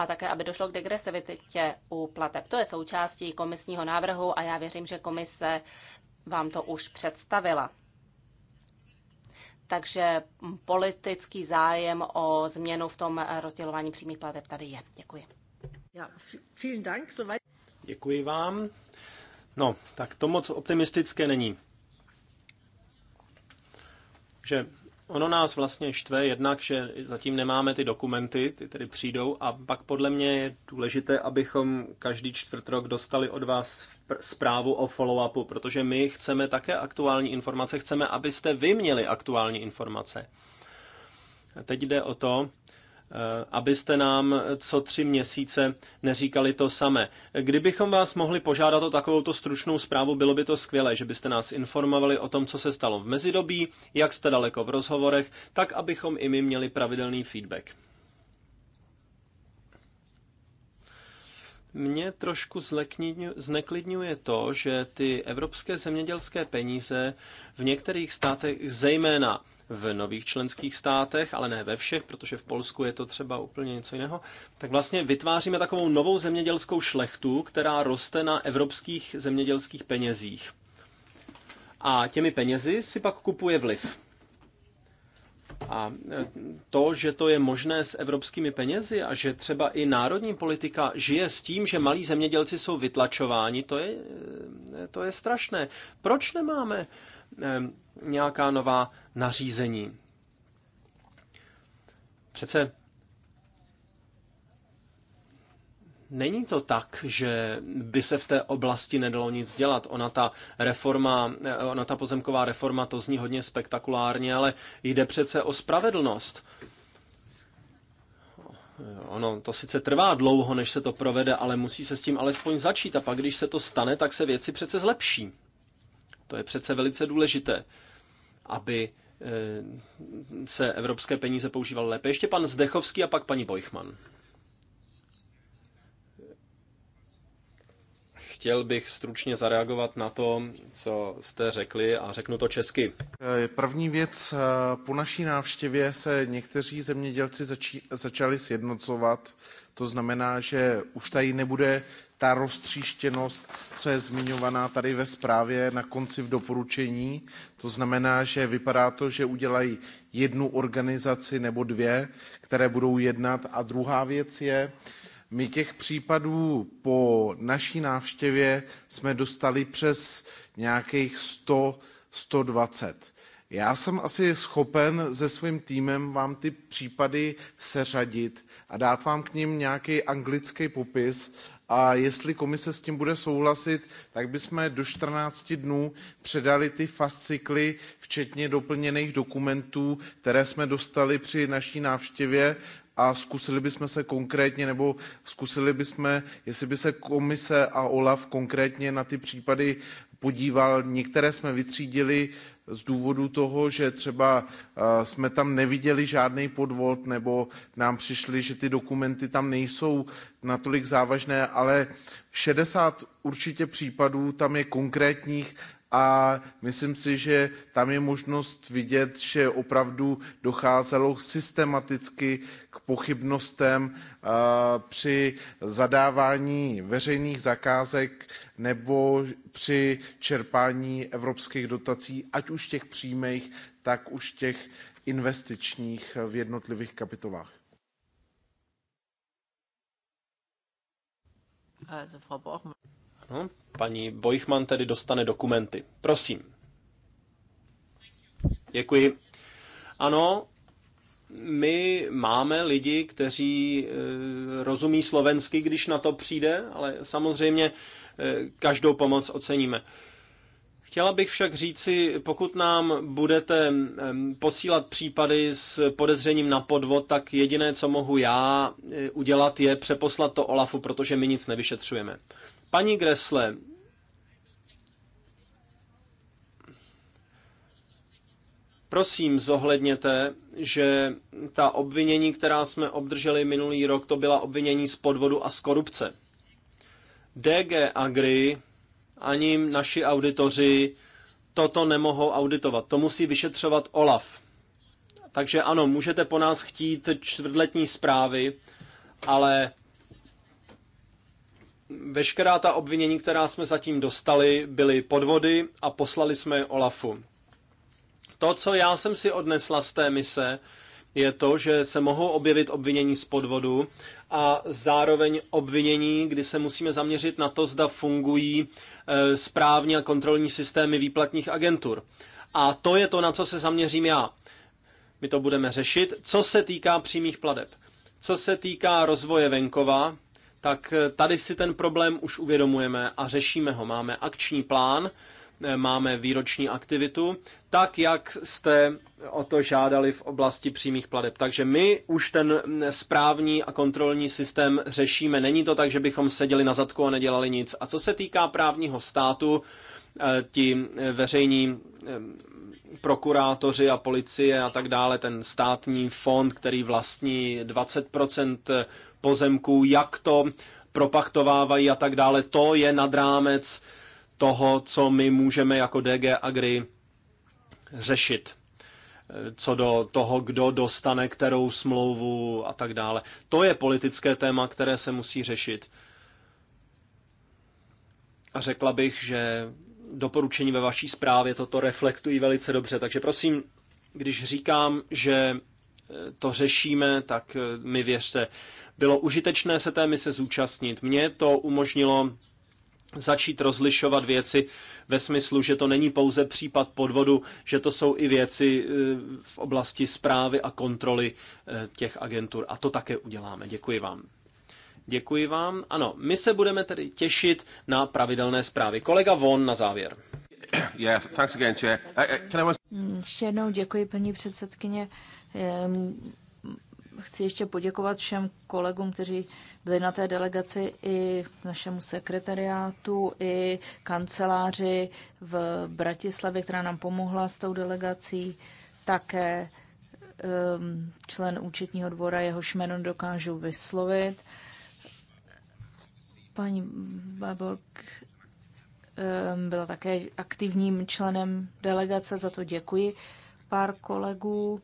a také, aby došlo k degresivitě u plateb. To je součástí komisního návrhu a já věřím, že komise vám to už představila. Takže politický zájem o změnu v tom rozdělování přímých plateb tady je. Děkuji. Ja, vielen Dank. Děkuji vám. No, tak to moc optimistické není. Že Ono nás vlastně štve jednak, že zatím nemáme ty dokumenty, ty tedy přijdou a pak podle mě je důležité, abychom každý čtvrt rok dostali od vás zprávu o follow-upu, protože my chceme také aktuální informace, chceme, abyste vy měli aktuální informace. A teď jde o to, Eh, abyste nám eh, co tři měsíce neříkali to samé. Eh, kdybychom vás mohli požádat o takovou stručnou zprávu, bylo by to skvělé, že byste nás informovali o tom, co se stalo v mezidobí, jak jste daleko v rozhovorech, tak abychom i my měli pravidelný feedback. Mě trošku zneklidňuje to, že ty evropské zemědělské peníze v některých státech, zejména v nových členských státech, ale ne ve všech, protože v Polsku je to třeba úplně něco jiného, tak vlastně vytváříme takovou novou zemědělskou šlechtu, která roste na evropských zemědělských penězích. A těmi penězi si pak kupuje vliv. A e, to, že to je možné s evropskými penězi a že třeba i národní politika žije s tím, že malí zemědělci jsou vytlačováni, to je, e, to je strašné. Proč nemáme nějaká nová nařízení. Přece Není to tak, že by se v té oblasti nedalo nic dělat. Ona ta reforma, eh, ona ta pozemková reforma, to zní hodně spektakulárně, ale jde přece o spravedlnost. Ono to sice trvá dlouho, než se to provede, ale musí se s tím alespoň začít a pak, když se to stane, tak se věci přece zlepší. To je přece velice důležité, aby eh, se evropské peníze používaly lépe. Ještě pan Zdechovský a pak paní Bojchman. Chtěl bych stručně zareagovat na to, co jste řekli a řeknu to česky. Eh, první věc, eh, po naší návštěvě se někteří zemědělci zači- začali sjednocovat, to znamená, že už tady nebude ta roztříštěnost, co je zmiňovaná tady ve zprávě na konci v doporučení. To znamená, že vypadá to, že udělají jednu organizaci nebo dvě, které budou jednat. A druhá věc je, my těch případů po naší návštěvě jsme dostali přes nějakých 100, 120. Já jsem asi schopen se svým týmem vám ty případy seřadit a dát vám k nim nějaký anglický popis a jestli komise s tím bude souhlasit, tak bychom do 14 dnů předali ty fascikly, včetně doplněných dokumentů, které jsme dostali při naší návštěvě a zkusili bychom se konkrétně, nebo zkusili bychom, jestli by se komise a OLAF konkrétně na ty případy podíval. Některé jsme vytřídili, z důvodu toho, že třeba eh, jsme tam neviděli žádný podvod nebo nám přišli, že ty dokumenty tam nejsou natolik závažné, ale 60 určitě případů tam je konkrétních a myslím si, že tam je možnost vidět, že opravdu docházelo systematicky k pochybnostem eh, při zadávání veřejných zakázek nebo při čerpání evropských dotací, ať už těch přímých, tak už těch investičních v jednotlivých kapitolách. Also, No, paní Bojchman tedy dostane dokumenty. Prosím. Děkuji. Ano, my máme lidi, kteří eh, rozumí slovensky, když na to přijde, ale samozřejmě eh, každou pomoc oceníme. Chtěla bych však říci, pokud nám budete eh, posílat případy s podezřením na podvod, tak jediné, co mohu já udělat, je přeposlat to Olafu, protože my nic nevyšetřujeme. Paní Gresle, prosím zohledněte, že ta obvinění, která jsme obdrželi minulý rok, to byla obvinění z podvodu a z korupce. DG Agri ani naši auditoři toto nemohou auditovat. To musí vyšetřovat OLAF. Takže ano, můžete po nás chtít čtvrtletní zprávy, ale veškerá ta obvinění, která jsme zatím dostali, byly podvody a poslali jsme je Olafu. To, co já jsem si odnesla z té mise, je to, že se mohou objevit obvinění z podvodu a zároveň obvinění, kdy se musíme zaměřit na to, zda fungují e, správně a kontrolní systémy výplatních agentur. A to je to, na co se zaměřím já. My to budeme řešit. Co se týká přímých pladeb, co se týká rozvoje venkova, tak eh, tady si ten problém už uvědomujeme a řešíme ho. Máme akční plán, eh, máme výroční aktivitu, tak jak jste o to žádali v oblasti přímých pladeb. Takže my už ten mm, správní a kontrolní systém řešíme. Není to tak, že bychom seděli na zadku a nedělali nic. A co se týká právního státu, eh, ti veřejní prokurátoři a policie a tak dále, ten státní fond, který vlastní 20% pozemků, jak to propachtovávají a tak dále, to je nad rámec toho, co my můžeme jako DG Agri řešit co do toho, kdo dostane kterou smlouvu a tak dále. To je politické téma, které se musí řešit. A řekla bych, že doporučení ve vaší zprávě toto reflektují velice dobře. Takže prosím, když říkám, že e, to řešíme, tak e, mi věřte. Bylo užitečné se té mise zúčastnit. Mně to umožnilo začít rozlišovat věci ve smyslu, že to není pouze případ podvodu, že to jsou i věci e, v oblasti zprávy a kontroly těch agentur. A to také uděláme. Děkuji vám. Děkuji vám. Ano, my se budeme tedy těšit na pravidelné zprávy. Kolega Von na závěr. Yeah, thanks again, chair. Hmm, ještě jednou děkuji, paní předsedkyně. Ehm, chci ještě poděkovat všem kolegům, kteří byli na té delegaci, i našemu sekretariátu, i kanceláři v Bratislavě, která nám pomohla s tou delegací, také ehm, člen účetního dvora, jehož jméno dokážu vyslovit Paní Baborg ehm, byla také aktivním členem delegace, za to děkuji. Pár kolegů,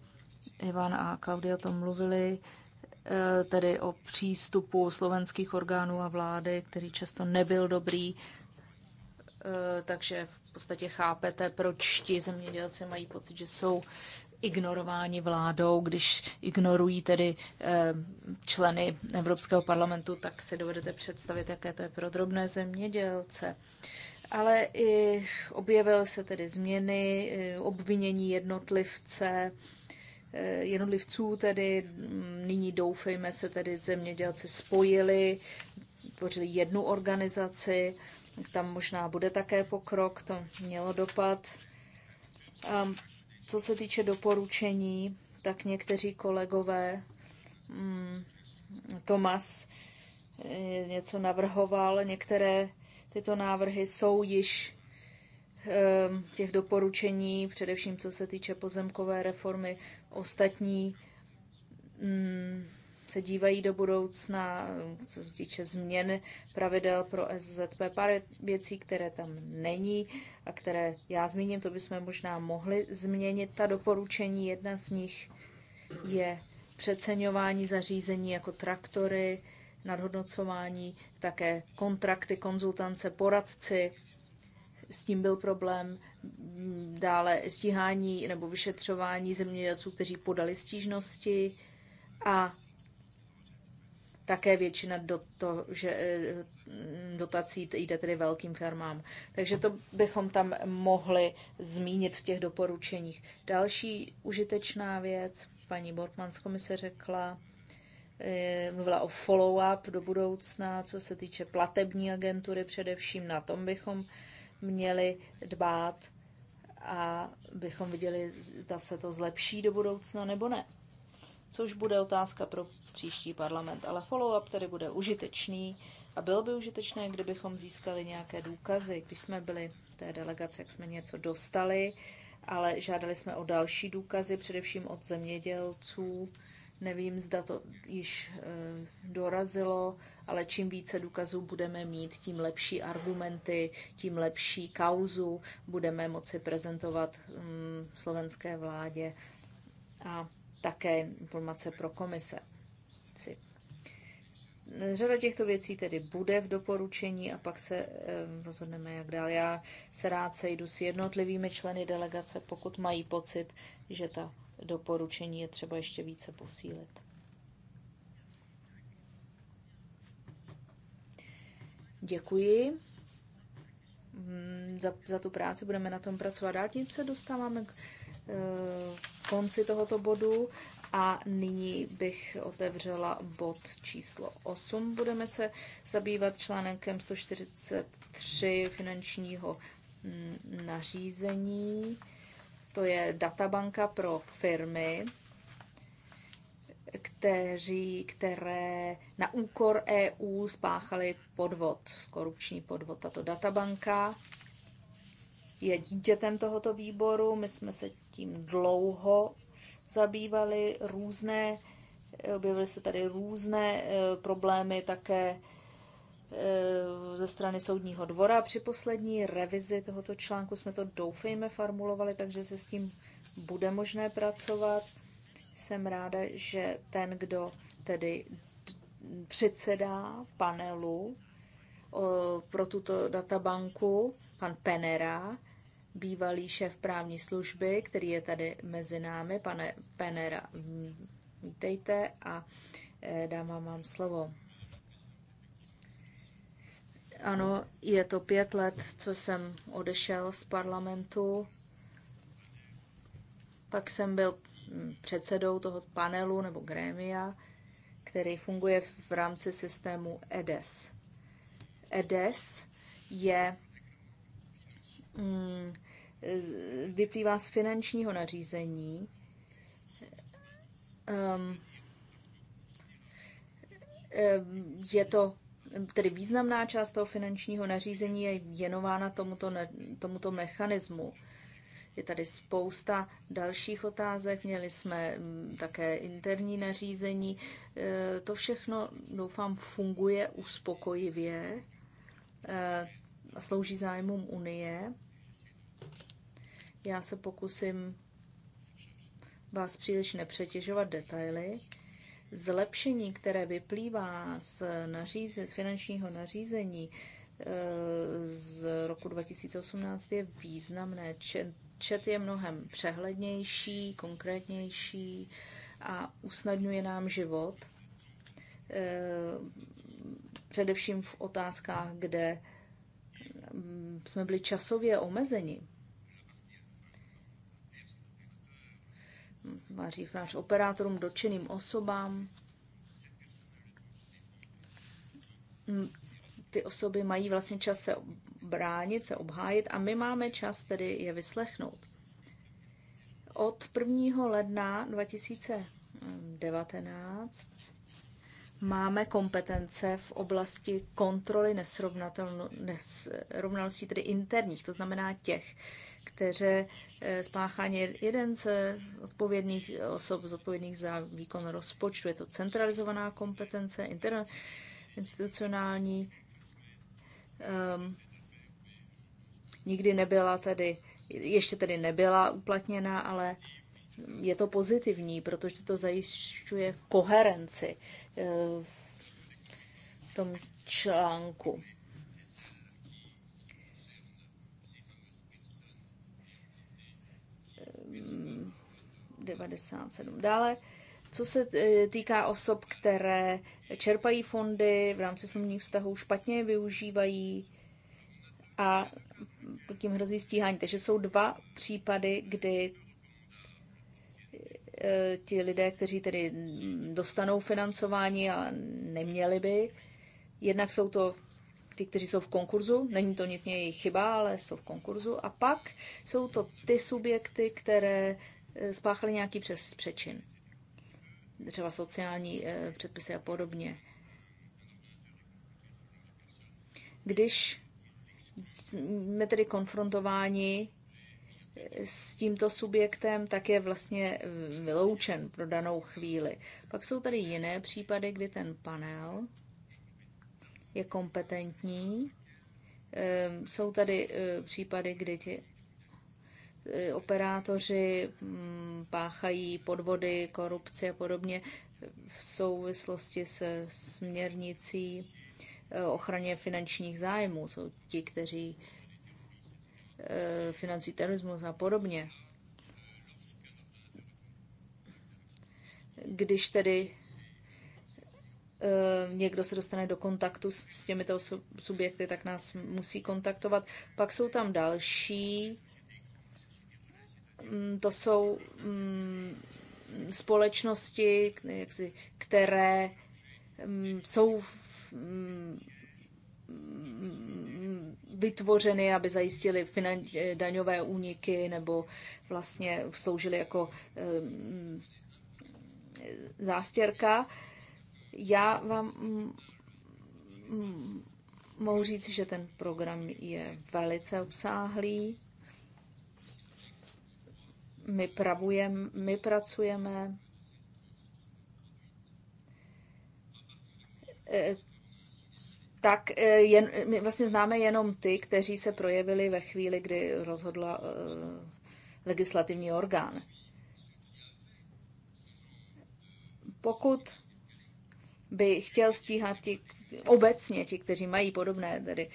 Ivan a Klaudia o tom mluvili, eh, tedy o přístupu slovenských orgánů a vlády, který často nebyl dobrý, eh, takže v podstatě chápete, proč ti zemědělci mají pocit, že jsou ignorováni vládou, když ignorují tedy eh, členy Evropského parlamentu, tak si dovedete představit, jaké to je pro drobné zemědělce. Ale i objevily se tedy změny, eh, obvinění jednotlivce, eh, jednotlivců tedy, nyní doufejme se tedy zemědělci spojili, tvořili jednu organizaci, tam možná bude také pokrok, to mělo dopad. Ehm, co se týče doporučení, tak někteří kolegové, hmm, Tomas eh, něco navrhoval, některé tyto návrhy jsou již eh, těch doporučení, především co se týče pozemkové reformy, ostatní mm, se dívají do budoucna, co se týče změn pravidel pro SZP, pár věcí, které tam není a které já zmíním, to bychom možná mohli změnit. Ta doporučení, jedna z nich je přeceňování zařízení jako traktory, nadhodnocování, také kontrakty, konzultance, poradci, s tím byl problém. Dále stíhání nebo vyšetřování zemědělců, kteří podali stížnosti a také většina do to, že e, dotací jde tedy velkým firmám. Takže to bychom tam mohli zmínit v těch doporučeních. Další užitečná věc, paní Bortmansko mi se řekla, e, mluvila o follow-up do budoucna, co se týče platební agentury především, na tom bychom měli dbát a bychom viděli, zda se to zlepší do budoucna nebo ne což bude otázka pro příští parlament. Ale follow-up tedy bude užitečný a bylo by užitečné, kdybychom získali nějaké důkazy. Když jsme byli v té delegaci, jak jsme něco dostali, ale žádali jsme o další důkazy, především od zemědělců. Nevím, zda to již eh, dorazilo, ale čím více důkazů budeme mít, tím lepší argumenty, tím lepší kauzu budeme moci prezentovat mm, slovenské vládě. A také informace pro komise. Řada těchto věcí tedy bude v doporučení a pak se rozhodneme, jak dál. Já se rád sejdu s jednotlivými členy delegace, pokud mají pocit, že ta doporučení je třeba ještě více posílit. Děkuji mm, za, za tu práci, budeme na tom pracovat dál. Tím se dostáváme k Eh, konci tohoto bodu a nyní bych otevřela bod číslo 8. Budeme se zabývat článkem 143 finančního mm, nařízení. To je databanka pro firmy, kteří, které na úkor EU spáchali podvod, korupční podvod. Tato databanka je dítětem tohoto výboru. My jsme se tím dlouho zabývali různé, eh, objevily se tady různé eh, problémy také eh, ze strany soudního dvora. Při poslední revizi tohoto článku jsme to doufejme formulovali, takže se s tím bude možné pracovat. Jsem ráda, že ten, kdo tedy předsedá panelu pro tuto databanku, pan Penera, bývalý šéf právní služby, který je tady mezi námi, pane Penera. Vítejte a eh, dám vám, vám slovo. Ano, je to pět let, co jsem odešel z parlamentu. Pak jsem byl hm, předsedou toho panelu nebo grémia, který funguje v rámci systému EDES. EDES je mm, vyplývá z finančního nařízení. Ehm, ehm, je to tedy významná část toho finančního nařízení je věnována tomuto, tomuto mechanismu. Je tady spousta dalších otázek, měli jsme mm, také interní nařízení. E, to všechno, doufám, funguje uspokojivě e, a slouží zájmům Unie. Já se pokusím vás příliš nepřetěžovat detaily. Zlepšení, které vyplývá z, naříze, z finančního nařízení eh, z roku 2018, je významné. Čet je mnohem přehlednější, konkrétnější a usnadňuje nám život, eh, především v otázkách, kde hm, jsme byli časově omezeni. Vaří v náš operátorům, dočeným osobám. Mm, ty osoby mají vlastně čas se bránit, se obhájit a my máme čas tedy je vyslechnout. Od 1. ledna 2019 máme kompetence v oblasti kontroly nesrovnalostí, tedy interních, to znamená těch, kteří eh, spáchání jeden z eh, odpovědných osob zodpovědných za výkon rozpočtu. Je to centralizovaná kompetence, interinstitucionální. Um, ehm, nikdy nebyla tedy, ještě tedy nebyla uplatněna, ale je to pozitivní, protože to zajišťuje koherenci eh, v tom článku. 97. Dále, co se e, týká osob, které čerpají fondy v rámci smluvních vztahů, špatně je využívají a tím hrozí stíhání. Takže jsou dva případy, kdy e, ti lidé, kteří tedy dostanou financování a neměli by, jednak jsou to ty, kteří jsou v konkurzu, není to nutně jejich chyba, ale jsou v konkurzu. A pak jsou to ty subjekty, které Eh, spáchali nějaký přes přečin. Třeba sociální eh, předpisy a podobně. Když jsme tedy konfrontováni eh, s tímto subjektem, tak je vlastně vyloučen pro danou chvíli. Pak jsou tady jiné případy, kdy ten panel je kompetentní. Ehm, jsou tady případy, kdy ti operátoři mm, páchají podvody, korupce a podobně v souvislosti se směrnicí e, ochraně finančních zájmů. Jsou ti, kteří e, financují terorismus a podobně. Když tedy e, někdo se dostane do kontaktu s těmito subjekty, tak nás musí kontaktovat. Pak jsou tam další Mm, to jsou mm, společnosti, které mm, jsou vytvořeny, aby zajistili finan, daňové úniky nebo vlastně sloužily jako zástěrka. Já vám mohu říct, že ten program je velice obsáhlý my, pravujeme, my pracujeme eh, tak eh, jen, my vlastně známe jenom ty, kteří se projevili ve chvíli, kdy rozhodla uh, legislativní orgán. Pokud by chtěl stíhat ti, obecně ti, kteří mají podobné tedy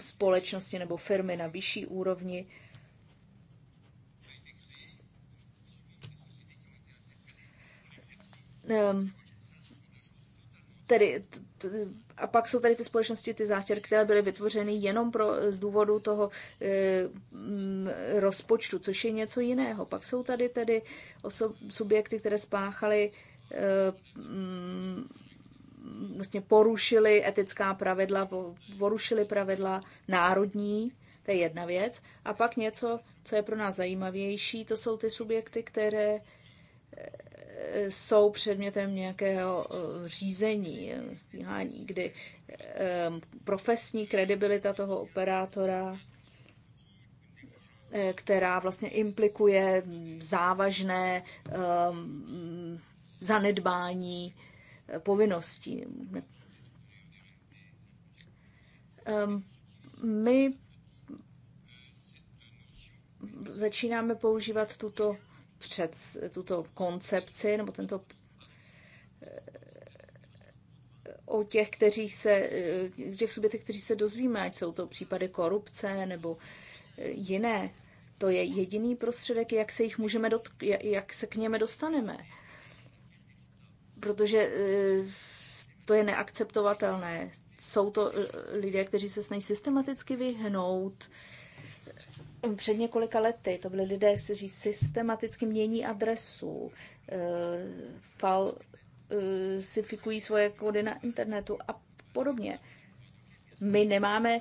společnosti nebo firmy na vyšší úrovni, Ehm, tedy a pak jsou tady ty společnosti, ty zátěr, které byly vytvořeny jenom pro, z důvodu toho e, m, rozpočtu, což je něco jiného. Pak jsou tady tedy osob, subjekty, které spáchaly, e, m, vlastně porušily etická pravidla, porušily pravidla národní, to je jedna věc. A pak něco, co je pro nás zajímavější, to jsou ty subjekty, které e, jsou předmětem nějakého eh, řízení, stíhání, kdy eh, profesní kredibilita toho operátora, eh, která vlastně implikuje závažné zanedbání povinností. My začínáme používat tuto před tuto koncepci nebo tento eh, o těch, kteří se, eh, těch subjektech, kteří se dozvíme, ať jsou to případy korupce nebo eh, jiné. To je jediný prostředek, jak se jich můžeme dotk- jak se k něme dostaneme. Protože to je neakceptovatelné. Jsou to lidé, kteří se snaží systematicky vyhnout uh, před několika lety to byly lidé, kteří systematicky mění adresu, eh, falsifikují eh, svoje kódy na internetu a podobně. My nemáme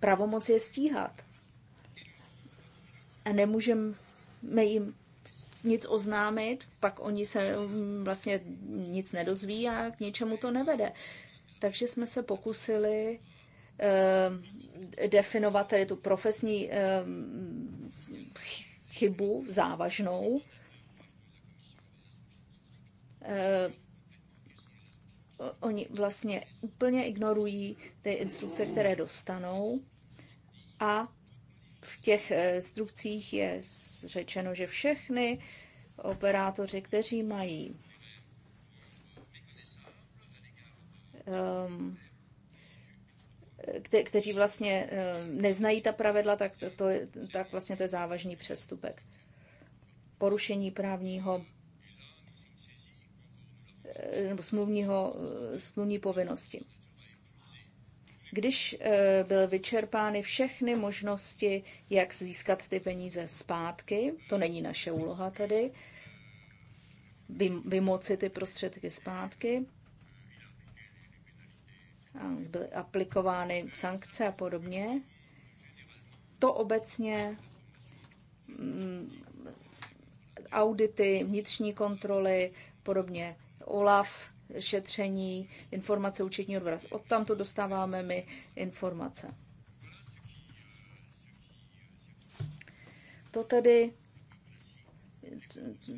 pravomoc je stíhat. A nemůžeme jim nic oznámit, pak oni se mm, vlastně nic nedozví a k ničemu to nevede. Takže jsme se pokusili eh, definovat tedy tu profesní eh, chybu závažnou. Eh, oni vlastně úplně ignorují ty instrukce, které dostanou a v těch eh, instrukcích je řečeno, že všechny operátoři, kteří mají um, kte, kteří vlastně eh, neznají ta pravidla, tak, to, je, tak vlastně to je závažný přestupek. Porušení právního eh, nebo smluvního, eh, smluvní povinnosti. Když byly vyčerpány všechny možnosti, jak získat ty peníze zpátky, to není naše úloha tady, vymoci ty prostředky zpátky, byly aplikovány sankce a podobně. To obecně mm, audity, vnitřní kontroly, podobně OLAF, šetření, informace účetního dvora. Od tamto dostáváme my informace. To tedy,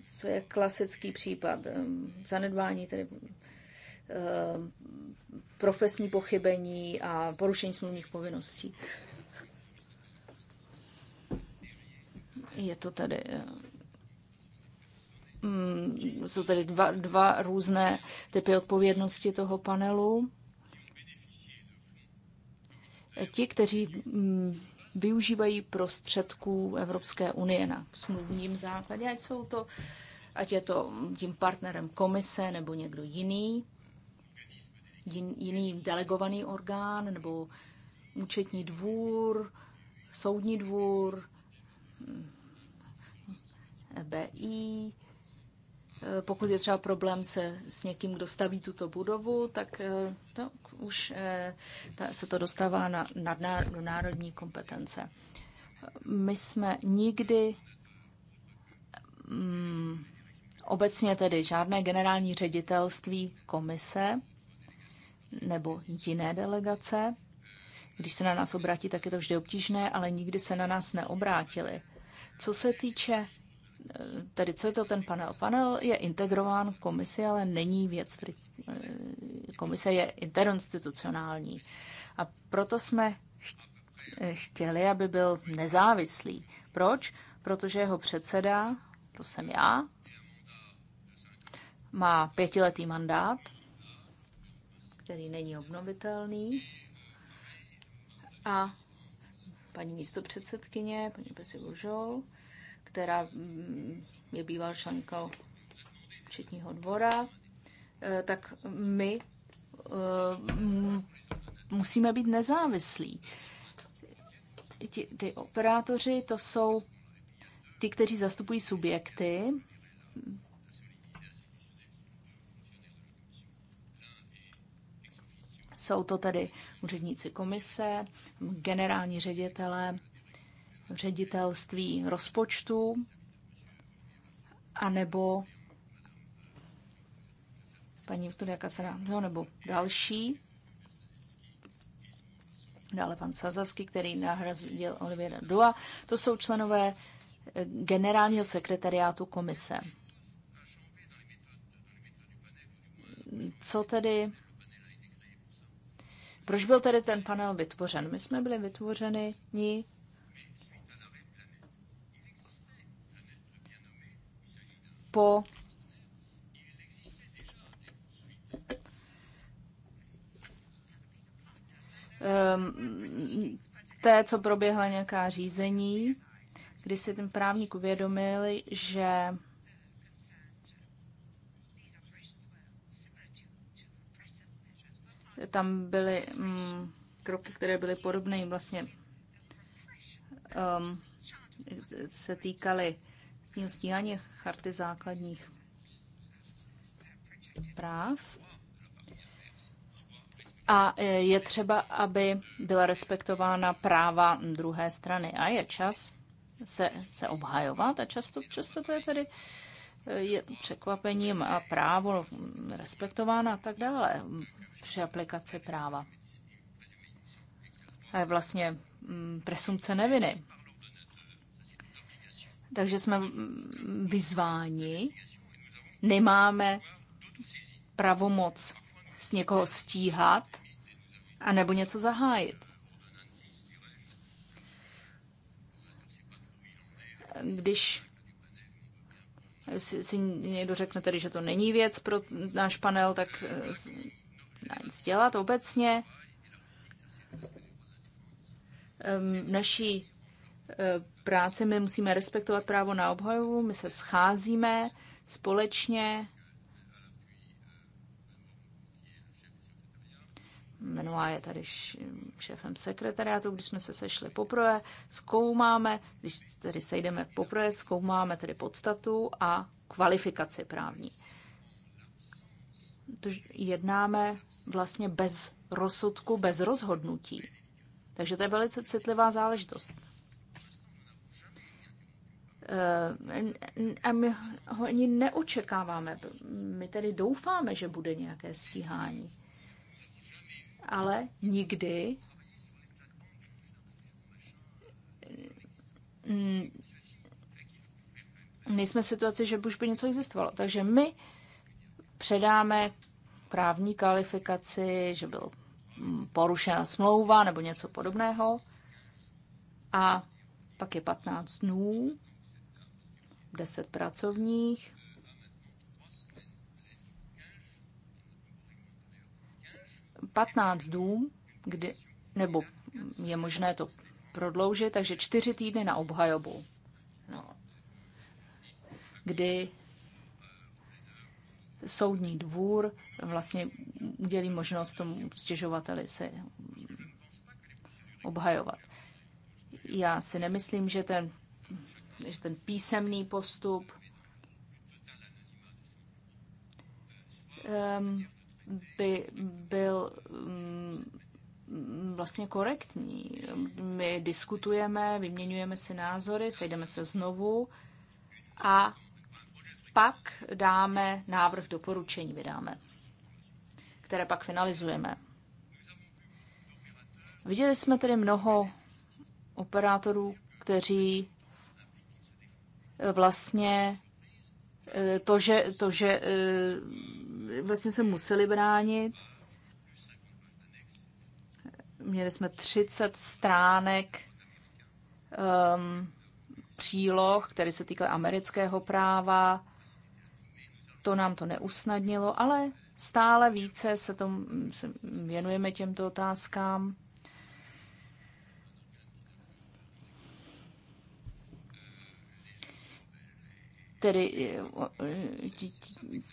co je klasický případ mm, zanedbání tedy Eh, profesní pochybení a porušení smluvních povinností. Je to tady eh, mm, jsou tady dva, dva různé typy odpovědnosti toho panelu. Ti, kteří mm, využívají prostředků Evropské unie na smluvním základě, ať jsou to, ať je to tím partnerem komise nebo někdo jiný, jiný delegovaný orgán nebo účetní dvůr, soudní dvůr, BI. Pokud je třeba problém se s někým, kdo staví tuto budovu, tak eh, to už eh, ta, se to dostává na, na, do národní kompetence. My jsme nikdy mm, obecně tedy žádné generální ředitelství komise nebo jiné delegace. Když se na nás obrátí, tak je to vždy obtížné, ale nikdy se na nás neobrátili. Co se týče, eh, tedy co je to ten panel? Panel je integrován komisi, ale není věc, tedy eh, komise je interinstitucionální. A proto jsme eh, chtěli, aby byl nezávislý. Proč? Protože jeho předseda, to jsem já, má pětiletý mandát který není obnovitelný. A paní místopředsedkyně, paní Pesy Božol, která mm, je býval členkou Četního dvora, eh, tak my eh, mm, musíme být nezávislí. Ty, ty operátoři to jsou ty, kteří zastupují subjekty, Jsou to tedy úředníci komise, generální ředitele, ředitelství rozpočtu, anebo paní Viktoria no, nebo další. Dále pan Sazavský, který nahradil Oliviera Dua. To jsou členové generálního sekretariátu komise. Co tedy proč byl tedy ten panel vytvořen? My jsme byli vytvořeni ní po um, té, co proběhla nějaká řízení, kdy si ten právník uvědomil, že tam byly mm, kroky, které byly podobné, vlastně um, se týkaly stíhání charty základních práv. A e, je třeba, aby byla respektována práva druhé strany. A je čas se, se obhajovat a často, často to je tedy e, je překvapením a právo respektována a tak dále při aplikaci práva. A je vlastně mm, presumce neviny. Takže jsme mm, vyzváni, nemáme pravomoc s někoho stíhat a nebo něco zahájit. Když si, si někdo řekne tedy, že to není věc pro náš panel, tak eh, nedá nic dělat obecně. naší e, práci my musíme respektovat právo na obhajovu, my se scházíme společně, jmenová je tady šéfem sekretariátu, když jsme se sešli poprvé, zkoumáme, když tady sejdeme poprvé, zkoumáme tedy podstatu a kvalifikaci právní. jednáme vlastně bez rozsudku, bez rozhodnutí. Takže to je velice citlivá záležitost. Eh, a my ho ani neočekáváme. My tedy doufáme, že bude nějaké stíhání. Ale nikdy mm, nejsme v situaci, že už by něco existovalo. Takže my předáme právní kvalifikaci, že byl mm, porušena smlouva nebo něco podobného. A pak je 15 dnů, 10 pracovních. Patnáct dů, kdy, nebo je možné to prodloužit, takže čtyři týdny na obhajobu. No. Kdy soudní dvůr vlastně udělí možnost tomu stěžovateli se obhajovat. Já si nemyslím, že ten, že ten písemný postup um, by byl um, vlastně korektní. My diskutujeme, vyměňujeme si názory, sejdeme se znovu a pak dáme návrh doporučení, vydáme, které pak finalizujeme. Viděli jsme tedy mnoho operátorů, kteří eh, vlastně eh, to, že, to, že eh, vlastně se museli bránit. Měli jsme 30 stránek um, příloh, které se týkaly amerického práva, to nám to neusnadnilo, ale stále více se, tom, se věnujeme těmto otázkám. tedy eh, ty,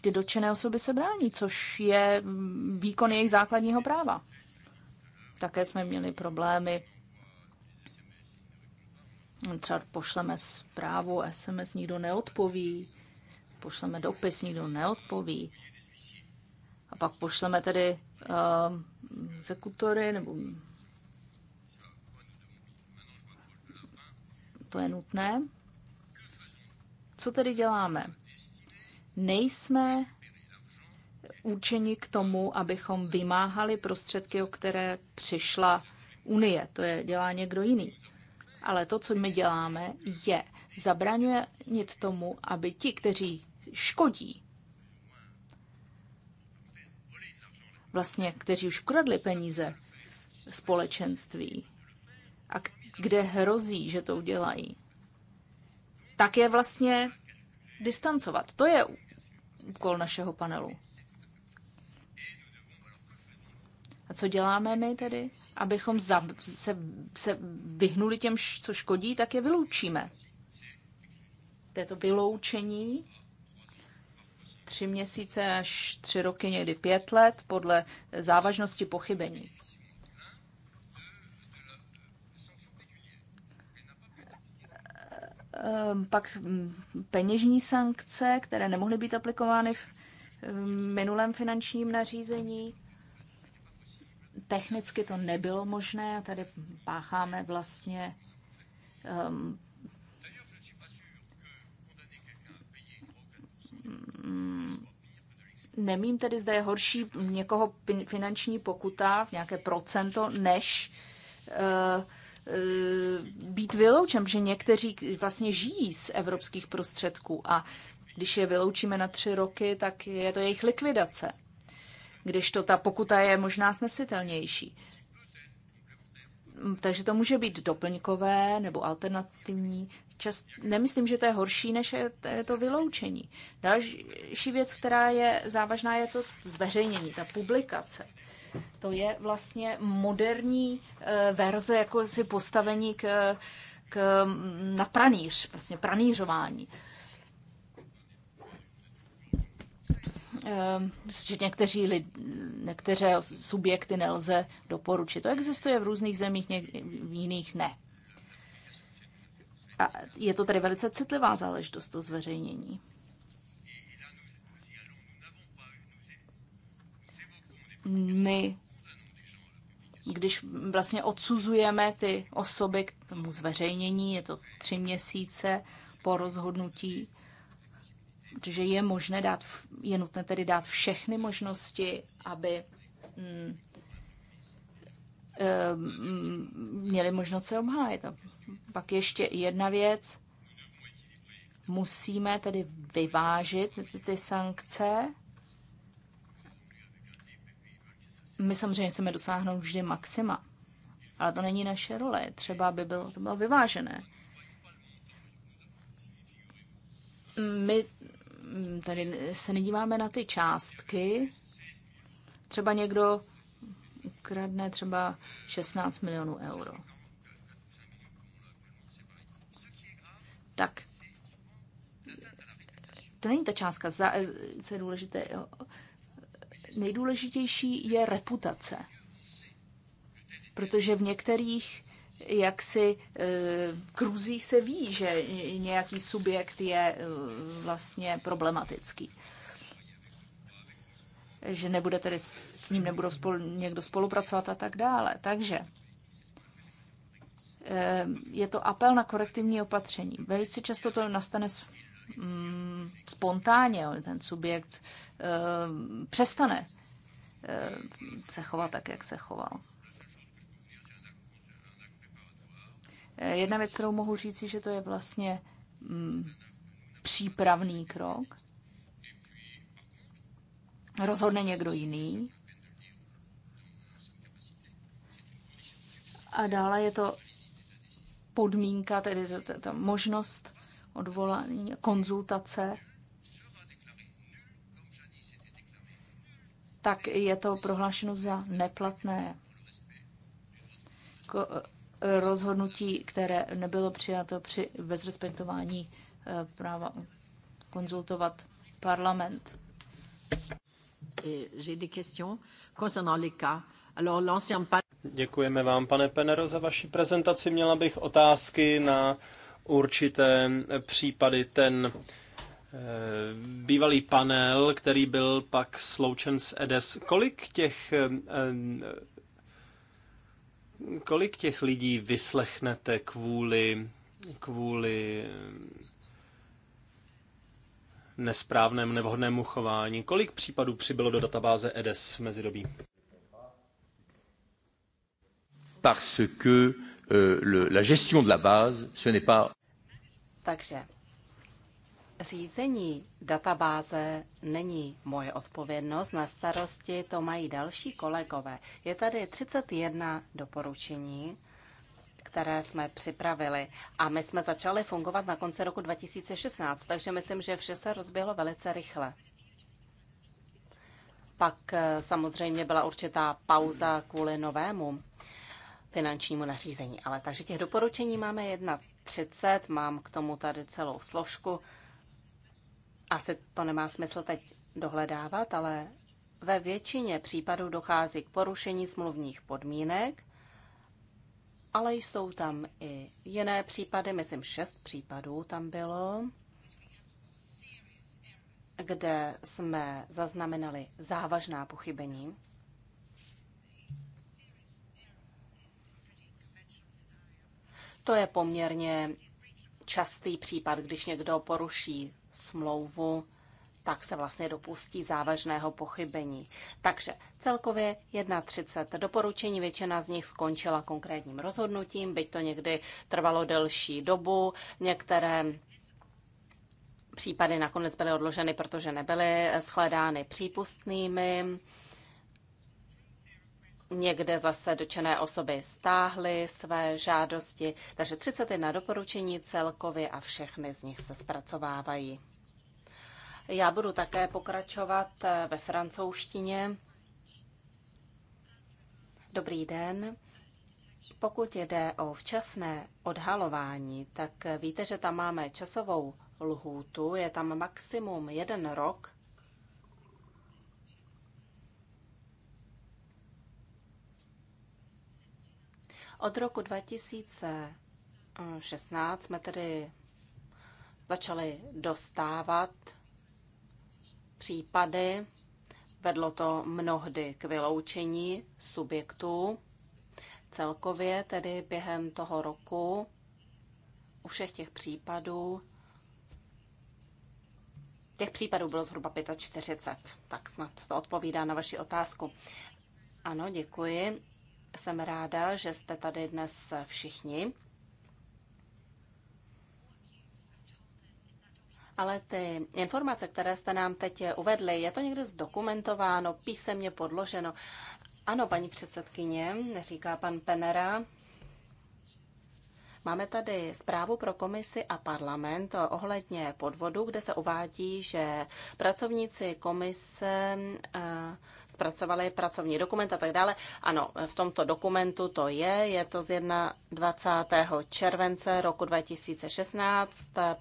ty dotčené osoby se brání, což je výkon jejich základního práva. Také jsme měli problémy. Třeba pošleme zprávu, SMS nikdo neodpoví, pošleme dopis, nikdo neodpoví. A pak pošleme tedy uh, ehm, zekutory, nebo to je nutné. Co tedy děláme? Nejsme určeni k tomu, abychom vymáhali prostředky, o které přišla Unie. To je dělá někdo jiný. Ale to, co my děláme, je zabraňuje tomu, aby ti, kteří škodí. Vlastně, kteří už kradli peníze společenství a kde hrozí, že to udělají, tak je vlastně distancovat. To je úkol našeho panelu. A co děláme my tedy? Abychom za, se, se vyhnuli těm, co škodí, tak je vyloučíme. To je to vyloučení tři měsíce až tři roky, někdy pět let, podle závažnosti pochybení. Ehm, pak mm, peněžní sankce, které nemohly být aplikovány v minulém finančním nařízení. Technicky to nebylo možné a tady pácháme vlastně um, Mm, nemím tedy, zda je horší někoho finanční pokuta v nějaké procento, než eh, eh, být vyloučen, že někteří vlastně žijí z evropských prostředků a když je vyloučíme na tři roky, tak je to jejich likvidace. Když to ta pokuta je možná snesitelnější. Takže to může být doplňkové nebo alternativní. Čas, nemyslím, že to je horší, než je to vyloučení. Další věc, která je závažná, je to zveřejnění, ta publikace. To je vlastně moderní eh, verze jako si postavení k, k, mm, na pranýř, vlastně pranýřování. Ehm, že někteří lid, některé subjekty nelze doporučit. To existuje v různých zemích, něk, v jiných ne. A je to tedy velice citlivá záležitost, to zveřejnění. My, když vlastně odsuzujeme ty osoby k tomu zveřejnění, je to tři měsíce po rozhodnutí, že je možné dát, je nutné tedy dát všechny možnosti, aby mm, eh, mm, měli možnost se obhájit. A pak ještě jedna věc. Musíme tedy vyvážit ty sankce. My samozřejmě chceme dosáhnout vždy maxima, ale to není naše role. Třeba by bylo, to bylo vyvážené. My Mm, tady se nedíváme na ty částky. Třeba někdo ukradne třeba 16 milionů euro. Tak to není ta částka, za, co je důležité. Jo. Nejdůležitější je reputace. Protože v některých jak si v eh, kruzích se ví, že nějaký subjekt je eh, vlastně problematický. Že nebude tedy s ním nebudou spolu, někdo spolupracovat a tak dále. Takže eh, je to apel na korektivní opatření. Velice často to nastane mm, spontánně. Ten subjekt přestane se chovat tak, jak se choval. Jedna věc, kterou mohu říci, že to je vlastně mm, přípravný krok. Rozhodne někdo jiný. A dále je to podmínka, tedy ta, ta možnost odvolání, konzultace. Tak je to prohlášeno za neplatné. Ko rozhodnutí, které nebylo přijato při, bezrespektování eh, práva konzultovat parlament. Děkujeme vám, pane Penero, za vaši prezentaci. Měla bych otázky na určité případy. Ten eh, bývalý panel, který byl pak sloučen s EDES. Kolik těch eh, Kolik těch lidí vyslechnete kvůli, kvůli eh, nesprávnému, nevhodnému chování? Kolik případů přibylo do databáze EDES v mezidobí? Parce que euh, le, la gestion de la base, ce n'est pas... Takže Řízení databáze není moje odpovědnost, na starosti to mají další kolegové. Je tady 31 doporučení, které jsme připravili. A my jsme začali fungovat na konci roku 2016, takže myslím, že vše se rozběhlo velice rychle. Pak eh, samozřejmě byla určitá pauza kvůli novému finančnímu nařízení. Ale takže těch doporučení máme 31. Mám k tomu tady celou složku. Asi to nemá smysl teď dohledávat, ale ve většině případů dochází k porušení smluvních podmínek, ale jsou tam i jiné případy, myslím šest případů tam bylo, kde jsme zaznamenali závažná pochybení. To je poměrně častý případ, když někdo poruší smlouvu, tak se vlastně dopustí závažného pochybení. Takže celkově 31 doporučení, většina z nich skončila konkrétním rozhodnutím, byť to někdy trvalo delší dobu, některé případy nakonec byly odloženy, protože nebyly shledány přípustnými. Někde zase dočené osoby stáhly své žádosti, takže 31 doporučení celkově a všechny z nich se zpracovávají. Já budu také pokračovat eh, ve francouzštině. Dobrý den. Pokud jde o včasné odhalování, tak eh, víte, že tam máme časovou lhůtu, je tam maximum jeden rok. Od roku 2016 jsme tedy začali dostávat případy vedlo to mnohdy k vyloučení subjektů. Celkově tedy během toho roku u všech těch případů Těch případů bylo zhruba 45, tak snad to odpovídá na vaši otázku. Ano, děkuji. Jsem ráda, že jste tady dnes všichni. ale ty informace, které jste nám teď uvedli, je to někde zdokumentováno, písemně podloženo? Ano, paní předsedkyně, říká pan Penera. Máme tady zprávu pro komisi a parlament ohledně podvodu, kde se uvádí, že pracovníci komise eh, zpracovali pracovní dokument a tak dále. Ano, v tomto dokumentu to je, je to z 21. července roku 2016,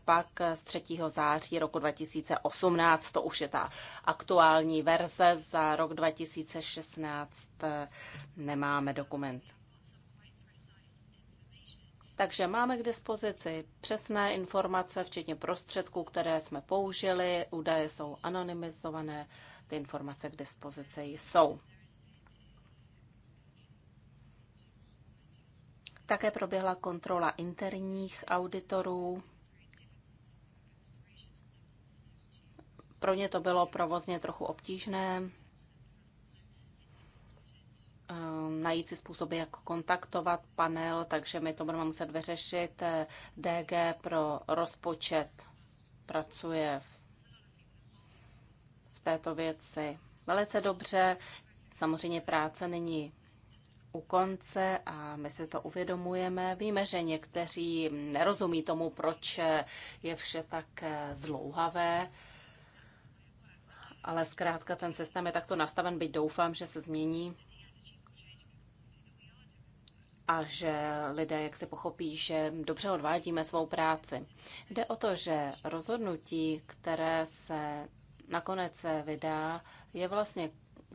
pak z 3. září roku 2018, to už je ta aktuální verze, za rok 2016 eh, nemáme dokument. Takže máme k dispozici přesné informace, včetně prostředků, které jsme použili, údaje jsou anonymizované ty informace k dispozici jsou. Také proběhla kontrola interních auditorů. Pro ně to bylo provozně trochu obtížné ehm, najít si způsoby, jak kontaktovat panel, takže my to budeme muset vyřešit. Eh, DG pro rozpočet pracuje v této věci velice dobře. Samozřejmě práce není u konce a my si to uvědomujeme. Víme, že někteří nerozumí tomu, proč je vše tak eh, zlouhavé, ale zkrátka ten systém je takto nastaven, byť doufám, že se změní a že lidé jak se pochopí, že dobře odvádíme svou práci. Jde o to, že rozhodnutí, které se nakonec vydá, je vlastně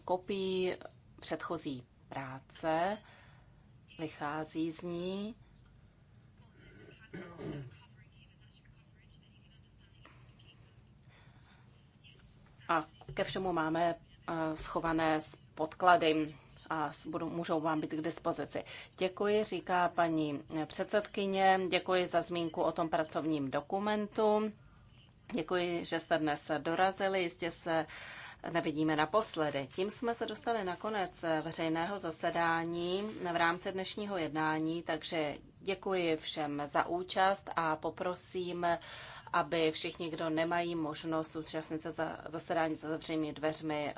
kopií předchozí práce, vychází z ní. A ke všemu máme eh, schované podklady a budou, můžou vám být k dispozici. Děkuji, říká paní předsedkyně, děkuji za zmínku o tom pracovním dokumentu. Děkuji, že jste dnes dorazili. Jistě se nevidíme naposledy. Tím jsme se dostali na konec veřejného zasedání v rámci dnešního jednání, takže děkuji všem za účast a poprosím, aby všichni, kdo nemají možnost účastnit se za zasedání za zavřenými dveřmi,